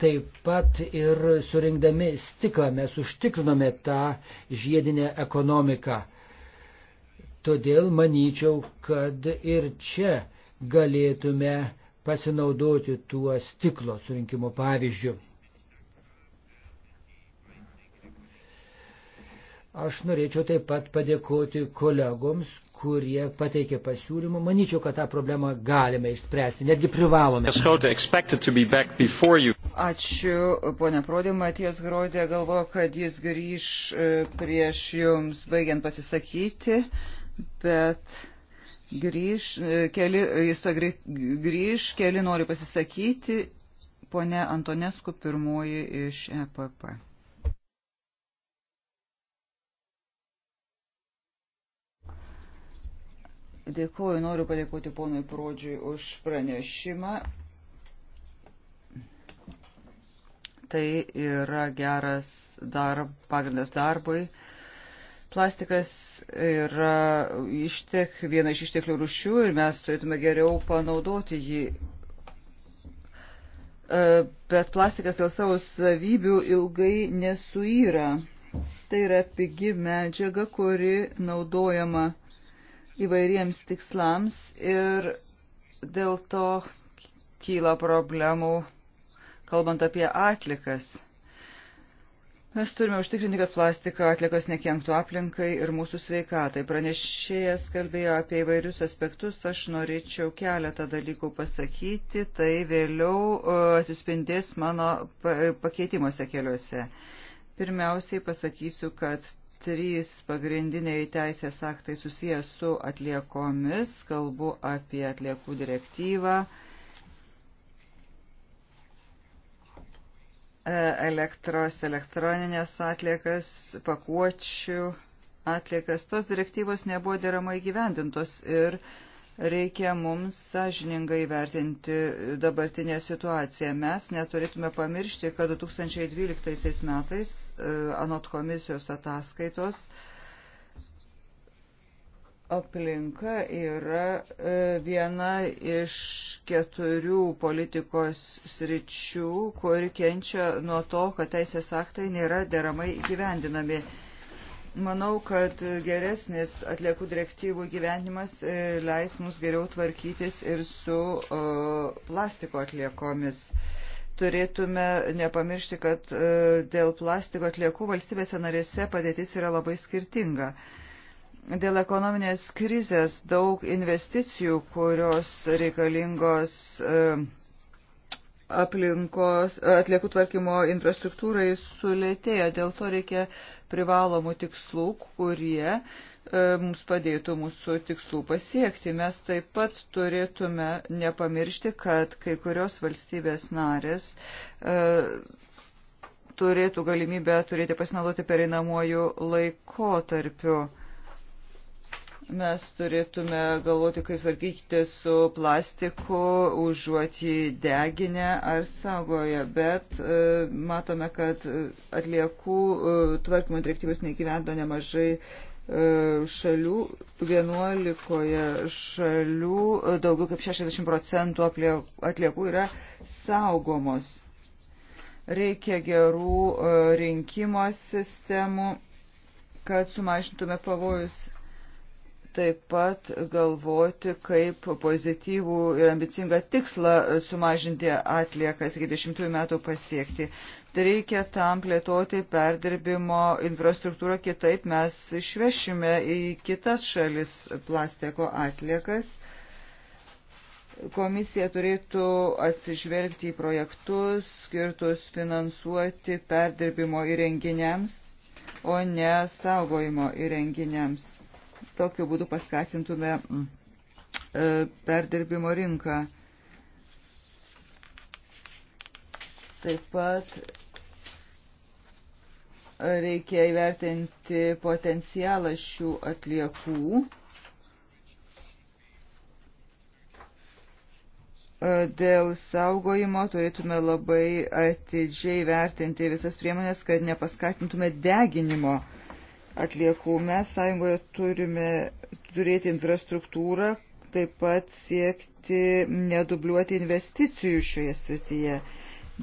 B: Taip pat ir surinkdami stiklą mes užtikrinome tą žiedinę ekonomiką. Todėl manyčiau, kad ir čia galėtume pasinaudoti tuo stiklo surinkimo pavyzdžių. Aš norėčiau taip pat padėkoti kolegoms, kurie pateikė pasiūlymų. Manyčiau, kad tą problemą galime išspręsti, netgi privalome.
D: Ačiū, ponia Prodė, Matijas Grodė galvo, kad jis grįž e, prieš jums baigiant pasisakyti, bet grįž, e, keli, jis to grįž, keli nori pasisakyti, ponia Antonesku pirmoji iš EPP. Dėkuoju, noriu padėkoti ponui Prodžiui už pranešimą. Tai yra geras darb, pagrindas darbui. Plastikas yra ištek, viena iš išteklių rušių ir mes turėtume geriau panaudoti jį. E, bet plastikas dėl savo savybių ilgai nesuyra. Tai yra pigi medžiaga, kuri naudojama įvairiems tikslams ir dėl to kyla problemų, kalbant apie atlikas. Mes turime užtikrinti, kad plastika atlikos nekenktų aplinkai ir mūsų sveikatai. Pranešėjas kalbėjo apie įvairius aspektus, aš norėčiau keletą dalykų pasakyti, tai vėliau e, atsispindės mano pakeitimuose keliuose. Pirmiausiai pasakysiu, kad trys pagrindiniai teisės aktai susijęs su atliekomis, kalbu apie atliekų direktyvą, e, elektros, elektroninės atliekas, pakuočių atliekas. Tos direktyvos nebuvo deramai gyvendintos ir uh, reikia mums sąžiningai vertinti dabartinę situaciją. Mes neturėtume pamiršti, kad 2012 metais e, anot komisijos ataskaitos aplinka yra e, viena iš keturių politikos sričių, kur kenčia nuo to, kad teisės aktai nėra deramai gyvendinami. Manau, kad geresnis atliekų direktyvų gyvenimas e, leis mus geriau tvarkytis ir su plastiko atliekomis. Turėtume nepamiršti, kad e, dėl plastiko atliekų valstybėse narėse padėtis yra labai skirtinga. Dėl ekonominės krizės daug investicijų, kurios reikalingos e, aplinkos atliekų tvarkymo infrastruktūrai sulėtėjo. Dėl to reikia privalomų tikslų, kurie e, mums padėtų mūsų tikslų pasiekti. Mes taip pat turėtume nepamiršti, kad kai kurios valstybės narės e, turėtų galimybę turėti pasinaudoti pereinamuoju laikotarpiu. tarpiu Mes turėtume galvoti, kaip tvarkyti su plastiku, užuot jį deginę ar saugoje, bet e, matome, kad atliekų e, tvarkymo direktyvos neįgyvendo nemažai e, šalių, 11 šalių, e, daugiau kaip 60 procentų atliekų yra saugomos. Reikia gerų e, rinkimo sistemų, kad sumažintume pavojus taip pat galvoti, kaip pozityvų ir ambicingą tikslą sumažinti atliekas iki 10 metų pasiekti. Tai reikia tam plėtoti perdirbimo infrastruktūrą, kitaip mes išvešime į kitas šalis plastiko atliekas. Komisija turėtų atsižvelgti į projektus skirtus finansuoti perdirbimo įrenginiams, o ne saugojimo įrenginiams tokiu būdu paskatintume mm, e, perdirbimo rinką. Taip pat reikia įvertinti potencialą šių atliekų. E, dėl saugojimo turėtume labai atidžiai vertinti visas priemonės, kad nepaskatintume deginimo uh, atliekų. Mes sąjungoje turime turėti infrastruktūrą, taip pat siekti nedubliuoti investicijų šioje srityje.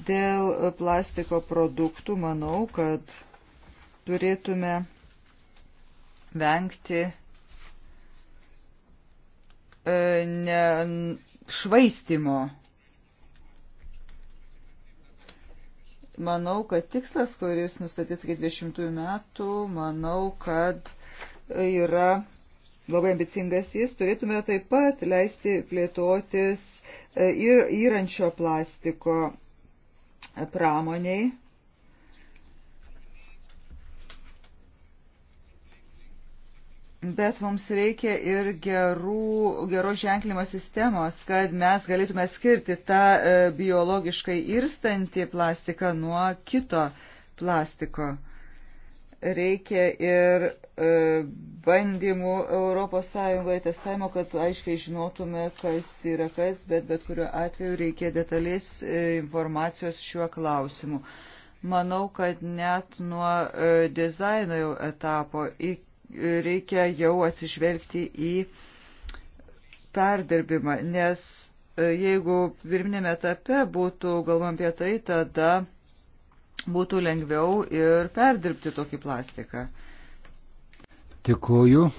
D: Dėl plastiko produktų manau, kad turėtume vengti e, ne švaistimo Manau, kad tikslas, kuris nustatys iki 20 metų, manau, kad yra labai ambicingas jis. Turėtume taip pat leisti plėtotis e, ir įrančio plastiko pramoniai Bet mums reikia ir gerų, geros ženklimo sistemos, kad mes galėtume skirti tą e, biologiškai irstantį plastiką nuo kito plastiko. Reikia ir e, bandymų ES testavimo, kad aiškiai žinotume, kas yra kas, bet bet kuriuo atveju reikia detalės e, informacijos šiuo klausimu. Manau, kad net nuo dizaino etapo iki reikia jau atsižvelgti į perdirbimą, nes e, jeigu pirminėme etape būtų galvom apie tai, tada būtų lengviau ir perdirbti tokį plastiką.
B: Dėkuoju.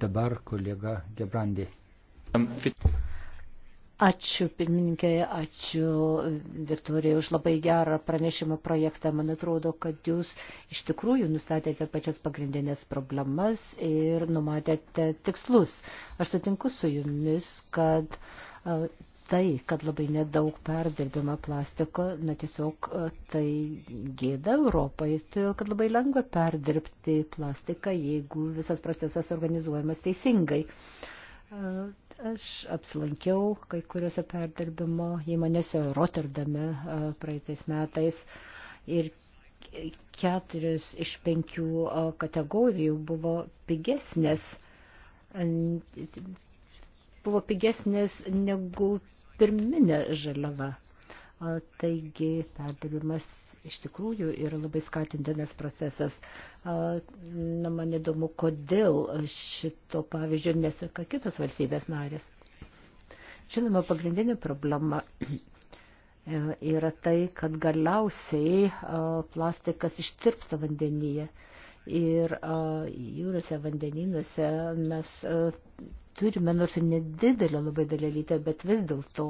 B: Dabar kolega Gebrandi.
E: Ačiū pirmininkė, ačiū Viktorija už labai gerą pranešimo projektą. Man atrodo, kad jūs iš tikrųjų nustatėte pačias pagrindinės problemas ir numatėte tikslus. Aš sutinku su jumis, kad tai, kad labai nedaug perdirbima plastiko, na tiesiog tai gėda Europai, todėl kad labai lengva perdirbti plastiką, jeigu visas procesas organizuojamas teisingai. Aš apsilankiau kai kuriuose perdirbimo įmonėse Rotterdame praeitais metais ir keturis iš penkių kategorijų buvo pigesnės, buvo pigesnės negu pirminė žaliava. Taigi perdirbimas iš tikrųjų yra labai skatintinas procesas. Na, man įdomu, kodėl šito pavyzdžio neseka kitos valstybės narės. Žinoma, pagrindinė problema [clears throat] yra tai, kad galiausiai plastikas ištirpsta vandenyje ir jūrose, vandeninuose mes turime nors ir nedidelę labai dalelytę, bet vis dėlto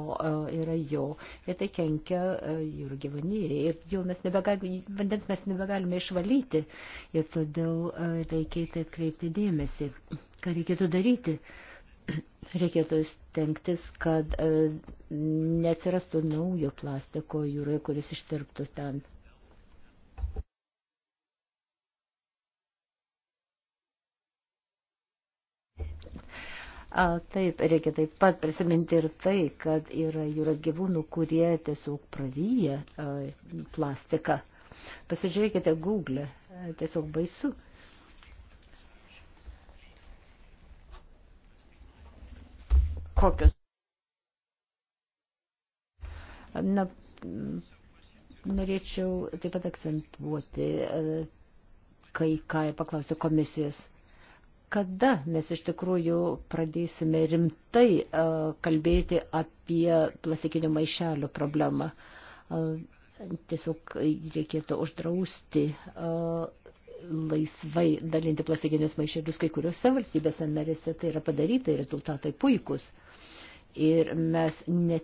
E: yra jo ir tai kenkia jūrų gyvūnyjai ir jau mes nebegalime, vandens mes nebegalime išvalyti ir todėl reikia į tai atkreipti dėmesį, ką reikėtų daryti. [clears throat] Reikėtų stengtis, kad neatsirastų naujo plastiko jūroje, kuris ištirptų ten. A, taip, reikia taip pat prisiminti ir tai, kad yra jūros gyvūnų, kurie tiesiog pravyja a, plastiką. Pasižiūrėkite Google, a, tiesiog baisu. Kokios? Na, norėčiau taip pat akcentuoti, a, kai ką paklausiu komisijos kada mes iš tikrųjų pradėsime rimtai kalbėti apie plastikinių maišelių problemą. Tiesiog reikėtų uždrausti laisvai dalinti plastikinius maišelius kai kuriuose valstybėse narėse. Tai yra padaryta ir rezultatai puikus. Ir mes ne,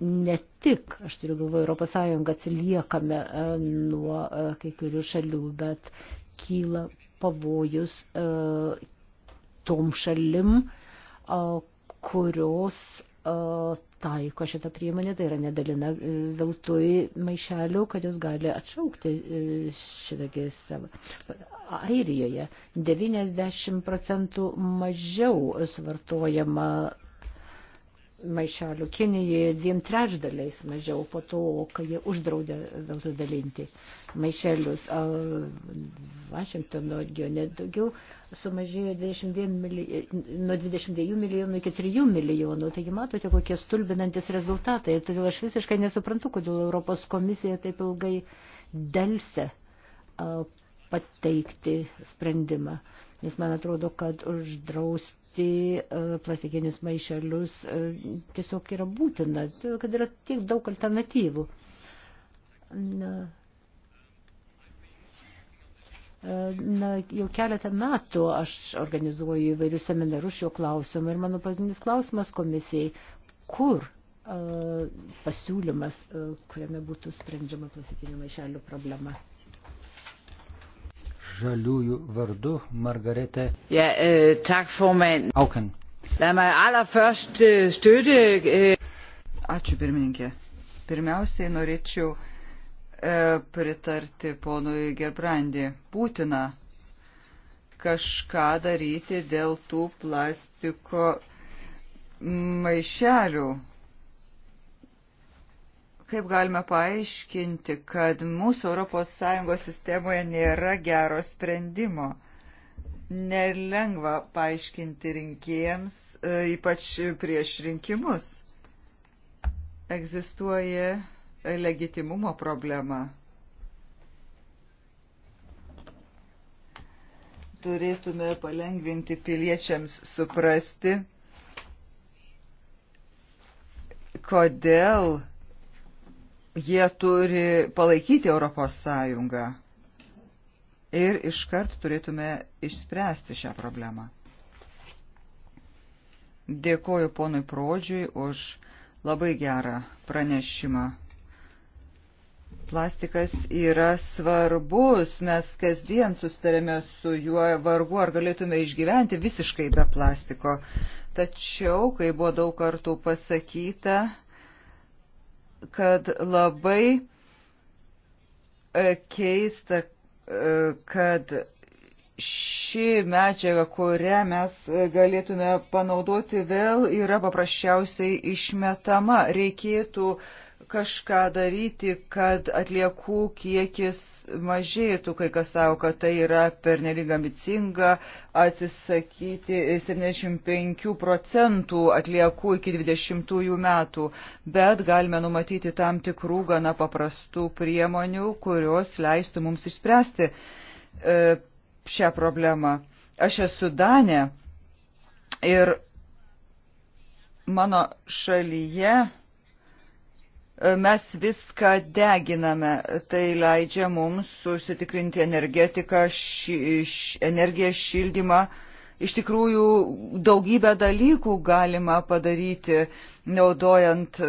E: ne tik, aš turiu galvoje, Europos Sąjungą atsiliekame nuo kai kurių šalių, bet kyla pavojus tom šalim, kurios taiko šitą priemonę, tai yra nedalina e, veltui maišelių, kad jos gali atšaukti e, šitokį savo. Airijoje 90 procentų mažiau suvartojama maišelių. Kinijoje dviem trečdaliais mažiau po to, kai jie uždraudė veltui dalinti maišelius. Vašingtono regione daugiau sumažėjo 22 milijonų, nuo 22 milijonų iki 3 milijonų. Taigi matote, kokie stulbinantis rezultatai. Todėl aš visiškai nesuprantu, kodėl Europos komisija taip ilgai dėlse pateikti sprendimą nes man atrodo, kad uždrausti e, plastikinius maišelius e, tiesiog yra būtina, kad yra tiek daug alternatyvų. Na, e, Na, jau keletą metų aš organizuoju įvairius seminarus šiuo klausimu ir mano pagrindinis klausimas komisijai, kur pasiūlymas, kuriame būtų sprendžiama plastikinių
B: maišelių problema žaliųjų vardu Margarete
D: ja, uh, tak, Auken. Øh, øh, Ačiū pirmininkė. Pirmiausiai norėčiau e, pritarti ponui Gerbrandi. Būtina kažką daryti dėl tų plastiko maišelių Kaip galime paaiškinti, kad mūsų ES sistemoje nėra gero sprendimo? Nelengva paaiškinti rinkėjams, e, ypač prieš rinkimus. Egzistuoja legitimumo problema. Turėtume palengvinti piliečiams suprasti, kodėl jie turi palaikyti Europos Sąjungą. Ir iškart turėtume išspręsti šią problemą. Dėkoju ponui Prodžiui už labai gerą pranešimą. Plastikas yra svarbus, mes kasdien susitarėme su juo vargu, ar galėtume išgyventi visiškai be plastiko. Tačiau, kai buvo daug kartų pasakyta, kad labai e, keista, e, kad ši medžiaga, kurią mes e, galėtume panaudoti vėl, yra paprasčiausiai išmetama. Reikėtų uh, kažką daryti, kad atliekų kiekis mažėtų, kai kas savo, kad tai yra pernelyg ambicinga atsisakyti 75 procentų atliekų iki 20 metų, bet galime numatyti tam tikrų gana paprastų priemonių, kurios leistų mums išspręsti e, šią problemą. Aš esu Danė ir mano šalyje mes viską deginame. Tai leidžia mums susitikrinti energetiką, ši, energiją, šildymą. Iš tikrųjų, daugybę dalykų galima padaryti, naudojant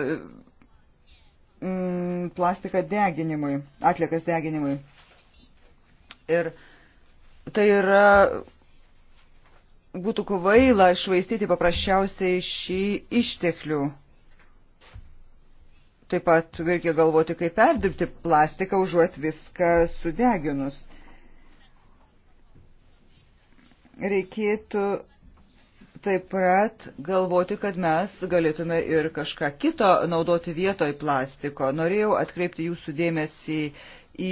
D: mm, plastiką deginimui, atlikas deginimui. Ir tai yra būtų kvaila švaistyti paprasčiausiai šį išteklių. Taip pat reikia galvoti, kaip perdirbti plastiką, užuot viską sudeginus. Reikėtų taip pat galvoti, kad mes galėtume ir kažką kito naudoti vietoj plastiko. Norėjau atkreipti jūsų dėmesį į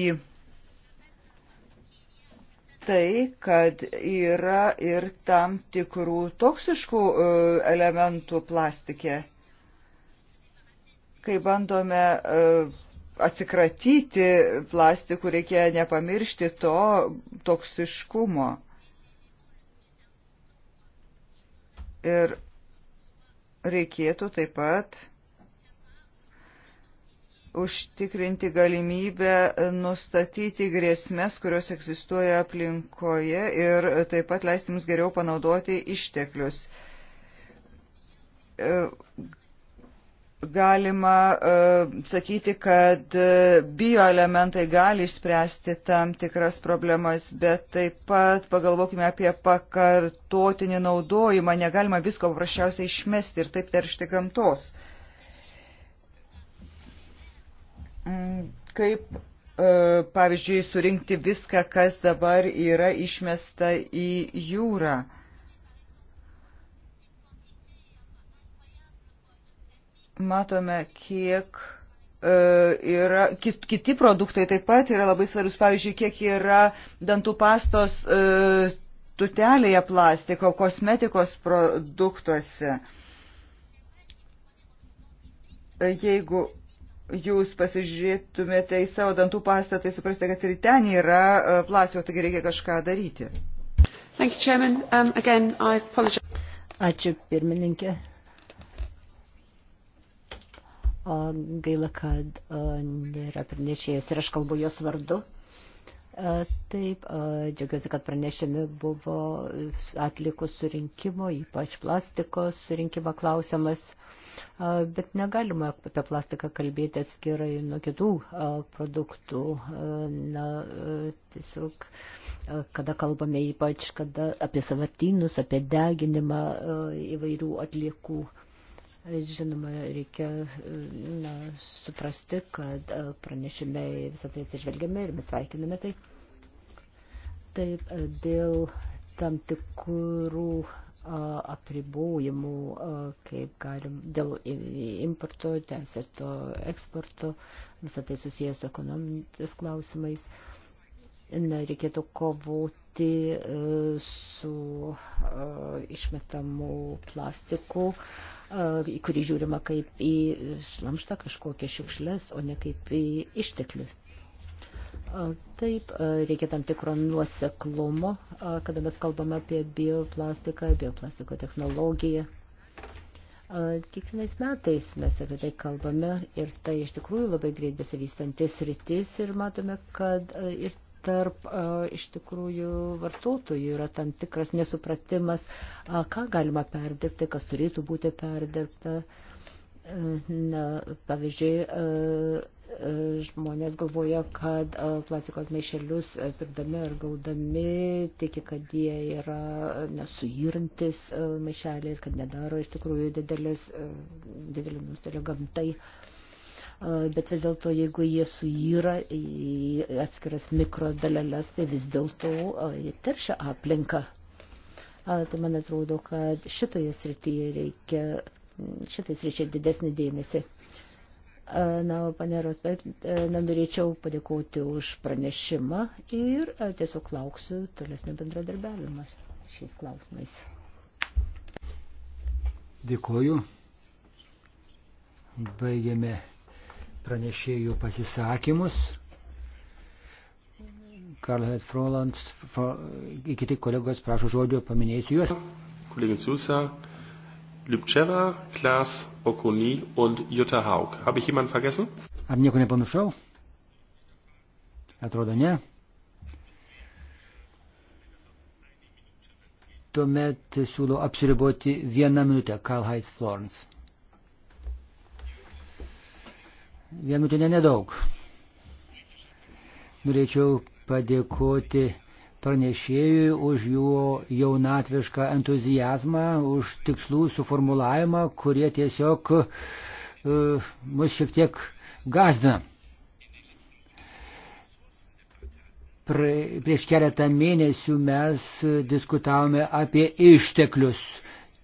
D: tai, kad yra ir tam tikrų toksiškų e, elementų plastike. Kai bandome e, atsikratyti plastikų, reikia nepamiršti to toksiškumo. Ir reikėtų taip pat užtikrinti galimybę nustatyti grėsmės, kurios egzistuoja aplinkoje ir taip pat leisti mums geriau panaudoti išteklius. E, galima uh, sakyti, kad e, bioelementai gali išspręsti tam tikras problemas, bet taip pat pagalvokime apie pakartotinį naudojimą. Negalima visko paprasčiausiai išmesti ir taip teršti gamtos. Mm, kaip, uh, pavyzdžiui, surinkti viską, kas dabar yra išmesta į jūrą. Uh, matome, kiek e, yra, kit, kiti produktai taip pat yra labai svarbus. Pavyzdžiui, kiek yra dantų pastos e, tutelėje plastiko, kosmetikos produktuose. E, jeigu jūs pasižiūrėtumėte į savo dantų pastą, tai suprasite, kad ir ten yra plastiko, taigi reikia kažką daryti.
A: Thank you,
E: Chairman. Um, again, I apologize. Ačiū, pirmininkė. Gaila, kad nėra pranešėjas ir aš kalbu jos vardu. E, taip, džiaugiuosi, kad pranešėmi buvo atlikus surinkimo, ypač plastikos surinkimo klausimas, e, bet negalima apie plastiką kalbėti atskirai nuo kitų e, produktų. Na, tiesiog, kada kalbame ypač kada apie savartynus, apie deginimą įvairių atliekų Žinoma, reikia na, suprasti, kad e, pranešime visą tai atsižvelgiame ir mes sveikiname tai. Taip, e, dėl tam tikrų apribojimų, kaip galim, dėl importo, teisėto eksporto, visą tai susijęs su ekonomintis klausimais. Na, reikėtų kovoti kovoti e, su e, išmetamu plastiku, e, į kurį žiūrima kaip į šlamštą kažkokias šiukšlės, o ne kaip į išteklius. Taip, reikia tam tikro nuoseklumo, kada mes kalbame apie bioplastiką, bioplastiko technologiją. Kiekvienais metais mes apie tai kalbame ir tai iš tikrųjų labai greit besivystantis rytis ir matome, kad ir tarp iš tikrųjų vartotojų yra tam tikras nesupratimas, ką galima perdirbti, kas turėtų būti perdirbta. Na, pavyzdžiui, žmonės galvoja, kad plastiko maišelius pirkdami ar gaudami tiki, kad jie yra nesuyrantis maišeliai ir kad nedaro iš tikrųjų didelis, didelį nustelio gamtai. Uh, bet vis dėlto jeigu jie suyra į atskiras mikrodaleles, tai vis dėlto jie teršia aplinką. Tai man atrodo, kad šitoje srityje reikia, šitai sričiai didesnį dėmesį. Na, paneros, bet nenorėčiau padėkoti už pranešimą ir tiesiog lauksiu tolesnio bendradarbiavimo šiais klausimais.
B: Dėkoju. Baigiame pranešėjų pasisakymus. Karlheinz Frolands, kiti kolegos prašo žodžio, paminėsiu juos.
A: Kolegin Susa, Lipčeva, Klaas, Okuni und Jutta Haug. Habe ich jemanden vergessen?
B: Ar nieko nepamiršau? Atrodo ne. Tuomet siūlau apsiriboti vieną minutę. Karl Heinz Florence. Vienutinė nedaug. Norėčiau padėkoti pranešėjui už jų jaunatvišką entuzijazmą, už tikslų suformulavimą, kurie tiesiog uh, mus šiek tiek gazdina. Prieš keletą mėnesių mes diskutavome apie išteklius.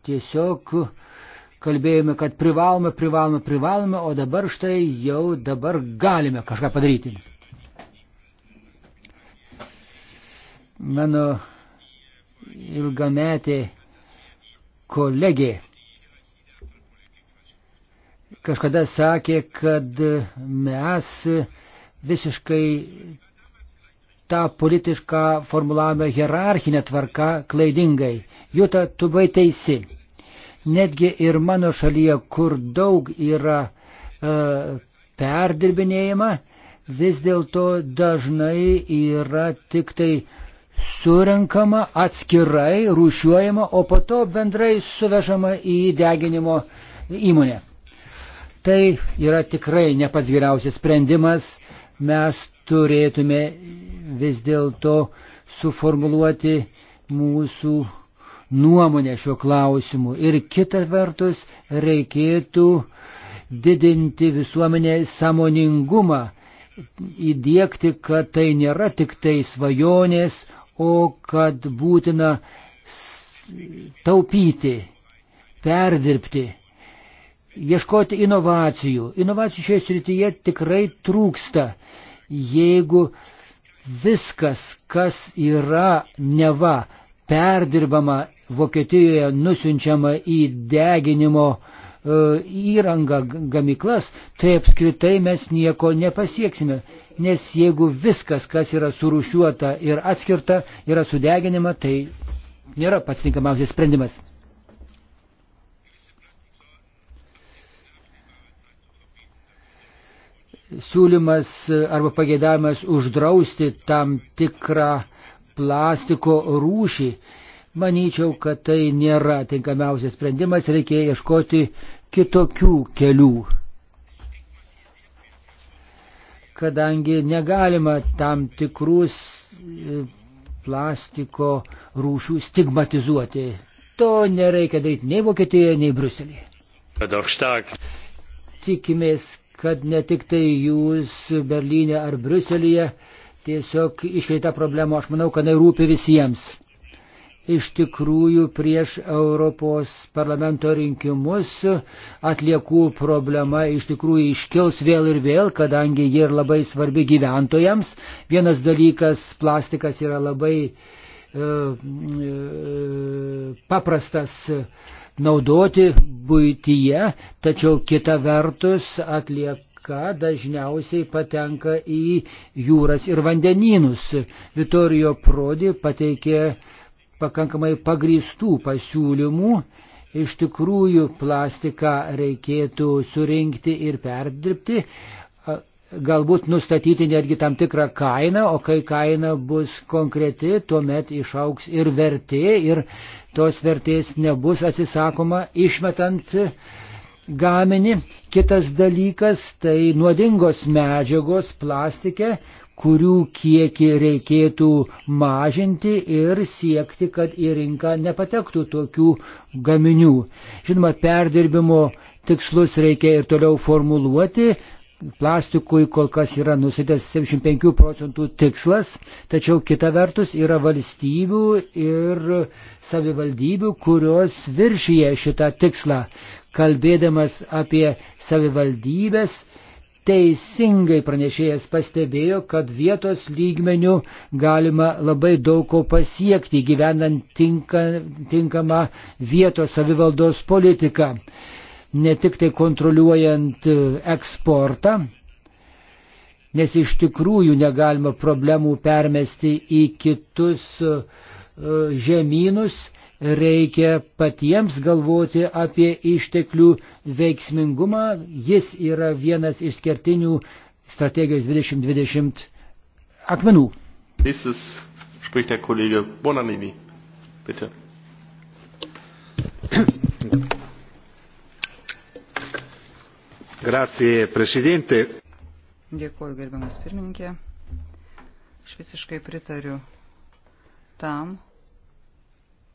B: Tiesiog uh, kalbėjome, kad privalome, privalome, privalome, o dabar štai jau dabar galime kažką padaryti. Mano ilgametė kolegė kažkada sakė, kad mes visiškai tą politišką formulavome hierarchinę tvarką klaidingai. Juta, tu buvai teisi. Netgi ir mano šalyje, kur daug yra e, perdirbinėjama, vis dėlto dažnai yra tik tai surenkama atskirai, rūšiuojama, o po to bendrai suvežama į deginimo įmonę. Tai yra tikrai ne pats geriausias sprendimas. Mes turėtume vis dėlto suformuluoti mūsų nuomonę šiuo klausimu. Ir kita vertus, reikėtų didinti visuomenėje samoningumą, įdėkti, kad tai nėra tik tai svajonės, o kad būtina taupyti, perdirbti, ieškoti inovacijų. Inovacijų šioje srityje tikrai trūksta. Jeigu viskas, kas yra neva perdirbama Vokietijoje nusinčiama į deginimo e, įrangą gamyklas, tai apskritai mes nieko nepasieksime. Nes jeigu viskas, kas yra surušiuota ir atskirta, yra sudeginima, tai nėra pats tinkamiausias sprendimas. Siūlymas arba pageidavimas uždrausti tam tikrą plastiko rūšį Manyčiau, kad tai nėra tinkamiausias sprendimas, reikia ieškoti kitokių kelių. Kadangi negalima tam tikrus e, plastiko rūšių stigmatizuoti. To nereikia daryti nei Vokietijoje, nei Bruselėje. Tikimės, kad ne tik tai jūs Berlyne ar Bruselėje tiesiog iškreita problema, aš manau, kad tai rūpi visiems iš tikrųjų prieš Europos parlamento rinkimus atliekų problema iš tikrųjų iškils vėl ir vėl, kadangi ji ir labai svarbi gyventojams. Vienas dalykas, plastikas yra labai e, e, paprastas naudoti būtyje, tačiau kita vertus atliek kad dažniausiai patenka į jūras ir vandenynus. Vitorijo Prodi pateikė uh, pakankamai pagrįstų pasiūlymų. Iš tikrųjų, plastiką reikėtų surinkti ir perdirbti, galbūt nustatyti netgi tam tikrą kainą, o kai kaina bus konkreti, tuomet išauks ir vertė ir tos vertės nebus atsisakoma išmetant gaminį. Kitas dalykas tai nuodingos medžiagos plastike, kurių kiekį reikėtų mažinti ir siekti, kad į rinką nepatektų tokių gaminių. Žinoma, perdirbimo tikslus reikia ir toliau formuluoti. Plastikui kol kas yra nusitęs 75 procentų tikslas, tačiau kita vertus yra valstybių ir savivaldybių, kurios viršyje šitą tikslą. Kalbėdamas apie savivaldybės, teisingai pranešėjas pastebėjo, kad vietos lygmenių galima labai daug ko pasiekti, gyvenant tinka, tinkamą vietos savivaldos politiką. Ne tik tai kontroliuojant e, eksportą, nes iš tikrųjų negalima problemų permesti į kitus e, žemynus, reikia patiems galvoti apie išteklių veiksmingumą. Jis yra vienas iš skirtinių strategijos 2020
A: akmenų. Nächstes spricht der Kollege Bonanini. Bitte.
C: Grazie, Presidente.
D: Dėkuoju, gerbiamas pirmininkė. Aš visiškai pritariu tam,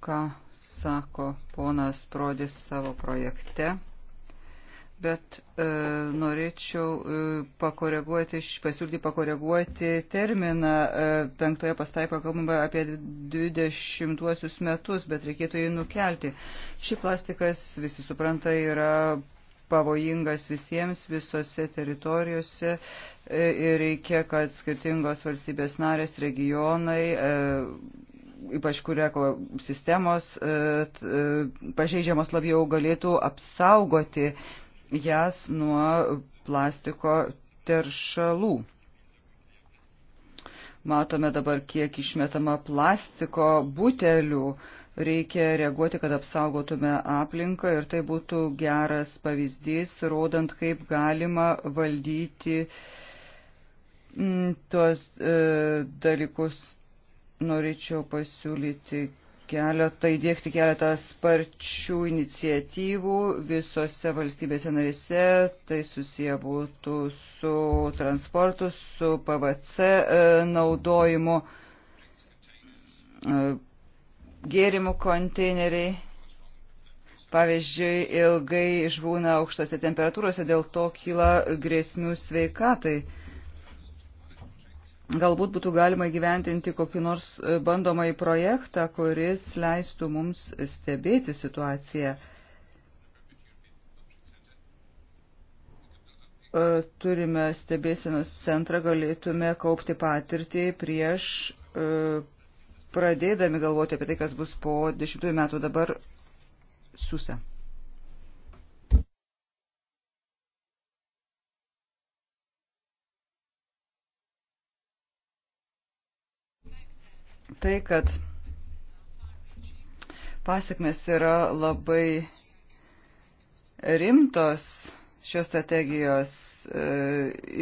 D: ką sako ponas Prodis savo projekte, bet e, norėčiau e, pakoreguoti, pasiūlyti pakoreguoti terminą. E, penktoje pastaipoje kalbame apie 20-uosius metus, bet reikėtų jį nukelti. Šį plastikas, visi supranta, yra pavojingas visiems visose teritorijose e, ir reikia, kad skirtingos valstybės narės regionai e, ypač kur ekosistemos e, e, pažeidžiamos labiau galėtų apsaugoti jas nuo plastiko teršalų. Matome dabar, kiek išmetama plastiko butelių. Reikia reaguoti, kad apsaugotume aplinką ir tai būtų geras pavyzdys, rodant, kaip galima valdyti tuos e, dalykus norėčiau pasiūlyti keletą, įdėkti keletą sparčių iniciatyvų visose valstybėse narėse. Tai susiję būtų su transportu, su PVC e, naudojimu, e, gėrimų konteineriai. Pavyzdžiui, ilgai išbūna aukštose temperatūrose, dėl to kyla grėsmių sveikatai. Tai galbūt būtų galima įgyventinti kokį nors e, bandomąjį projektą, kuris leistų mums stebėti situaciją. E, turime stebėsenos centrą, galėtume kaupti patirtį prieš e, pradėdami galvoti apie tai, kas bus po dešimtųjų metų dabar susa. tai, kad pasiekmes yra labai rimtos šios strategijos e,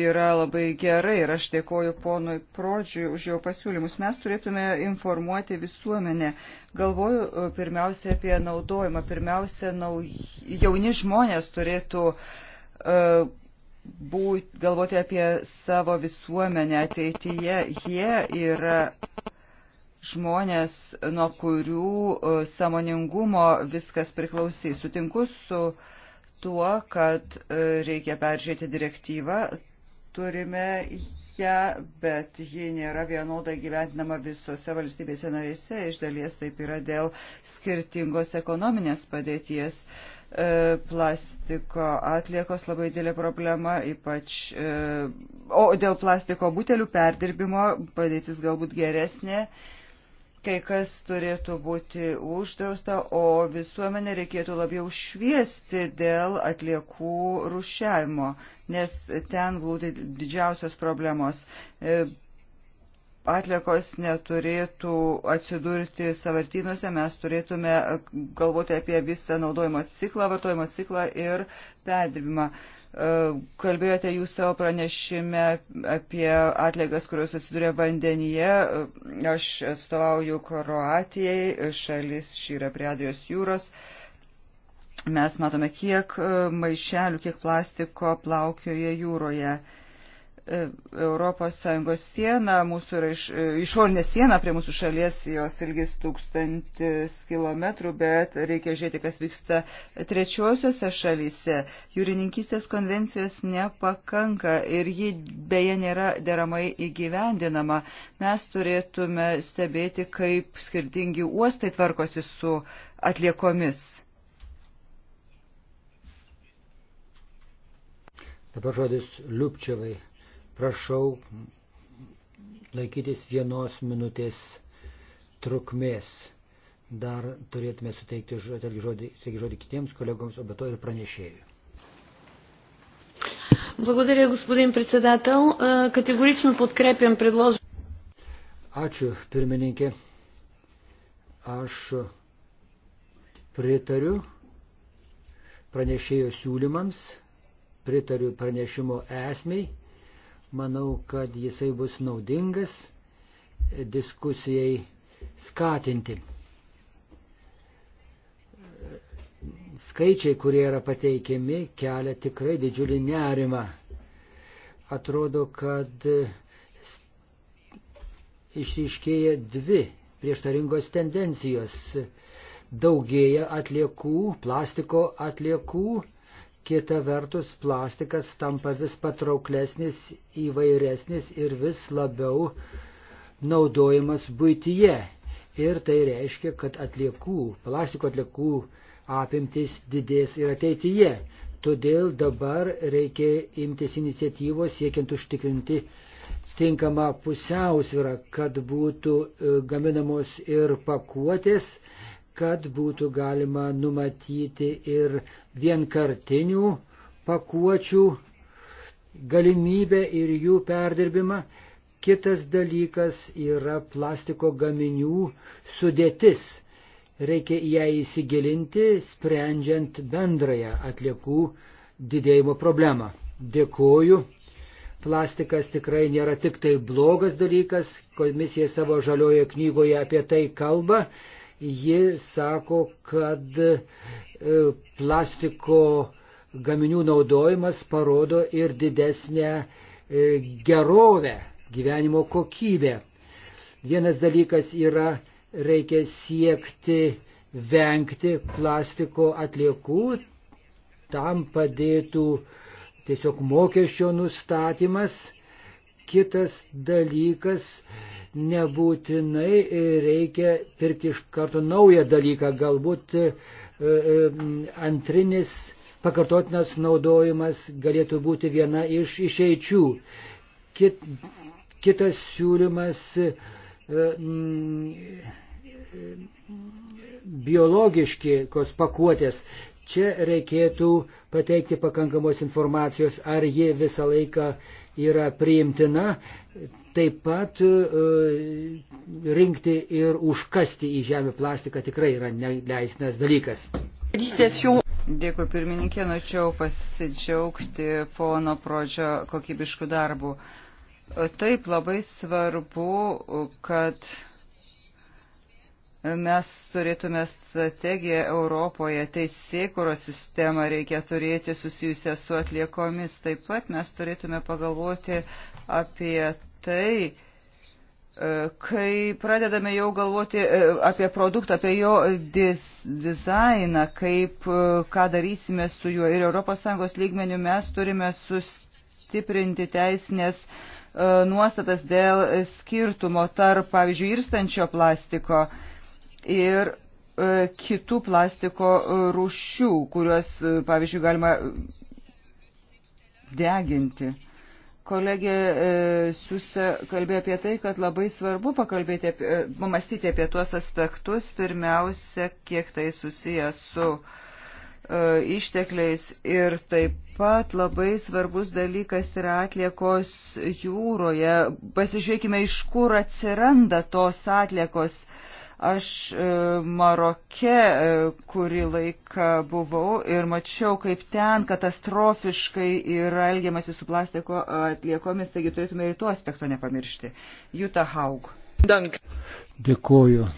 D: yra labai gerai ir aš dėkoju ponui Prodžiui už jo pasiūlymus. Mes turėtume informuoti visuomenę. Galvoju e, pirmiausia apie naudojimą. Pirmiausia, nau, jauni žmonės turėtų uh, būt, galvoti apie savo visuomenę ateityje. Jie yra žmonės, nuo kurių e, samoningumo viskas priklausys. Sutinku su tuo, kad e, reikia peržiūrėti direktyvą, turime ją, bet ji nėra vienodai gyventinama visose valstybėse narėse, iš dalies taip yra dėl skirtingos ekonominės padėties. E, plastiko atliekos labai didelė problema, ypač, o dėl plastiko butelių perdirbimo padėtis galbūt geresnė kai kas turėtų būti uždrausta, o visuomenė reikėtų labiau šviesti dėl atliekų rušiavimo, nes ten glūdi didžiausios problemos. E, atliekos neturėtų atsidurti savartynuose, mes turėtume galvoti apie visą naudojimo ciklą, vartojimo ciklą ir perdirbimą. E, E, kalbėjote jūs savo pranešime apie atliegas, kurios atsiduria vandenyje. E, aš atstovauju Kroatijai, e, šalis šį yra prie Adrijos jūros. Mes matome, kiek maišelių, kiek plastiko plaukioje jūroje. ES siena, mūsų yra iš, e, išorinė siena prie mūsų šalies, jos ilgis tūkstantis kilometrų, bet reikia žiūrėti, kas vyksta trečiosiuose šalyse. Jūrininkystės konvencijos nepakanka ir ji beje nėra deramai įgyvendinama. Mes turėtume stebėti, kaip skirtingi uostai tvarkosi su atliekomis.
B: Dabar žodis Liupčiavai prašau laikytis vienos minutės trukmės. Dar turėtume suteikti žodį, žodį, žodį kitiems kolegoms, o be to ir pranešėjui.
E: Благодаря, господин председател. Категорично подкрепям предложението.
B: Ačiū, pirmininkė. Aš pritariu pranešėjo siūlymams, pritariu pranešimo esmei Manau, kad jisai bus naudingas diskusijai skatinti. Skaičiai, kurie yra pateikiami, kelia tikrai didžiulį nerimą. Atrodo, kad išryškėja dvi prieštaringos tendencijos. Daugėja atliekų, plastiko atliekų Kita vertus, plastikas tampa vis patrauklesnis, įvairesnis ir vis labiau naudojamas būtyje. Ir tai reiškia, kad atliekų, plastiko atliekų apimtis didės ir ateityje. Todėl dabar reikia imtis iniciatyvos siekiant užtikrinti tinkamą pusiausvyrą, kad būtų e, gaminamos ir pakuotės, kad būtų galima numatyti ir vienkartinių pakuočių galimybę ir jų perdirbimą. Kitas dalykas yra plastiko gaminių sudėtis. Reikia ją įsigilinti, sprendžiant bendrąją atliekų didėjimo problemą. Dėkuoju. Plastikas tikrai nėra tik tai blogas dalykas, komisija savo žaliojo knygoje apie tai kalba Ji sako, kad e, plastiko gaminių naudojimas parodo ir didesnę e, gerovę, gyvenimo kokybę. Vienas dalykas yra, reikia siekti vengti plastiko atliekų, tam padėtų tiesiog mokesčio nustatymas Kitas dalykas, nebūtinai reikia pirkti iš karto naują dalyką, galbūt e, e, antrinis pakartotinas naudojimas galėtų būti viena iš išeičių. Kit, kitas siūlymas e, mm, biologiški kos pakuotės. Čia reikėtų pateikti pakankamos informacijos, ar jie visą laiką uh, yra priimtina, taip pat e, rinkti ir užkasti į žemę plastiką tikrai yra
D: neleistinas dalykas. Dėkui pirmininkė, norėčiau pasidžiaugti pono pradžio kokybiškų darbų. Taip labai svarbu, kad mes turėtume strategiją Europoje, teisėkuros sistemą reikia turėti susijusią su atliekomis. Taip pat mes turėtume pagalvoti apie tai, e, kai pradedame jau galvoti e, apie produktą, apie jo diz, dizainą, kaip, e, ką darysime su juo. Ir ES lygmenių mes turime sustiprinti teisinės nuostatas dėl skirtumo tarp, pavyzdžiui, irstančio plastiko ir e, kitų plastiko rūšių, kuriuos, e, pavyzdžiui, galima deginti. Kolegė e, Siusa kalbėjo apie tai, kad labai svarbu pakalbėti, apie, pamastyti apie tuos aspektus, pirmiausia, kiek tai susiję su ištekliais ir taip pat labai svarbus dalykas yra atliekos jūroje. Pasižiūrėkime, iš kur atsiranda tos atliekos. Uh, Aš e, Maroke e, kurį laiką buvau ir mačiau, kaip ten katastrofiškai yra elgiamasi su plastiko atliekomis, taigi turėtume ir tuo aspekto nepamiršti. Juta Haug. Dank.
B: Dėkuoju.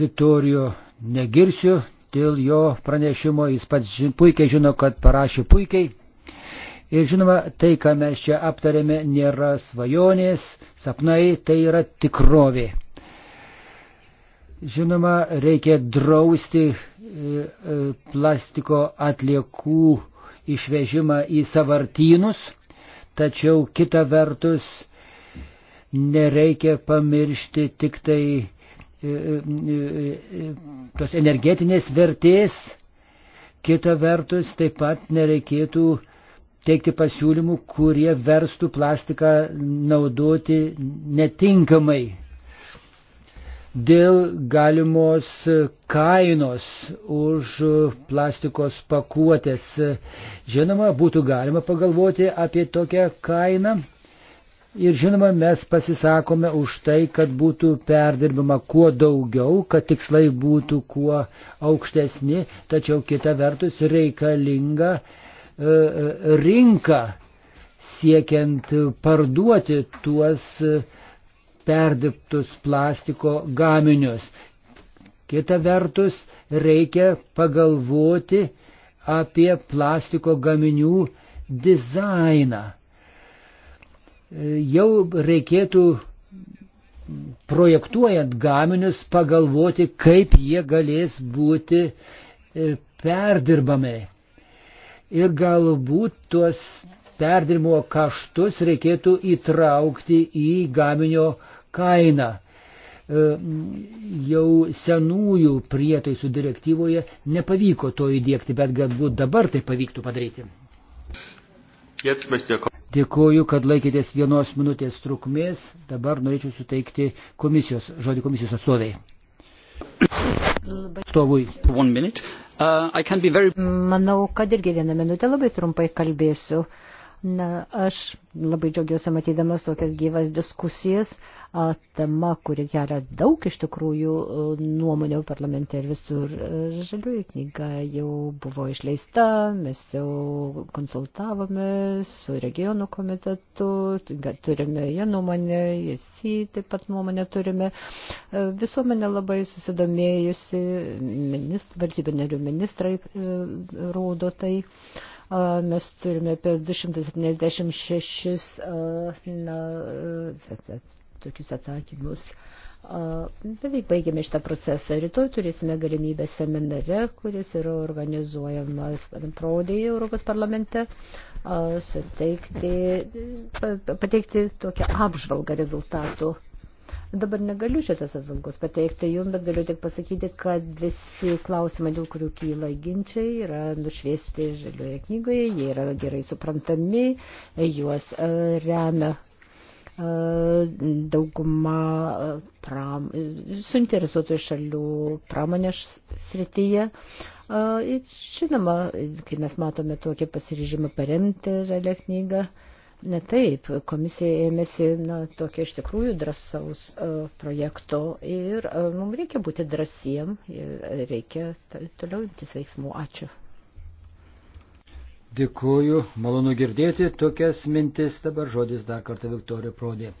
B: Vitorijo negirsiu dėl jo pranešimo, jis pats puikiai žino, kad parašė puikiai. Ir žinoma, tai, ką mes čia aptarėme, nėra svajonės, sapnai, tai yra tikrovė. Žinoma, reikia drausti e, e, plastiko atliekų išvežimą į savartynus, tačiau kita vertus nereikia pamiršti tik tai e, tos energetinės vertės, kita vertus taip pat nereikėtų teikti pasiūlymų, kurie verstų plastiką naudoti netinkamai dėl galimos kainos už plastikos pakuotės. Žinoma, būtų galima pagalvoti apie tokią kainą. Ir žinoma, mes pasisakome už tai, kad būtų perdirbama kuo daugiau, kad tikslai būtų kuo aukštesni, tačiau kita vertus reikalinga e, e, rinka siekiant parduoti tuos uh, perdirbtus plastiko gaminius. Kita vertus, reikia pagalvoti apie plastiko gaminių dizainą. Jau reikėtų projektuojant gaminius pagalvoti, kaip jie galės būti e, perdirbami. Ir galbūt tuos perdirbimo kaštus reikėtų įtraukti į gaminio uh, kainą. E, jau senųjų prietaisų direktyvoje nepavyko to įdėkti, bet galbūt dabar tai pavyktų padaryti. Dėkuoju, kad laikytės vienos minutės trukmės. Dabar norėčiau suteikti komisijos, žodį komisijos atstoviai. Atstovui. Uh,
E: Manau, kad irgi vieną minutę labai trumpai kalbėsiu. Uh, Na, aš labai džiaugiuosi matydamas tokias gyvas diskusijas, a, tema, kuri kelia daug iš tikrųjų e, nuomonių parlamente ir visur. E, žaliųjų knyga jau buvo išleista, mes jau konsultavome su regionų komitetu, turime jie nuomonę, jis jį taip pat nuomonę turime. E, visuomenė labai susidomėjusi, valstybė narių ministrai rodo tai. A, Mes turime apie 276 na, tokius atsakymus. Beveik baigėme šitą procesą. Rytoj turėsime galimybę seminare, kuris yra organizuojamas Prodėje Europos parlamente, suteikti, pateikti tokią apžvalgą rezultatų Dabar negaliu šitas apžvalgos pateikti jums, bet galiu tik pasakyti, kad visi klausimai, dėl kurių kyla ginčiai, yra nušviesti žalioje knygoje, jie yra gerai suprantami, juos e, remia e, dauguma e, pram, suinteresuotų šalių pramonės srityje. Ir žinoma, kai mes matome tokį pasiryžimą paremti žalę knygą, Ne taip, komisija ėmėsi na, tokio iš tikrųjų drąsaus uh, projekto ir uh, e, mums reikia būti drąsiem ir reikia toliau imtis veiksmų. Ačiū.
B: Dėkuoju, malonu girdėti tokias mintis. Dabar žodis dar kartą Viktorija Prodė.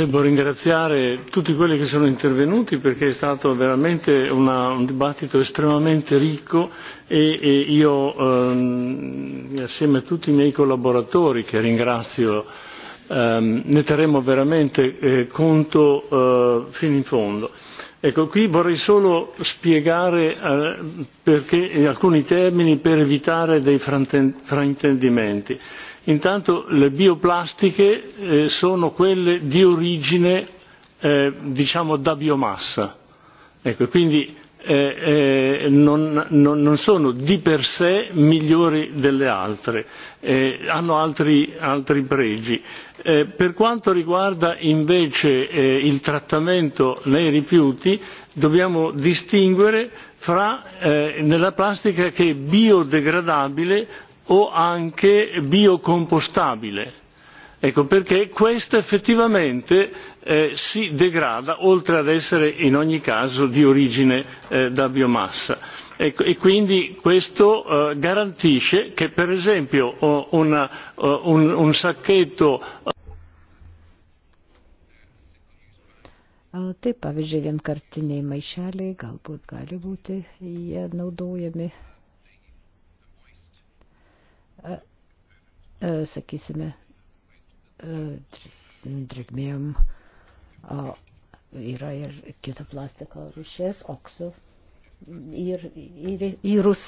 F: Devo ringraziare tutti quelli che sono intervenuti perché è stato veramente una, un dibattito estremamente ricco e, e io ehm, assieme a tutti i miei collaboratori che ringrazio ehm, ne terremo veramente eh, conto eh, fino in fondo Ecco, qui vorrei solo spiegare eh, perché, alcuni termini per evitare dei fraintendimenti. Intanto le bioplastiche eh, sono quelle di origine eh, diciamo da biomassa. Ecco, quindi eh, eh, non, non, non sono di per sé migliori delle altre, eh, hanno altri, altri pregi. Eh, per quanto riguarda invece eh, il trattamento nei rifiuti, dobbiamo distinguere fra eh, nella plastica che è biodegradabile o anche biocompostabile ecco perché questa effettivamente eh, si degrada oltre ad essere in ogni caso di origine eh, da biomassa e, e quindi questo eh, garantisce che per esempio oh, una, oh, un, un sacchetto
E: Taip, pavyzdžiui, vienkartiniai maišeliai galbūt gali būti jie naudojami, sakysime, E, drėgmėm yra ir kita plastiko rūšės, oksų ir, ir įrus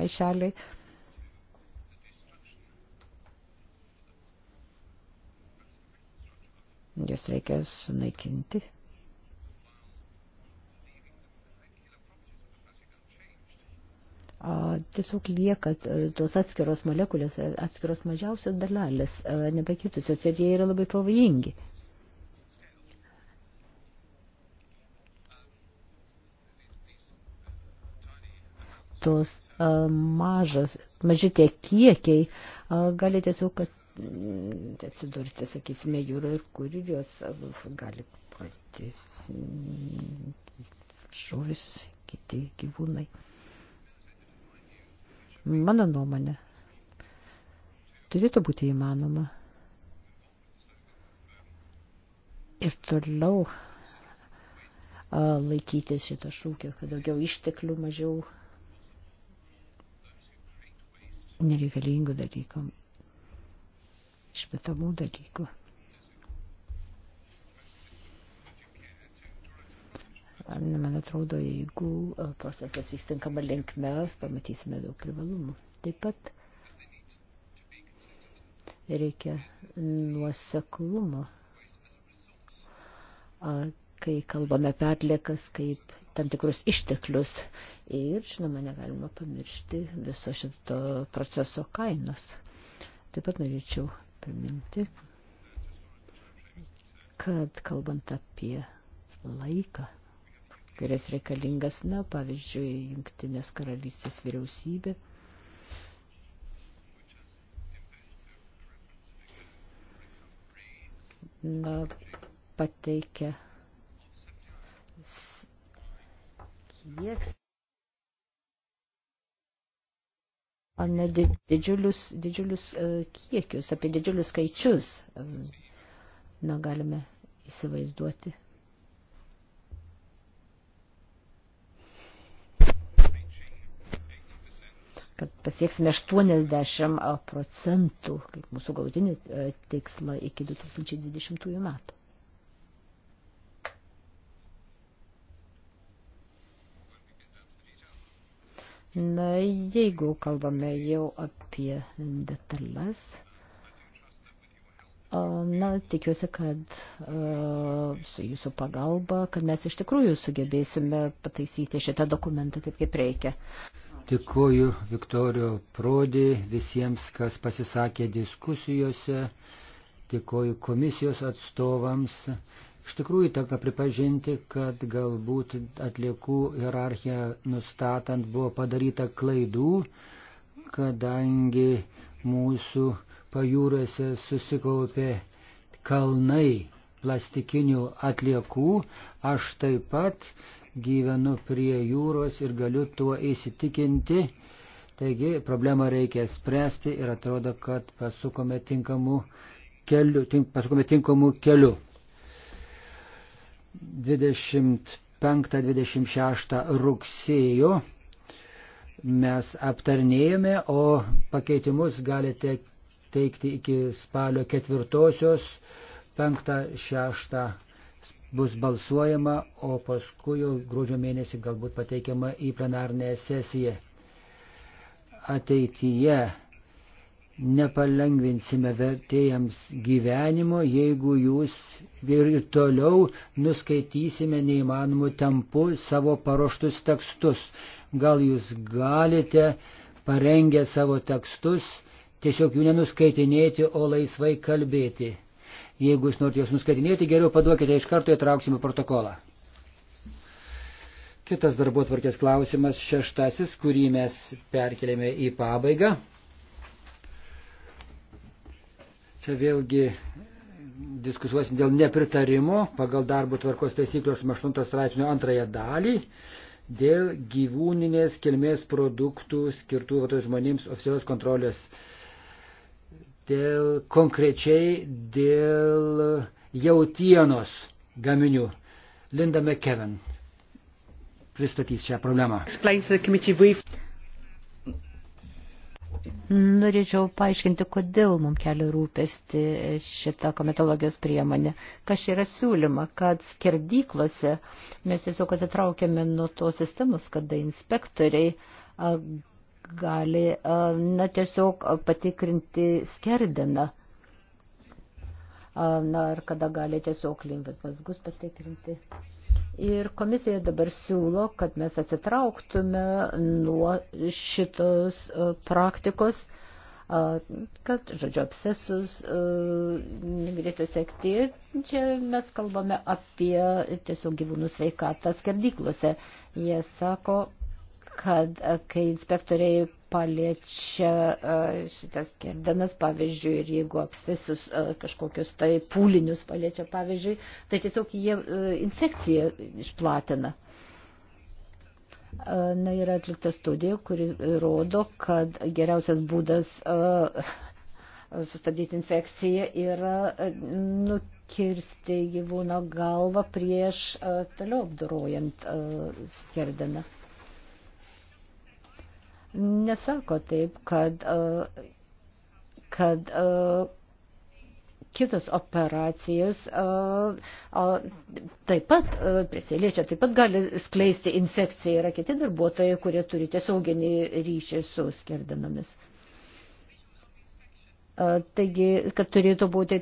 E: maišeliai. Jas reikia sunaikinti. tiesiog lieka e, tos atskiros molekulės, e, atskiros mažiausios dalelės, e, nepakitusios ir jie yra labai pavojingi. Tos mažos, mažytė kiekiai gali tiesiog mm, atsidurti, sakysime, jūroje ir kur jos gali prati mm, žuvis, kiti gyvūnai mano nuomonė, turėtų būti įmanoma. Ir toliau laikytis šito šūkio, kad daugiau išteklių, mažiau nereikalingų dalykų, išmetamų dalykų. Man atrodo, jeigu e, procesas vyks tinkama linkme, pamatysime daug privalumų. Taip pat reikia nuoseklumo. Kai kalbame apie atliekas kaip tam tikrus išteklius ir, žinoma, negalima pamiršti viso šito proceso kainos. Taip pat norėčiau priminti, kad kalbant apie laiką, kurias reikalingas, na, pavyzdžiui, Junktinės karalystės vyriausybė. Na, pateikia kiek ne didžiulius, didžiulius e, kiekius, apie didžiulius skaičius, e, na, galime įsivaizduoti. pasieksime 80 procentų, kaip mūsų galutinį e, tikslą, iki 2020 metų. Na, jeigu kalbame jau apie detalės, na, tikiuosi, kad su jūsų pagalba, kad mes iš tikrųjų sugebėsime pataisyti
B: šitą dokumentą taip, kaip reikia. Tikuoju Viktorijo Prodi visiems, kas pasisakė diskusijose, tikuoju komisijos atstovams. Iš tikrųjų, tenka pripažinti, kad galbūt atliekų hierarchiją nustatant buvo padaryta klaidų, kadangi mūsų pajūrėse susikaupė kalnai plastikinių atliekų. Aš taip pat gyvenu prie jūros ir galiu tuo įsitikinti. Taigi problemą reikia spręsti ir atrodo, kad pasukome tinkamu keliu. Tink, pasukome tinkamu keliu. 25-26 rugsėjo mes aptarnėjome, o pakeitimus galite teikti iki spalio 4, 5, 6 bus balsuojama, o paskui jau gruodžio mėnesį galbūt pateikiama į plenarnę sesiją. Ateityje nepalengvinsime vertėjams gyvenimo, jeigu jūs ir toliau nuskaitysime neįmanomų tempų savo paruoštus tekstus. Gal jūs galite parengę savo tekstus, tiesiog jų nenuskaitinėti, o laisvai kalbėti. Jeigu jūs norite jos nuskatinėti, geriau paduokite iš karto įtrauksime protokolą. Kitas darbo tvarkės klausimas, šeštasis, kurį mes perkeliame į pabaigą. Čia vėlgi diskusuosim dėl nepritarimo pagal darbo tvarkos taisyklių 88 straipsnio antrąją dalį dėl gyvūninės kilmės produktų skirtų žmonėms oficialios kontrolės uh, dėl konkrečiai dėl jautienos gaminių. Linda McKevin pristatys šią problemą. Norėčiau
E: paaiškinti, kodėl mums kelia rūpesti šitą kometologijos priemonę. Kas čia yra siūlyma, kad skerdyklose mes tiesiog atsitraukėme nuo tos sistemos, kada inspektoriai gali, na, tiesiog patikrinti skerdiną. Na, ir kada gali tiesiog limfos mazgus patikrinti. Ir komisija dabar siūlo, kad mes atsitrauktume nuo šitos praktikos, kad, žodžiu, abscesus negalėtų sekti. Čia mes kalbame apie tiesiog gyvūnų sveikatą skerdyklose. Jie sako, kad e, kai inspektoriai paliečia e, šitas kerdenas, pavyzdžiui, ir jeigu apsesis e, kažkokius tai pūlinius paliečia, pavyzdžiui, tai tiesiog jie infekciją išplatina. Na, yra atlikta studija, kuri rodo, kad geriausias būdas sustabdyti infekciją yra nukirsti gyvūno galvą prieš toliau apdorojant skerdeną nesako taip, kad, e, kad e, kitos operacijos e, taip pat prisiliečia, taip pat gali skleisti infekciją. Yra kiti darbuotojai, kurie turi tiesioginį ryšį su skerdinomis. Taigi, kad turėtų būti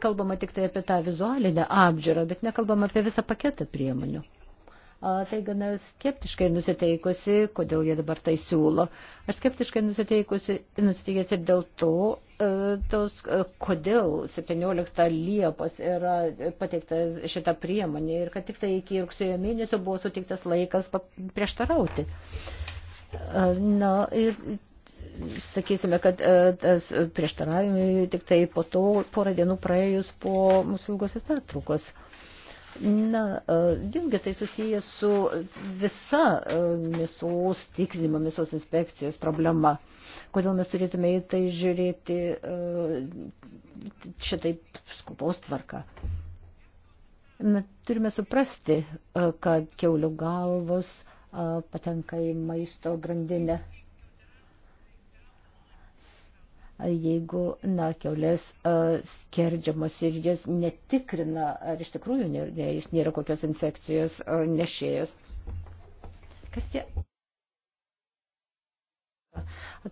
E: kalbama tik tai apie tą vizualinę apžiūrą, bet nekalbama apie visą paketą priemonių tai gana skeptiškai nusiteikusi, kodėl jie dabar tai siūlo. Aš skeptiškai nusiteikęs ir dėl to, e, tos, e, kodėl 17 Liepos yra pateikta šita priemonė ir kad tik tai iki rugsėjo mėnesio buvo suteiktas laikas prieštarauti. E, na ir sakysime, kad tas prieštaravimai tik tai po to porą dienų praėjus po mūsų ilgosios pertraukos. Na, e, vėlgi tai susijęs su visa e, mėsos tikrinimo, mėsos inspekcijos problema. Kodėl mes turėtume į tai žiūrėti e, šitaip skupos tvarka? Mes turime suprasti, kad keulių galvos patenka į maisto grandinę jeigu, na, keulės skerdžiamos ir jas netikrina, ar iš tikrųjų ne, ne, jis nėra kokios infekcijos nešėjos. Kas tie?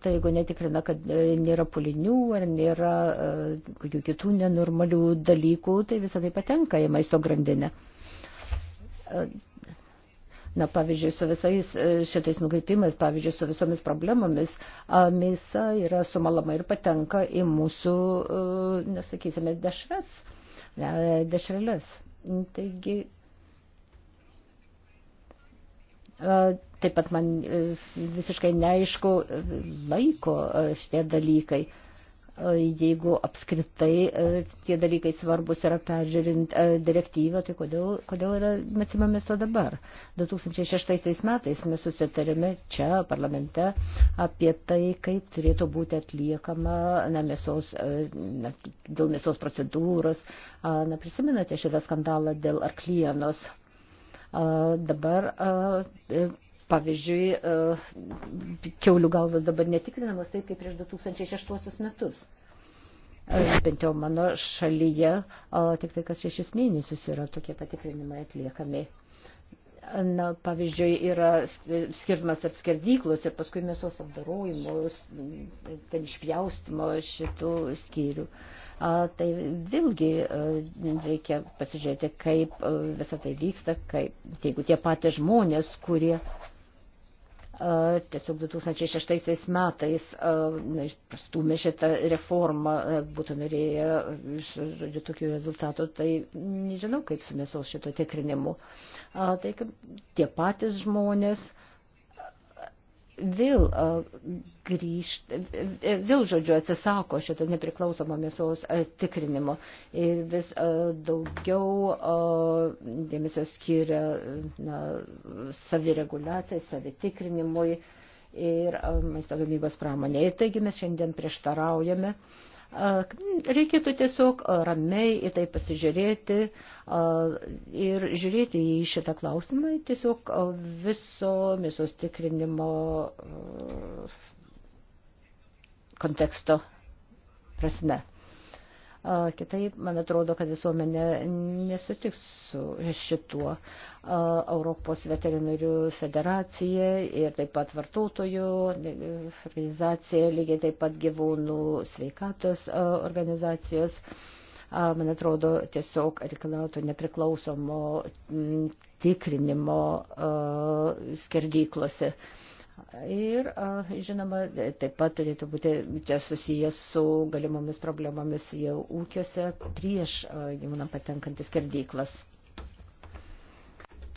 E: Tai jeigu netikrina, kad e, nėra pulinių ar nėra e, kokių kitų nenormalių dalykų, tai visą tai patenka į maisto grandinę. Na, pavyzdžiui, su visais e, šitais nukreipimais, pavyzdžiui, su visomis problemomis, mėsa yra sumalama ir patenka į mūsų, e, nesakysime, dešres, e, dešreles. Taigi, taip pat man visiškai neaišku laiko šitie dalykai E, jeigu apskritai e, tie dalykai svarbus yra peržiūrint e, direktyvą, tai kodėl, kodėl yra, mes imamės to dabar. 2006 metais mes susitarėme čia parlamente apie tai, kaip turėtų būti atliekama na, mėsos, na, dėl mėsos procedūros. Na, prisimenate šitą skandalą dėl arklienos. Dabar Pavyzdžiui, e, keulių galvas dabar netikrinamas taip kaip prieš 2006 metus. E, bent jau mano šalyje tik tai kas šešis mėnesius yra tokie patikrinimai atliekami. Na, pavyzdžiui, yra skirtumas tarp skerdyklos ir paskui mėsos apdarojimo, ten išpjaustimo šitų skyrių. A, tai vėlgi a, e, reikia pasižiūrėti, kaip a, visą tai vyksta, kaip, tai jeigu tie patys žmonės, kurie a, tiesiog 2006 metais prastumė šitą reformą, būtų norėję iš žodžiu, tokių rezultatų, tai nežinau kaip su mėsos šito tikrinimu. Tai tie patys žmonės, vėl grįžt, e, vėl žodžiu atsisako šito nepriklausomo mėsos e, tikrinimo ir vis daugiau dėmesio skiria na, savireguliacijai, savitikrinimui ir maisto gamybos pramonėje. Taigi mes šiandien prieštaraujame uh, Reikėtų tiesiog ramiai į tai pasižiūrėti ir žiūrėti į šitą klausimą tiesiog viso misos tikrinimo konteksto prasme. Kitaip, man atrodo, kad visuomenė nesutiks su šituo Europos veterinarių federacija ir taip pat vartotojų organizacija, lygiai taip pat gyvūnų sveikatos organizacijos. Man atrodo, tiesiog reikalautų nepriklausomo tikrinimo skerdyklose. Uh, Ir, žinoma, taip pat turėtų būti čia susijęs su galimomis problemomis jau ūkiuose prieš gyvūnam
B: patenkantis skerdyklas.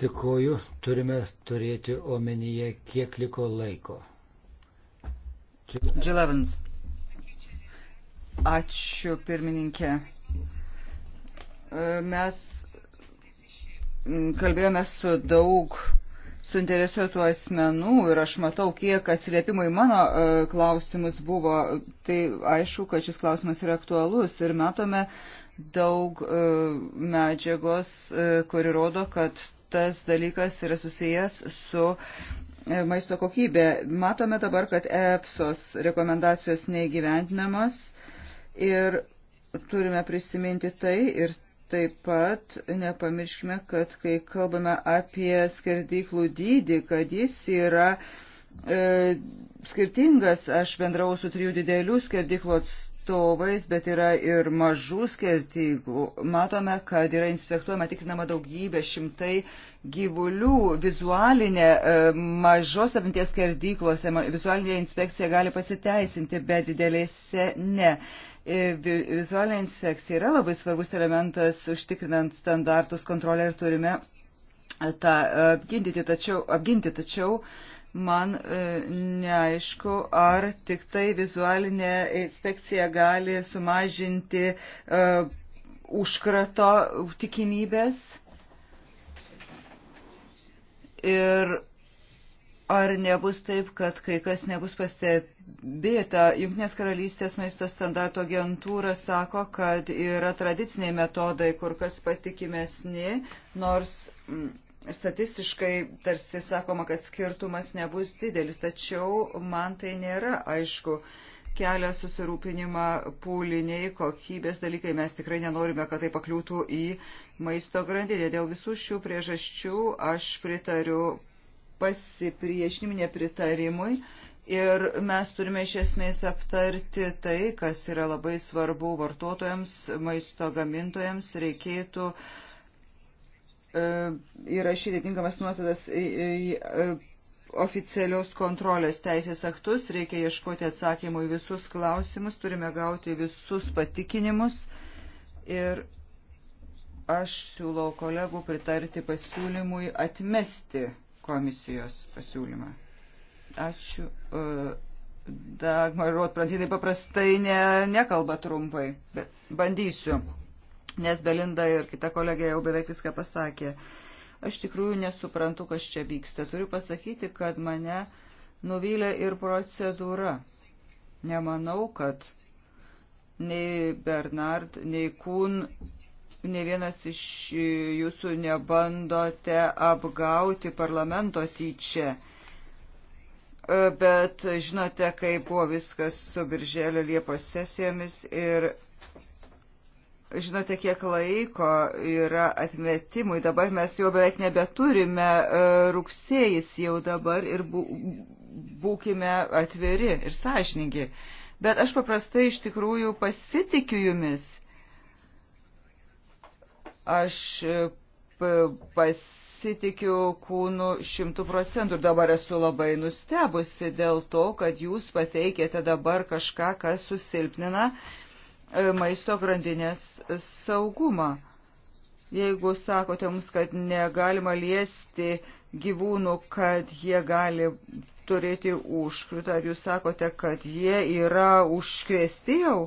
B: Tikoju, turime turėti
D: omenyje, kiek liko laiko. Džilavins. Ačiū, pirmininkė. Mes kalbėjome su daug suinteresuotų asmenų ir aš matau, kiek atsiliepimų į mano e, klausimus buvo, tai aišku, kad šis klausimas yra aktualus ir matome daug e, medžiagos, e, kuri rodo, kad tas dalykas yra susijęs su maisto kokybė. Matome dabar, kad EPSOS rekomendacijos neįgyventinamos ir turime prisiminti tai ir Taip pat nepamirškime, kad kai kalbame apie skerdyklų dydį, kad jis yra e, skirtingas, aš bendrau su trijų didelių skerdyklų atstovais, bet yra ir mažų skerdyklų. Matome, kad yra inspektuojama tikrinama daugybė šimtai gyvulių vizualinė e, mažos apimties skerdyklose, vizualinė inspekcija gali pasiteisinti, bet didelėse ne. E, E, vizualinė inspekcija yra labai svarbus elementas užtikrinant standartus kontrolę ir turime tą apginti, tačiau, apginti, tačiau man e, neaišku, ar tik tai vizualinė inspekcija gali sumažinti uh, užkrato tikimybės ir ar nebus taip, kad kai kas nebus pastebėta stebėta. Junknės karalystės maisto standarto agentūra sako, kad yra tradiciniai metodai kur kas patikimesni, nors mm, statistiškai tarsi sakoma, kad skirtumas nebus didelis, tačiau man tai nėra aišku kelia susirūpinimą pūliniai, kokybės dalykai. Mes tikrai nenorime, kad tai pakliūtų į maisto grandinę. Dėl visų šių priežasčių aš pritariu pasipriešinimui, nepritarimui Ir mes turime iš esmės aptarti tai, kas yra labai svarbu vartotojams, maisto gamintojams, reikėtų e, įrašyti tinkamas nuostatas į e, oficialios kontrolės teisės aktus, reikia ieškoti atsakymų į visus klausimus, turime gauti visus patikinimus ir aš siūlau kolegų pritarti pasiūlymui atmesti komisijos pasiūlymą. Ačiū. E, Dagmar Rotprantinai paprastai ne, nekalba trumpai, bet bandysiu, nes Belinda ir kita kolegė jau beveik viską pasakė. Aš tikrųjų nesuprantu, kas čia vyksta. Turiu pasakyti, kad mane nuvylė ir procedūra. Nemanau, kad nei Bernard, nei Kun ne vienas iš jūsų nebandote apgauti parlamento tyčia bet žinote, kaip buvo viskas su Birželio Liepos sesijomis ir žinote, kiek laiko yra atmetimui. Dabar mes jau beveik nebeturime e, rugsėjais jau dabar ir būkime atviri ir sąžiningi. Bet aš paprastai iš tikrųjų pasitikiu jumis. Aš e, pasitikiu pasitikiu kūnu šimtų procentų ir dabar esu labai nustebusi dėl to, kad jūs pateikėte dabar kažką, kas susilpnina e, maisto grandinės saugumą. Jeigu sakote mums, kad negalima liesti gyvūnų, kad jie gali turėti užkritą, ar jūs sakote, kad jie yra užkrėsti jau?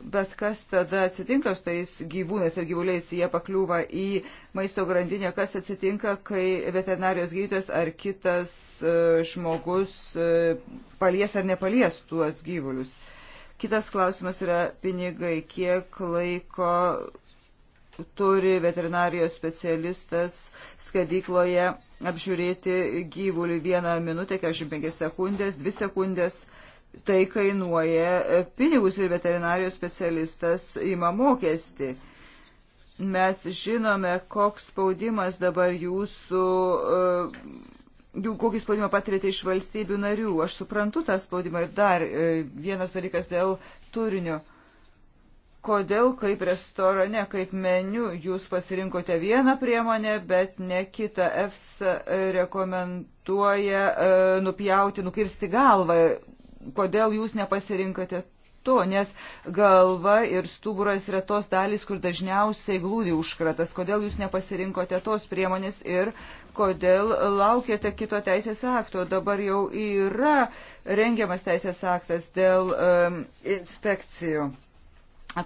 D: Bet kas tada atsitinka su tais gyvūnais ir gyvuliais, jie pakliūva į maisto grandinę, kas atsitinka, kai veterinarijos gydytojas ar kitas e, žmogus e, palies ar nepalies tuos gyvulius. Kitas klausimas yra pinigai, kiek laiko turi veterinarijos specialistas skadykloje apžiūrėti gyvulį vieną minutę, 45 sekundės, 2 sekundės. Uh, tai kainuoja e, pinigus ir veterinarijos specialistas ima mokestį. Mes žinome, koks spaudimas dabar jūsų, e, jų kokį spaudimą patirėte iš valstybių narių. Aš suprantu tą spaudimą ir dar e, vienas dalykas dėl turinio. Kodėl kaip restorane, kaip meniu jūs pasirinkote vieną priemonę, bet ne kitą? EFSA rekomenduoja nupjauti, nukirsti galvą kodėl jūs nepasirinkate to, nes galva ir stuburas yra tos dalys, kur dažniausiai glūdi užkratas. Kodėl jūs nepasirinkote tos priemonės ir kodėl laukėte kito teisės akto? Dabar jau yra rengiamas teisės aktas dėl um, inspekcijų.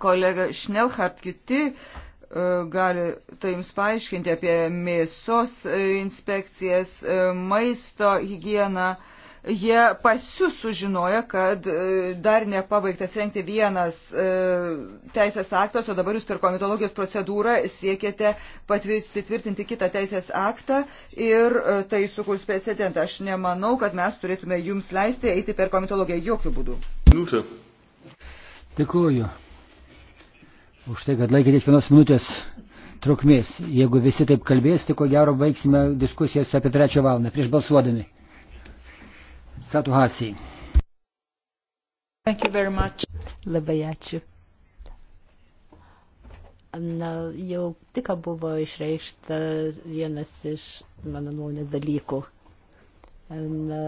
D: Kolega Šnelhart, kiti uh, gali tai jums paaiškinti apie mėsos e, inspekcijas, e, maisto higieną. Uh, jie pasius sužinoja, kad e, dar nepabaigtas renkti vienas e, teisės aktas, o dabar jūs per komitologijos procedūrą siekiate patvirtinti kitą teisės aktą ir e, tai sukurs precedentą. Aš nemanau, kad mes turėtume jums leisti eiti per komitologiją jokių būdų.
A: Minutė.
B: Dėkuoju už tai, kad laikėtės vienos minutės trukmės. Jeigu visi taip kalbės, tai ko gero baigsime diskusijas apie trečią valandą prieš balsuodami. Satuhasi.
D: Labai ačiū.
E: Na, jau tik buvo išreikšta vienas iš mano nuomonės dalykų. Na,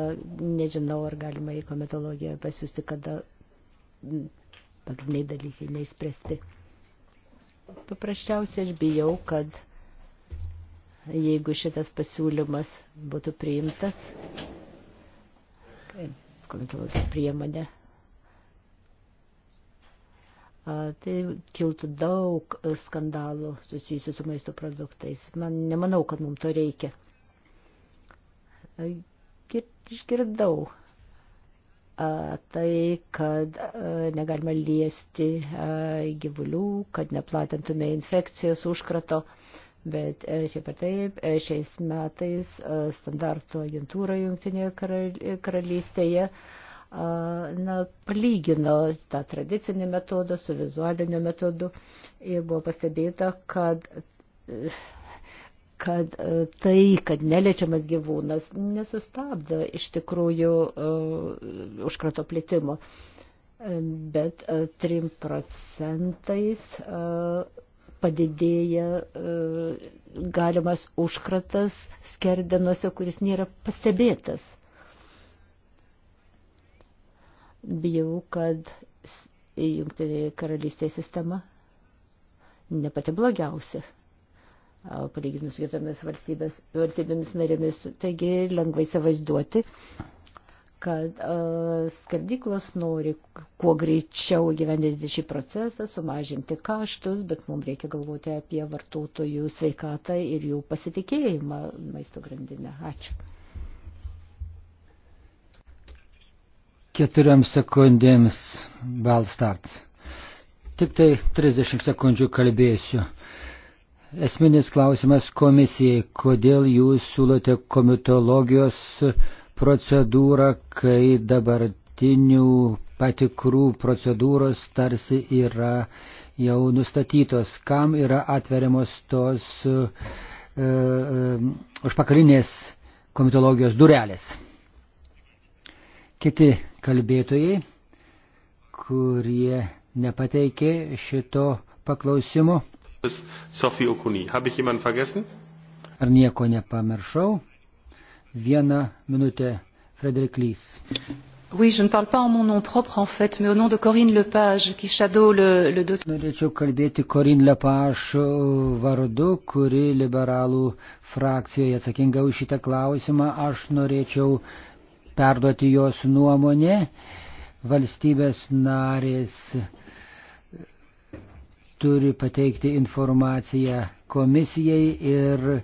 E: nežinau, ar galima į kometologiją pasiūsti, kada pagrindiniai dalykai neįspręsti. Paprasčiausiai aš bijau, kad jeigu šitas pasiūlymas būtų priimtas, komitologijos priemonė. Tai kiltų daug skandalų susijusių su maisto produktais. Man nemanau, kad mums to reikia. Išgirdau tai, kad negalima liesti gyvulių, kad neplatintume infekcijos užkrato. A, Bet e, šiaip ar taip, e, šiais metais e, standarto agentūra Junktinėje karalystėje na, palygino tą tradicinį metodą su vizualiniu metodu ir buvo pastebėta, kad kad tai, kad neliečiamas gyvūnas nesustabdo iš tikrųjų uh, užkrato plitimo, bet uh, 3 procentais uh, padidėja e, galimas užkratas skerdenuose, kuris nėra pastebėtas. Bijau, kad jungtinėje karalystėje sistema ne pati blogiausia, palyginus kitomis valstybėmis narėmis, taigi lengvai įsivaizduoti, kad uh, e, skaldyklos nori kuo greičiau gyvendinti šį procesą, sumažinti kaštus, bet mums reikia galvoti apie vartotojų sveikatą ir jų pasitikėjimą maisto grandinę. Ačiū.
B: Keturiams sekundėms balstart. Tik tai 30 sekundžių kalbėsiu. Esminis klausimas komisijai, kodėl jūs siūlote komitologijos uh, procedūrą, kai dabartinių patikrų procedūros tarsi yra jau nustatytos, kam yra atveriamos tos uh, uh, užpakalinės komitologijos durelės. Kiti kalbėtojai, kurie nepateikė šito paklausimo.
A: Sofija Okuni, habe ich jemanden vergessen?
B: Ar nieko nepamiršau? Vieną minutę, Frederik Lys. Oui, je ne parle pas en mon nom propre en fait, mais au nom de Corinne Lepage qui shadow le, le dossier. Norėčiau kalbėti Corinne Lepage vardu, kuri liberalų frakcijoje atsakinga už šitą klausimą. Aš norėčiau perduoti jos nuomonę. Valstybės narės turi pateikti informaciją komisijai ir uh,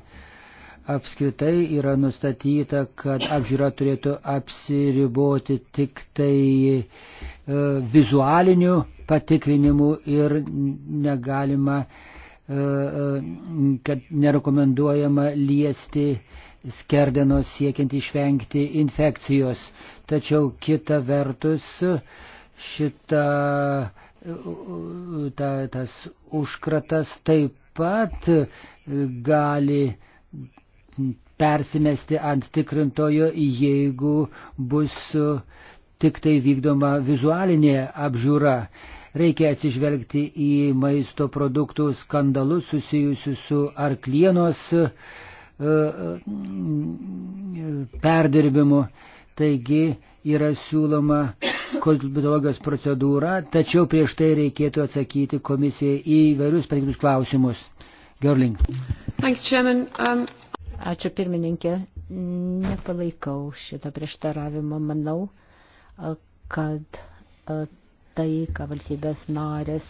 B: apskritai yra nustatyta, kad apžiūra turėtų apsiriboti tik tai e, vizualiniu patikrinimu ir negalima, e, e, kad nerekomenduojama liesti skerdenos siekiant išvengti infekcijos. Tačiau kita vertus šita, ta, tas užkratas taip pat gali persimesti ant tikrintojo, jeigu bus e, tik tai vykdoma vizualinė apžiūra. Reikia atsižvelgti į maisto produktų skandalus susijusius su arklienos e, e, perdirbimu. Taigi yra siūloma komitologijos procedūra, tačiau prieš tai reikėtų atsakyti komisijai į vairius pateiktus klausimus. Gerling.
E: Thanks, Chairman. Um... Ačiū pirmininkė, nepalaikau šito prieštaravimo. Manau, kad tai, ką valstybės narės,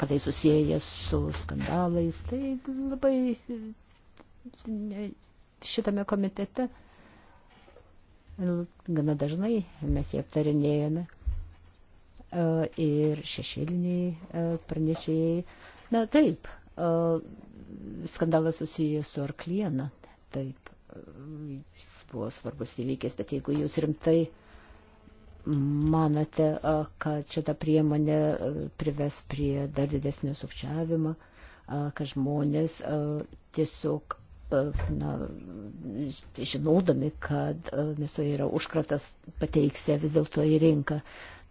E: kad tai susijęs su skandalais, tai labai šitame komitete gana dažnai mes jį aptarinėjame. Ir šešėliniai pranešėjai. Na taip, skandalas susijęs su Arklieną. Taip, jis buvo svarbus įvykis, bet jeigu jūs rimtai manote, kad šita priemonė prives prie dar didesnio sukčiavimo, kad žmonės tiesiog na, žinodami, kad mėsoje yra užkratas, pateiksė vis dėlto į rinką.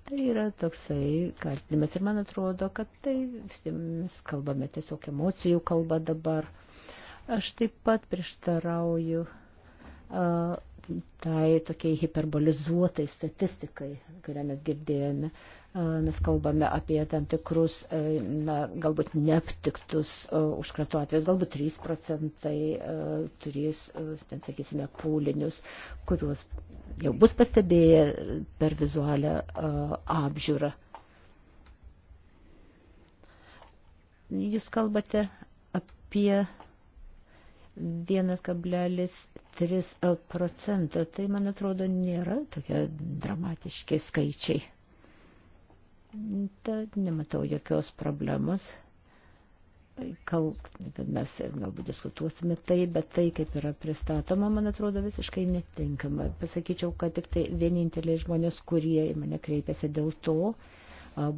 E: Tai yra toksai kaltinimas ir man atrodo, kad tai visi mes kalbame tiesiog emocijų kalba dabar. Aš taip pat prieštarauju uh, tai tokiai hiperbolizuotai statistikai, kurią mes girdėjome. Uh, mes kalbame apie tam tikrus, e, na, galbūt neaptiktus e, užkrato atvejus, galbūt 3 procentai e, turės, ten sakysime, pūlinius, kuriuos jau bus pastebėję per vizualią apžiūrą. Jūs kalbate apie 1,3 procentą, tai man atrodo nėra tokie dramatiški skaičiai. Tad nematau jokios problemos, kal, kad mes galbūt diskutuosime tai, bet tai, kaip yra pristatoma, man atrodo visiškai netinkama. Pasakyčiau, kad tik tai vieninteliai žmonės, kurie į mane kreipėsi dėl to,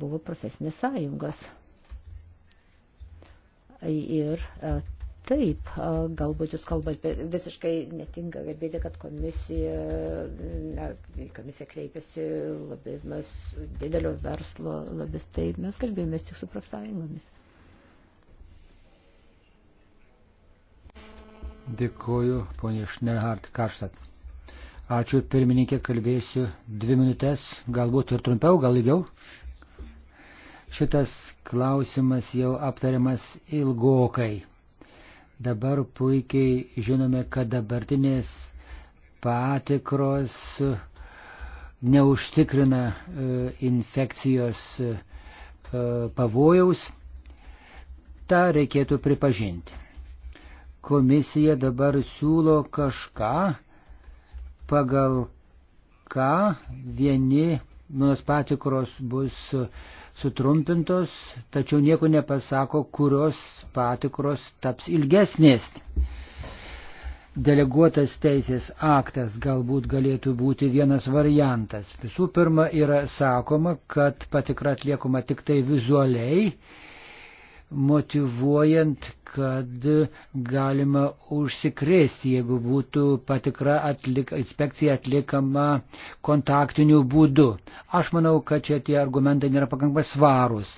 E: buvo profesinės sąjungos. Ir Taip, galbūt jūs kalbate visiškai netinka kalbėti, kad komisija, ne, komisija kreipiasi lobizmas, didelio verslo lobistai. Mes kalbėjomės tik su profsąjungomis.
B: Dėkuoju, ponė Šnehart Karštat. Ačiū, pirmininkė, kalbėsiu dvi minutės, galbūt ir trumpiau, gal ilgiau. Šitas klausimas jau aptariamas ilgokai Dabar puikiai žinome, kad dabartinės patikros e, neužtikrina e, infekcijos e, pavojaus. Ta reikėtų pripažinti. Komisija dabar siūlo kažką, pagal ką vieni nors patikros bus uh, sutrumpintos, tačiau nieko nepasako, kurios patikros taps ilgesnės. Deleguotas teisės aktas galbūt galėtų būti vienas variantas. Visų pirma, yra sakoma, kad patikra atliekama tik tai vizualiai motivuojant, kad galima užsikrėsti, jeigu būtų patikra atlik, inspekcija atliekama kontaktiniu būdu. Aš manau, kad čia tie argumentai nėra pakankamai svarūs.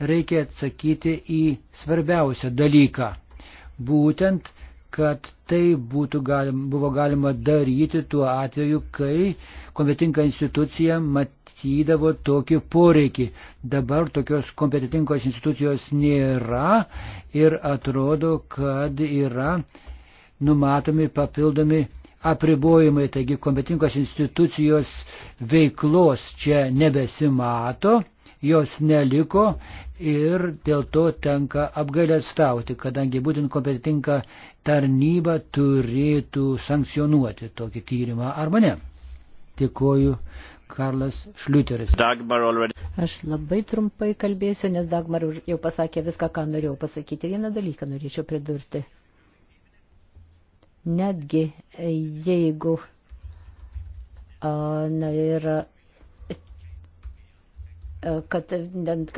B: Reikia atsakyti į svarbiausią dalyką. Būtent, kad tai būtų galim, buvo galima daryti tuo atveju, kai kompetinka institucija mat, matydavo tokį poreikį. Dabar tokios kompetitinkos institucijos nėra ir atrodo, kad yra numatomi papildomi apribojimai, taigi kompetitinkos institucijos veiklos čia nebesimato, jos neliko ir dėl to tenka apgailestauti, kadangi būtent kompetitinka tarnyba turėtų sankcionuoti tokį tyrimą arba ne. Dėkoju Karlas Šliuteris.
E: Aš labai trumpai kalbėsiu, nes Dagmar jau pasakė viską, ką norėjau pasakyti. Vieną dalyką norėčiau pridurti. Netgi e, jeigu na, yra e, kad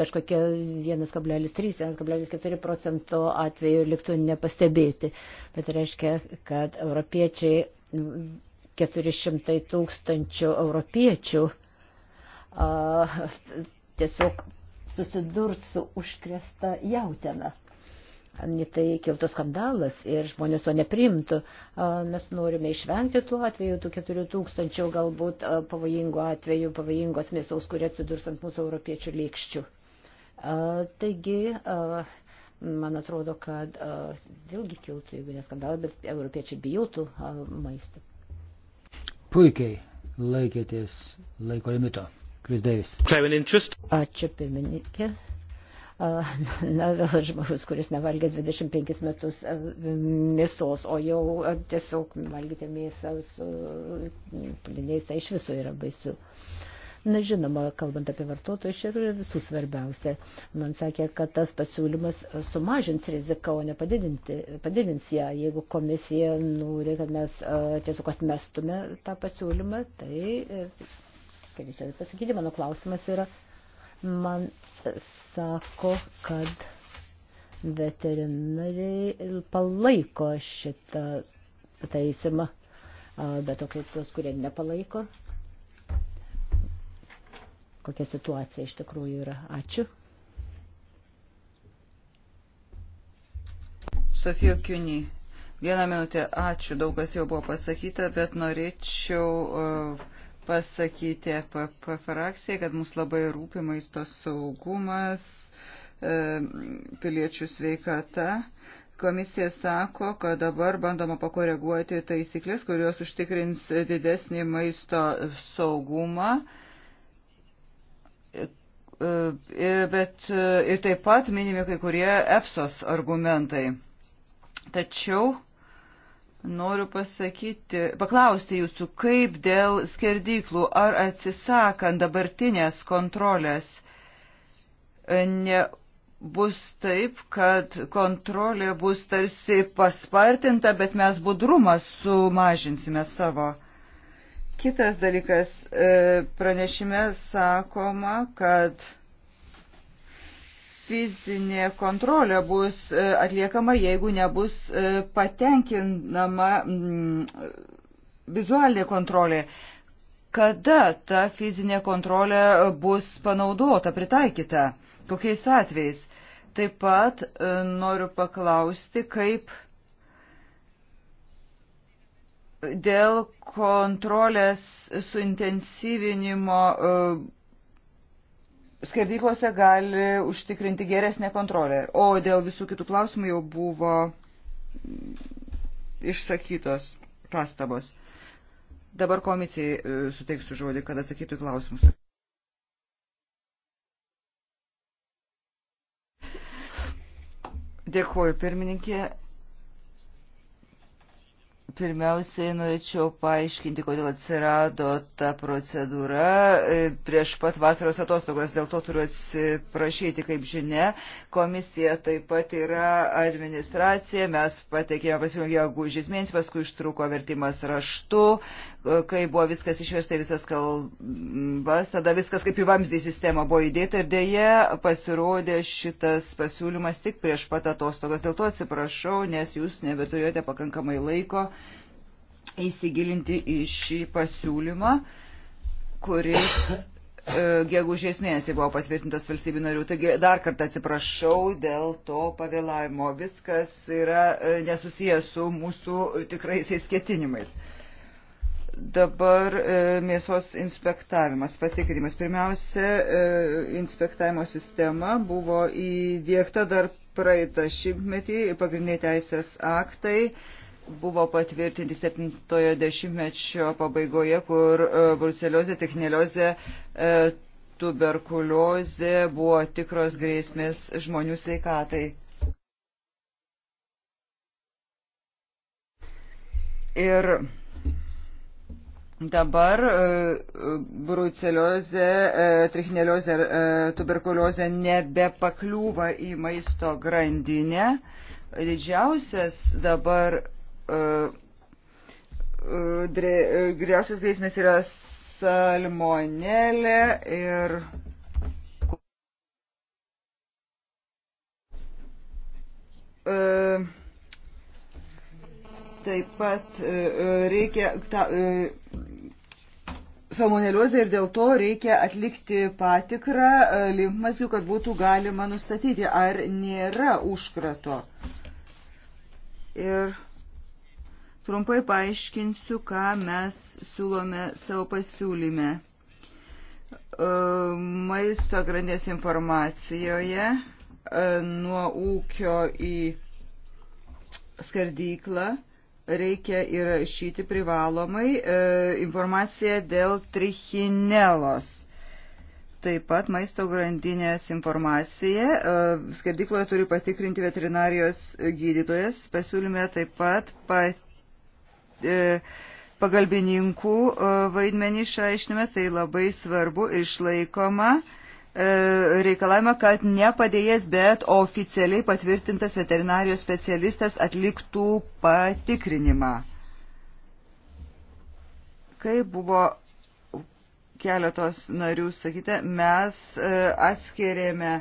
E: kažkokie 1,3, 1,4 procento atveju liktų nepastebėti. Bet reiškia, kad europiečiai 400 tūkstančių europiečių a, tiesiog susidurs su užkresta jautena. Tai kiltų skandalas ir žmonės to neprimtų. Mes norime išvengti tų atvejų, tų 4000 galbūt pavojingų atvejų, pavojingos mėsos, kurie atsidurs ant mūsų europiečių lėkščių. Taigi, man atrodo, kad vėlgi kiltų, jeigu neskandalas, bet europiečiai bijotų maisto
B: puikiai laikėtės laiko limito. Kris Deivis. Ačiū pirmininkė. Na, vėl žmogus,
E: kuris nevalgė 25 metus mėsos, o jau tiesiog valgyti mėsą su pliniais, tai iš viso yra baisu. Uh, Na žinoma, kalbant apie vartotojus, čia yra visų svarbiausia. Man sakė, kad tas pasiūlymas sumažins riziką, o ne padidins ją. Jeigu komisija nori, kad mes tiesiog atmestume tą pasiūlymą, tai, e, kaip čia pasakyti, mano klausimas yra, man sako, kad veterinariai palaiko šitą pataisimą, bet o kaip tuos, kurie nepalaiko, kokia situacija iš tikrųjų yra. Ačiū.
D: Sofija Kiuni. Vieną minutę. Ačiū, daug kas jau buvo pasakyta, bet norėčiau uh, pasakyti FPP frakcijai, kad mus labai rūpi maisto saugumas, uh, piliečių sveikata. Komisija sako, kad dabar bandoma pakoreguoti taisyklės, kurios užtikrins didesnį maisto saugumą. E, e, bet e, ir taip pat minimi kai kurie EFSOS argumentai. Tačiau noriu pasakyti, paklausti jūsų, kaip dėl skerdyklų, ar atsisakant dabartinės kontrolės nebus taip, kad kontrolė bus tarsi paspartinta, bet mes budrumą sumažinsime savo. Kitas dalykas, e, pranešime sakoma, kad fizinė kontrolė bus e, atliekama, jeigu nebus e, patenkinama mm, vizualinė kontrolė. Kada ta fizinė kontrolė bus panaudota, pritaikyta, kokiais atvejais? Taip pat noriu paklausti, kaip dėl kontrolės suintensyvinimo e, skerdyklose gali užtikrinti geresnę kontrolę. O dėl visų kitų klausimų jau buvo mm, išsakytos pastabos. Dabar komisijai e, suteiksiu žodį, kad atsakytų į klausimus. Dėkuoju, pirmininkė. Pirmiausiai norėčiau paaiškinti, kodėl atsirado ta procedūra. E, prieš pat vasaros atostogas dėl to turiu atsiprašyti, kaip žinia. Komisija taip pat yra administracija. Mes pateikėme pasiūlymą gegužės mėnesį, paskui ištruko vertimas raštu, e, kai buvo viskas išversta į visas kalbas. Tada viskas kaip į vamzdį sistemą buvo įdėta ir dėje pasirodė šitas pasiūlymas tik prieš pat atostogas. Dėl to atsiprašau, nes jūs nebeturėjote pakankamai laiko įsigilinti į šį pasiūlymą, kuris e, gegužės mėnesį buvo patvirtintas valstybių narių. Taigi dar kartą atsiprašau dėl to pavėlavimo. Viskas yra e, nesusijęs su mūsų tikraisiais ketinimais. Dabar e, mėsos inspektavimas, patikrinimas. Pirmiausia, inspektavimo sistema buvo įdėkta dar praeitą šimtmetį, pagrindiniai teisės aktai buvo patvirtinti 70-mečio pabaigoje, kur e, bruceliozė, techneliozė, e, tuberkuliozė buvo tikros grėsmės žmonių sveikatai. Ir Dabar e, bruceliozė, trichneliozė, tuberkuliozė nebepakliūva į maisto grandinę. Didžiausias dabar E, e, e, Griausios grėsmės yra salmonelė ir taip pat reikia ta, salmoneliozė ir dėl to reikia atlikti patikrą limfmazgių, kad būtų galima nustatyti, ar nėra užkrato. Ir Trumpai paaiškinsiu, ką mes siūlome savo pasiūlyme. E, maisto grandės informacijoje e, nuo ūkio į skardyklą reikia įrašyti privalomai e, informaciją dėl trichinelos. Taip pat maisto grandinės informacija e, skerdikloje turi patikrinti veterinarijos gydytojas. Pasiūlyme taip pat pat E, pagalbininkų e, vaidmenį išaiškiname, tai labai svarbu išlaikoma e, reikalavimą, kad ne padėjęs, bet oficialiai patvirtintas veterinarijos specialistas atliktų patikrinimą. Kai buvo keletos narių sakyta, mes atskirėme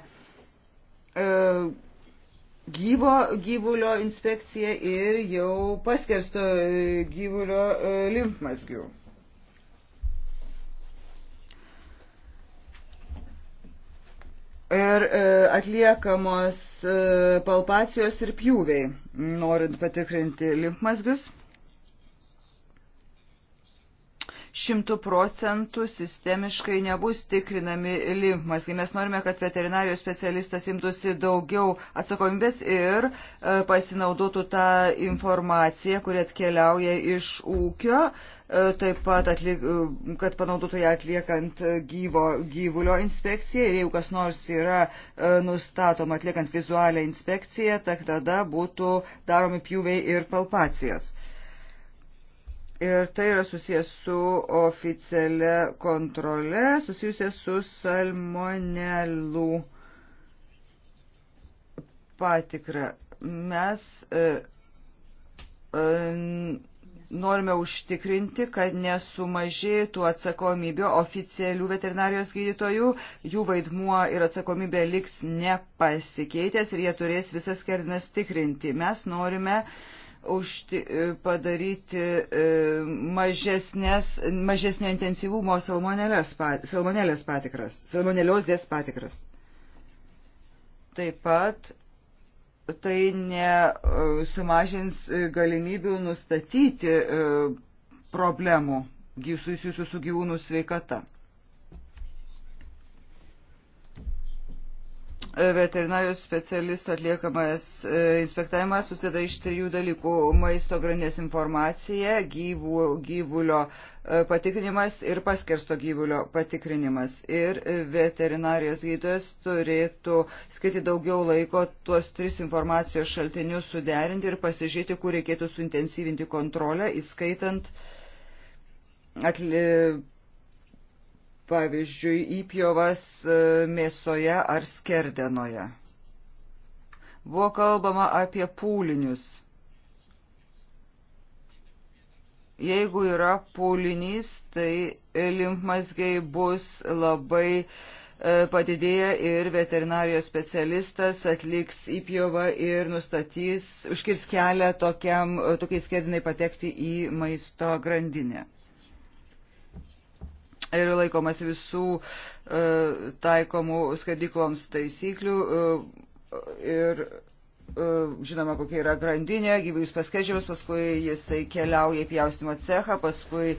D: gyvo gyvulio inspekcija ir jau paskersto e, gyvulio e, limfmazgių. Ir e, atliekamos palpacijos ir pjūviai, norint patikrinti limfmazgius. šimtų procentų sistemiškai nebus tikrinami limfmazgiai. Mes norime, kad veterinarijos specialistas imtųsi daugiau atsakomybės ir e, pasinaudotų tą informaciją, kuri atkeliauja iš ūkio, e, taip pat, atlik, e, kad panaudotų ją atliekant gyvo gyvulio inspekciją ir jeigu kas nors yra nustatoma atliekant vizualią inspekciją, tak tada būtų daromi pjūviai ir palpacijos. Ir tai yra susijęs su oficialia kontrole, susijusia su salmonelų patikra. Mes e, e, norime užtikrinti, kad nesumažėtų atsakomybė oficialių veterinarijos gydytojų, jų vaidmuo ir atsakomybė liks nepasikeitęs ir jie turės visas kernas tikrinti. Mes norime e, užti, e, padaryti e, mažesnės, mažesnė intensyvumo salmonelės, salmonelės patikras, salmoneliozės patikras. Taip pat tai nesumažins e, galimybių nustatyti problemų susijusių su gyvūnų sveikata. veterinarijos specialistų atliekamas e, inspektavimas susideda iš trijų dalykų - maisto grandės informacija, gyvų, gyvulio e, patikrinimas ir paskersto gyvulio patikrinimas. Ir veterinarijos gydytojas turėtų skirti daugiau laiko tuos tris informacijos šaltinius suderinti ir pasižiūrėti, kur reikėtų suintensyvinti kontrolę, įskaitant atli pavyzdžiui, įpjovas e, mėsoje ar skerdenoje. Buvo kalbama apie pūlinius. Jeigu yra pūlinys, tai limfmazgiai bus labai e, padidėję ir veterinarijos specialistas atliks įpjovą ir nustatys, užkirs kelią tokiam, tokiai skerdinai patekti į maisto grandinę ir laikomas visų e, taikomų skadikloms taisyklių e, ir e, žinoma, kokia yra grandinė, gyvūnus paskaičiamas, paskui jisai keliauja į pjaustimo cechą, paskui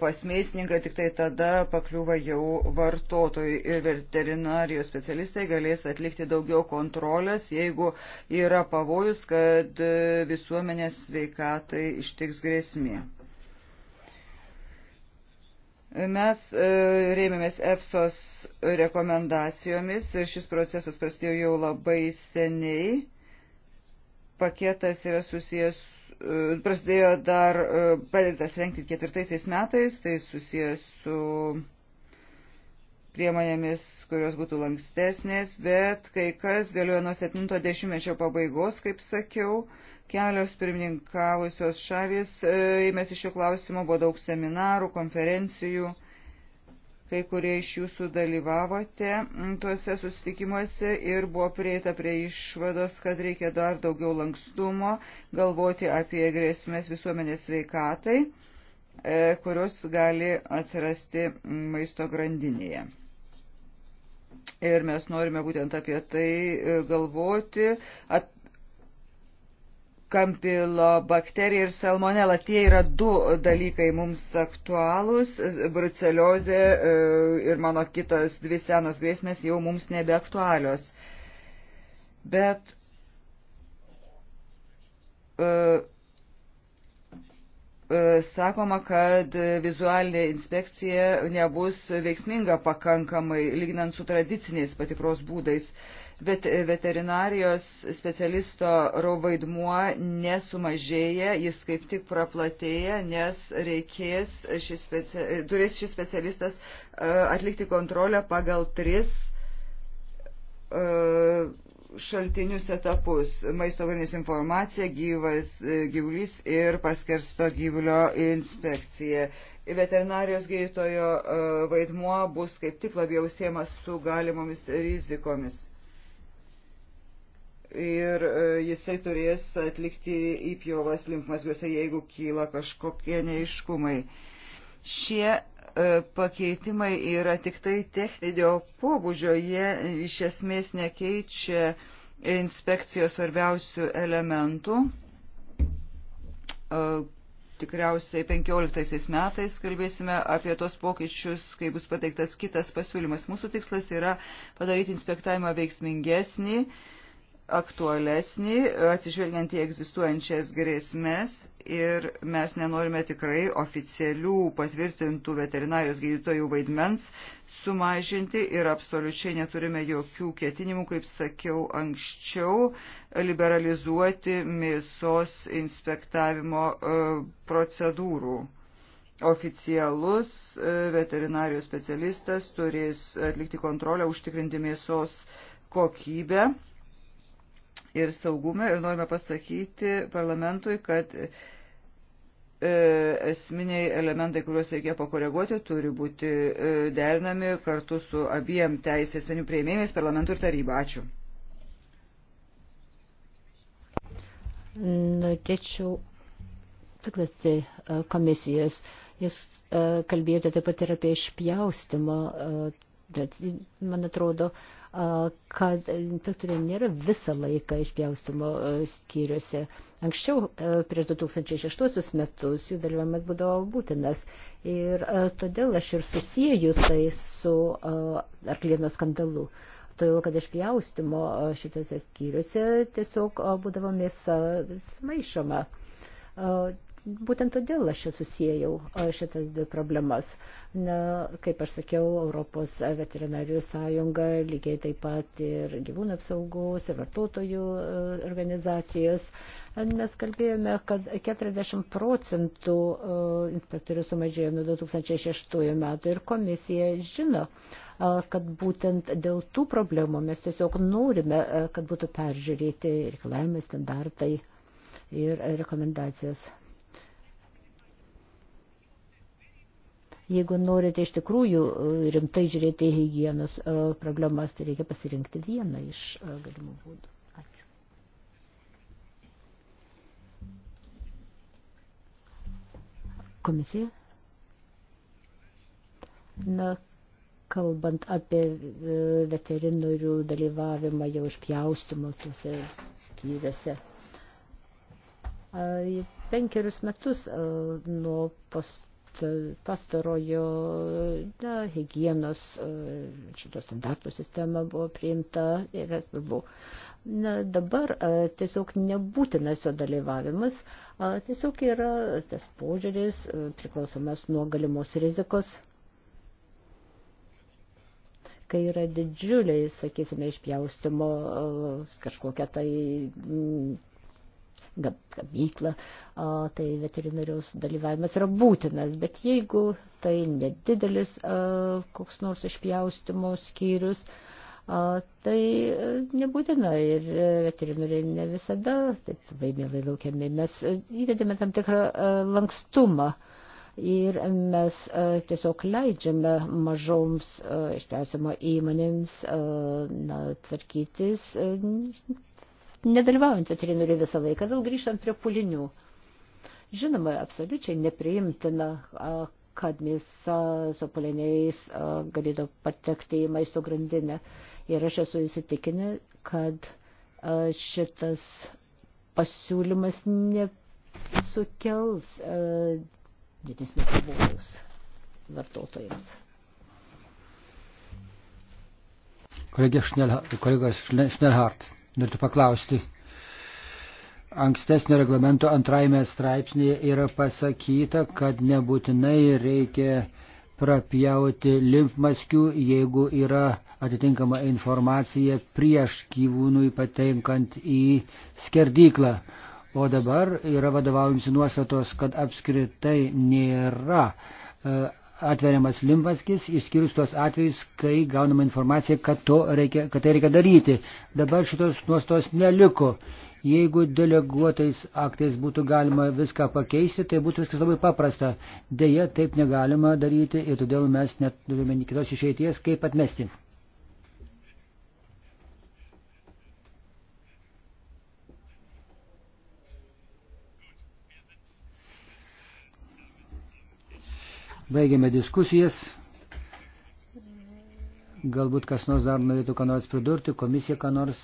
D: pasmėsninką, tik tai tada pakliūva jau vartotojai ir veterinarijos specialistai galės atlikti daugiau kontrolės, jeigu yra pavojus, kad visuomenės sveikatai ištiks grėsmė. Mes e, rėmėmės EFSOS rekomendacijomis ir šis procesas prasidėjo jau labai seniai. Paketas yra susijęs, e, prasidėjo dar, e, padėtas renkti ketvirtaisiais metais, tai susijęs su priemonėmis, kurios būtų lankstesnės, bet kai kas galioja nuo 70-mečio pabaigos, kaip sakiau, Kelios pirmininkavusios šalis e, ėmėsi šio klausimo, buvo daug seminarų, konferencijų, kai kurie iš jūsų dalyvavote tuose susitikimuose ir buvo prieita prie išvados, kad reikia dar daugiau lankstumo, galvoti apie grėsmės visuomenės veikatai, e, kurios gali atsirasti maisto grandinėje. Ir mes norime būtent apie tai e, galvoti, ap, kampilo bakterija ir salmonela. Tie yra du dalykai mums aktualūs. Bruceliozė e, ir mano kitos dvi senos grėsmės jau mums nebeaktualios. Bet e, e, sakoma, kad vizualinė inspekcija nebus veiksminga pakankamai, lyginant su tradiciniais patikros būdais. Uh, bet veterinarijos specialisto vaidmuo nesumažėja, jis kaip tik praplatėja, nes reikės, šis speci... turės šis specialistas e, atlikti kontrolę pagal tris e, šaltinius etapus - maisto garinės informacija, gyvas e, gyvulys ir paskersto gyvulio inspekcija. Veterinarijos gydytojo vaidmuo bus kaip tik labiau siemas su galimomis rizikomis ir e, jisai turės atlikti įpjovas limfmazgiuose, jeigu kyla kažkokie neiškumai. Šie e, pakeitimai yra tik tai techninio pobūdžio, jie iš esmės nekeičia inspekcijos svarbiausių elementų. E, tikriausiai 15 metais kalbėsime apie tos pokyčius, kai bus pateiktas kitas pasiūlymas. Mūsų tikslas yra padaryti inspektavimą veiksmingesnį, uh, aktualesnį, atsižvelgiant į egzistuojančias grėsmės ir mes nenorime tikrai oficialių patvirtintų veterinarijos gydytojų vaidmens sumažinti ir absoliučiai neturime jokių ketinimų, kaip sakiau anksčiau, liberalizuoti mėsos inspektavimo e, procedūrų. Oficialus e, veterinarijos specialistas turės atlikti kontrolę, užtikrinti mėsos kokybę ir saugumą ir norime pasakyti parlamentui, kad e, esminiai elementai, kuriuos reikia pakoreguoti, turi būti e, derinami kartu su abiem teisės asmenių prieimėjais parlamentų ir taryba. Ačiū.
E: Norėčiau paklausti e, komisijos. Jūs kalbėjote taip pat ir apie išpjaustimą. Man atrodo, kad inspektoriai nėra visą laiką išpjaustimo skyriuose. Anksčiau, prieš 2006 metus, jų dalyvavimas būdavo būtinas. Ir todėl aš ir susijęju tai su arklieno skandalu. Todėl, kad išpjaustimo šitose skyriuose tiesiog būdavo mėsa smaišoma būtent todėl aš čia susijėjau šitas dvi problemas. Na, kaip aš sakiau, Europos veterinarijos sąjunga, lygiai taip pat ir gyvūnų apsaugos, ir vartotojų organizacijos. Mes kalbėjome, kad 40 procentų inspektorių sumažėjo nuo 2006 metų ir komisija žino, kad būtent dėl tų problemų mes tiesiog norime, kad būtų peržiūrėti reikalavimai, standartai ir rekomendacijos. Jeigu norite iš tikrųjų e, rimtai žiūrėti į hygienos e, problemas, tai reikia pasirinkti vieną iš e, galimų būdų. Ačiū. Komisija? Na, kalbant apie veterinarių dalyvavimą jau išpjaustimo tuose skyriuose penkerius metus nuo post E, pastarojo na, hygienos e, šito standartų sistema buvo priimta ir svarbu. Na, dabar a, e, tiesiog nebūtinas jo dalyvavimas, a, tiesiog yra tas požiūris a, priklausomas nuo galimos rizikos kai yra didžiuliai, sakysime, išpjaustimo kažkokia tai gamyklą, tai veterinariaus dalyvavimas yra būtinas, bet jeigu tai nedidelis koks nors išpjaustimo skyrius, tai e, nebūtina ir veterinariai ne visada, taip labai mielai laukiami, mes e, įdedėme tam tikrą e, lankstumą ir mes tiesiog leidžiame mažoms išpjausimo įmonėms na, tvarkytis nedalyvaujant veterinariui visą laiką, vėl grįžtant prie pulinių. Žinoma, absoliučiai nepriimtina, kad mėsa su puliniais galėtų patekti į maisto grandinę. Ir aš esu įsitikinę, kad šitas pasiūlymas nesukels didesnių pavojus vartotojams.
B: Kolega Schnellhardt norėtų paklausti. Ankstesnio reglamento antrajame straipsnėje yra pasakyta, kad nebūtinai reikia prapjauti limfmaskių, jeigu yra atitinkama informacija prieš gyvūnui patenkant į skerdyklą. O dabar yra vadovaujamsi nuostatos, kad apskritai nėra e, atveriamas limbaskis, išskyrus tos atvejus, kai gaunama informacija, kad, reikia, kad tai reikia daryti. Dabar šitos nuostos neliko. Jeigu deleguotais aktais būtų galima viską pakeisti, tai būtų viskas labai paprasta. Deja, taip negalima daryti ir todėl mes neturime kitos išeities, kaip atmesti. Baigiame diskusijas. Galbūt kas nors dar norėtų ką nors pridurti, komisija ką nors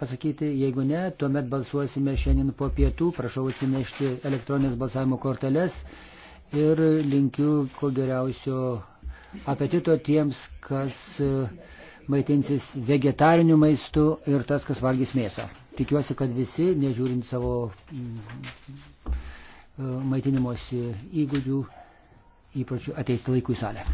B: pasakyti. Jeigu ne, tuomet balsuosime šiandien po pietų. Prašau atsinešti elektroninės balsavimo korteles ir linkiu ko geriausio apetito tiems, kas e, maitinsis vegetariniu maistu ir tas, kas valgys mėsą. Tikiuosi, kad visi, nežiūrint savo e, maitinimosi įgūdžių, ypač ateisti laikų į salę.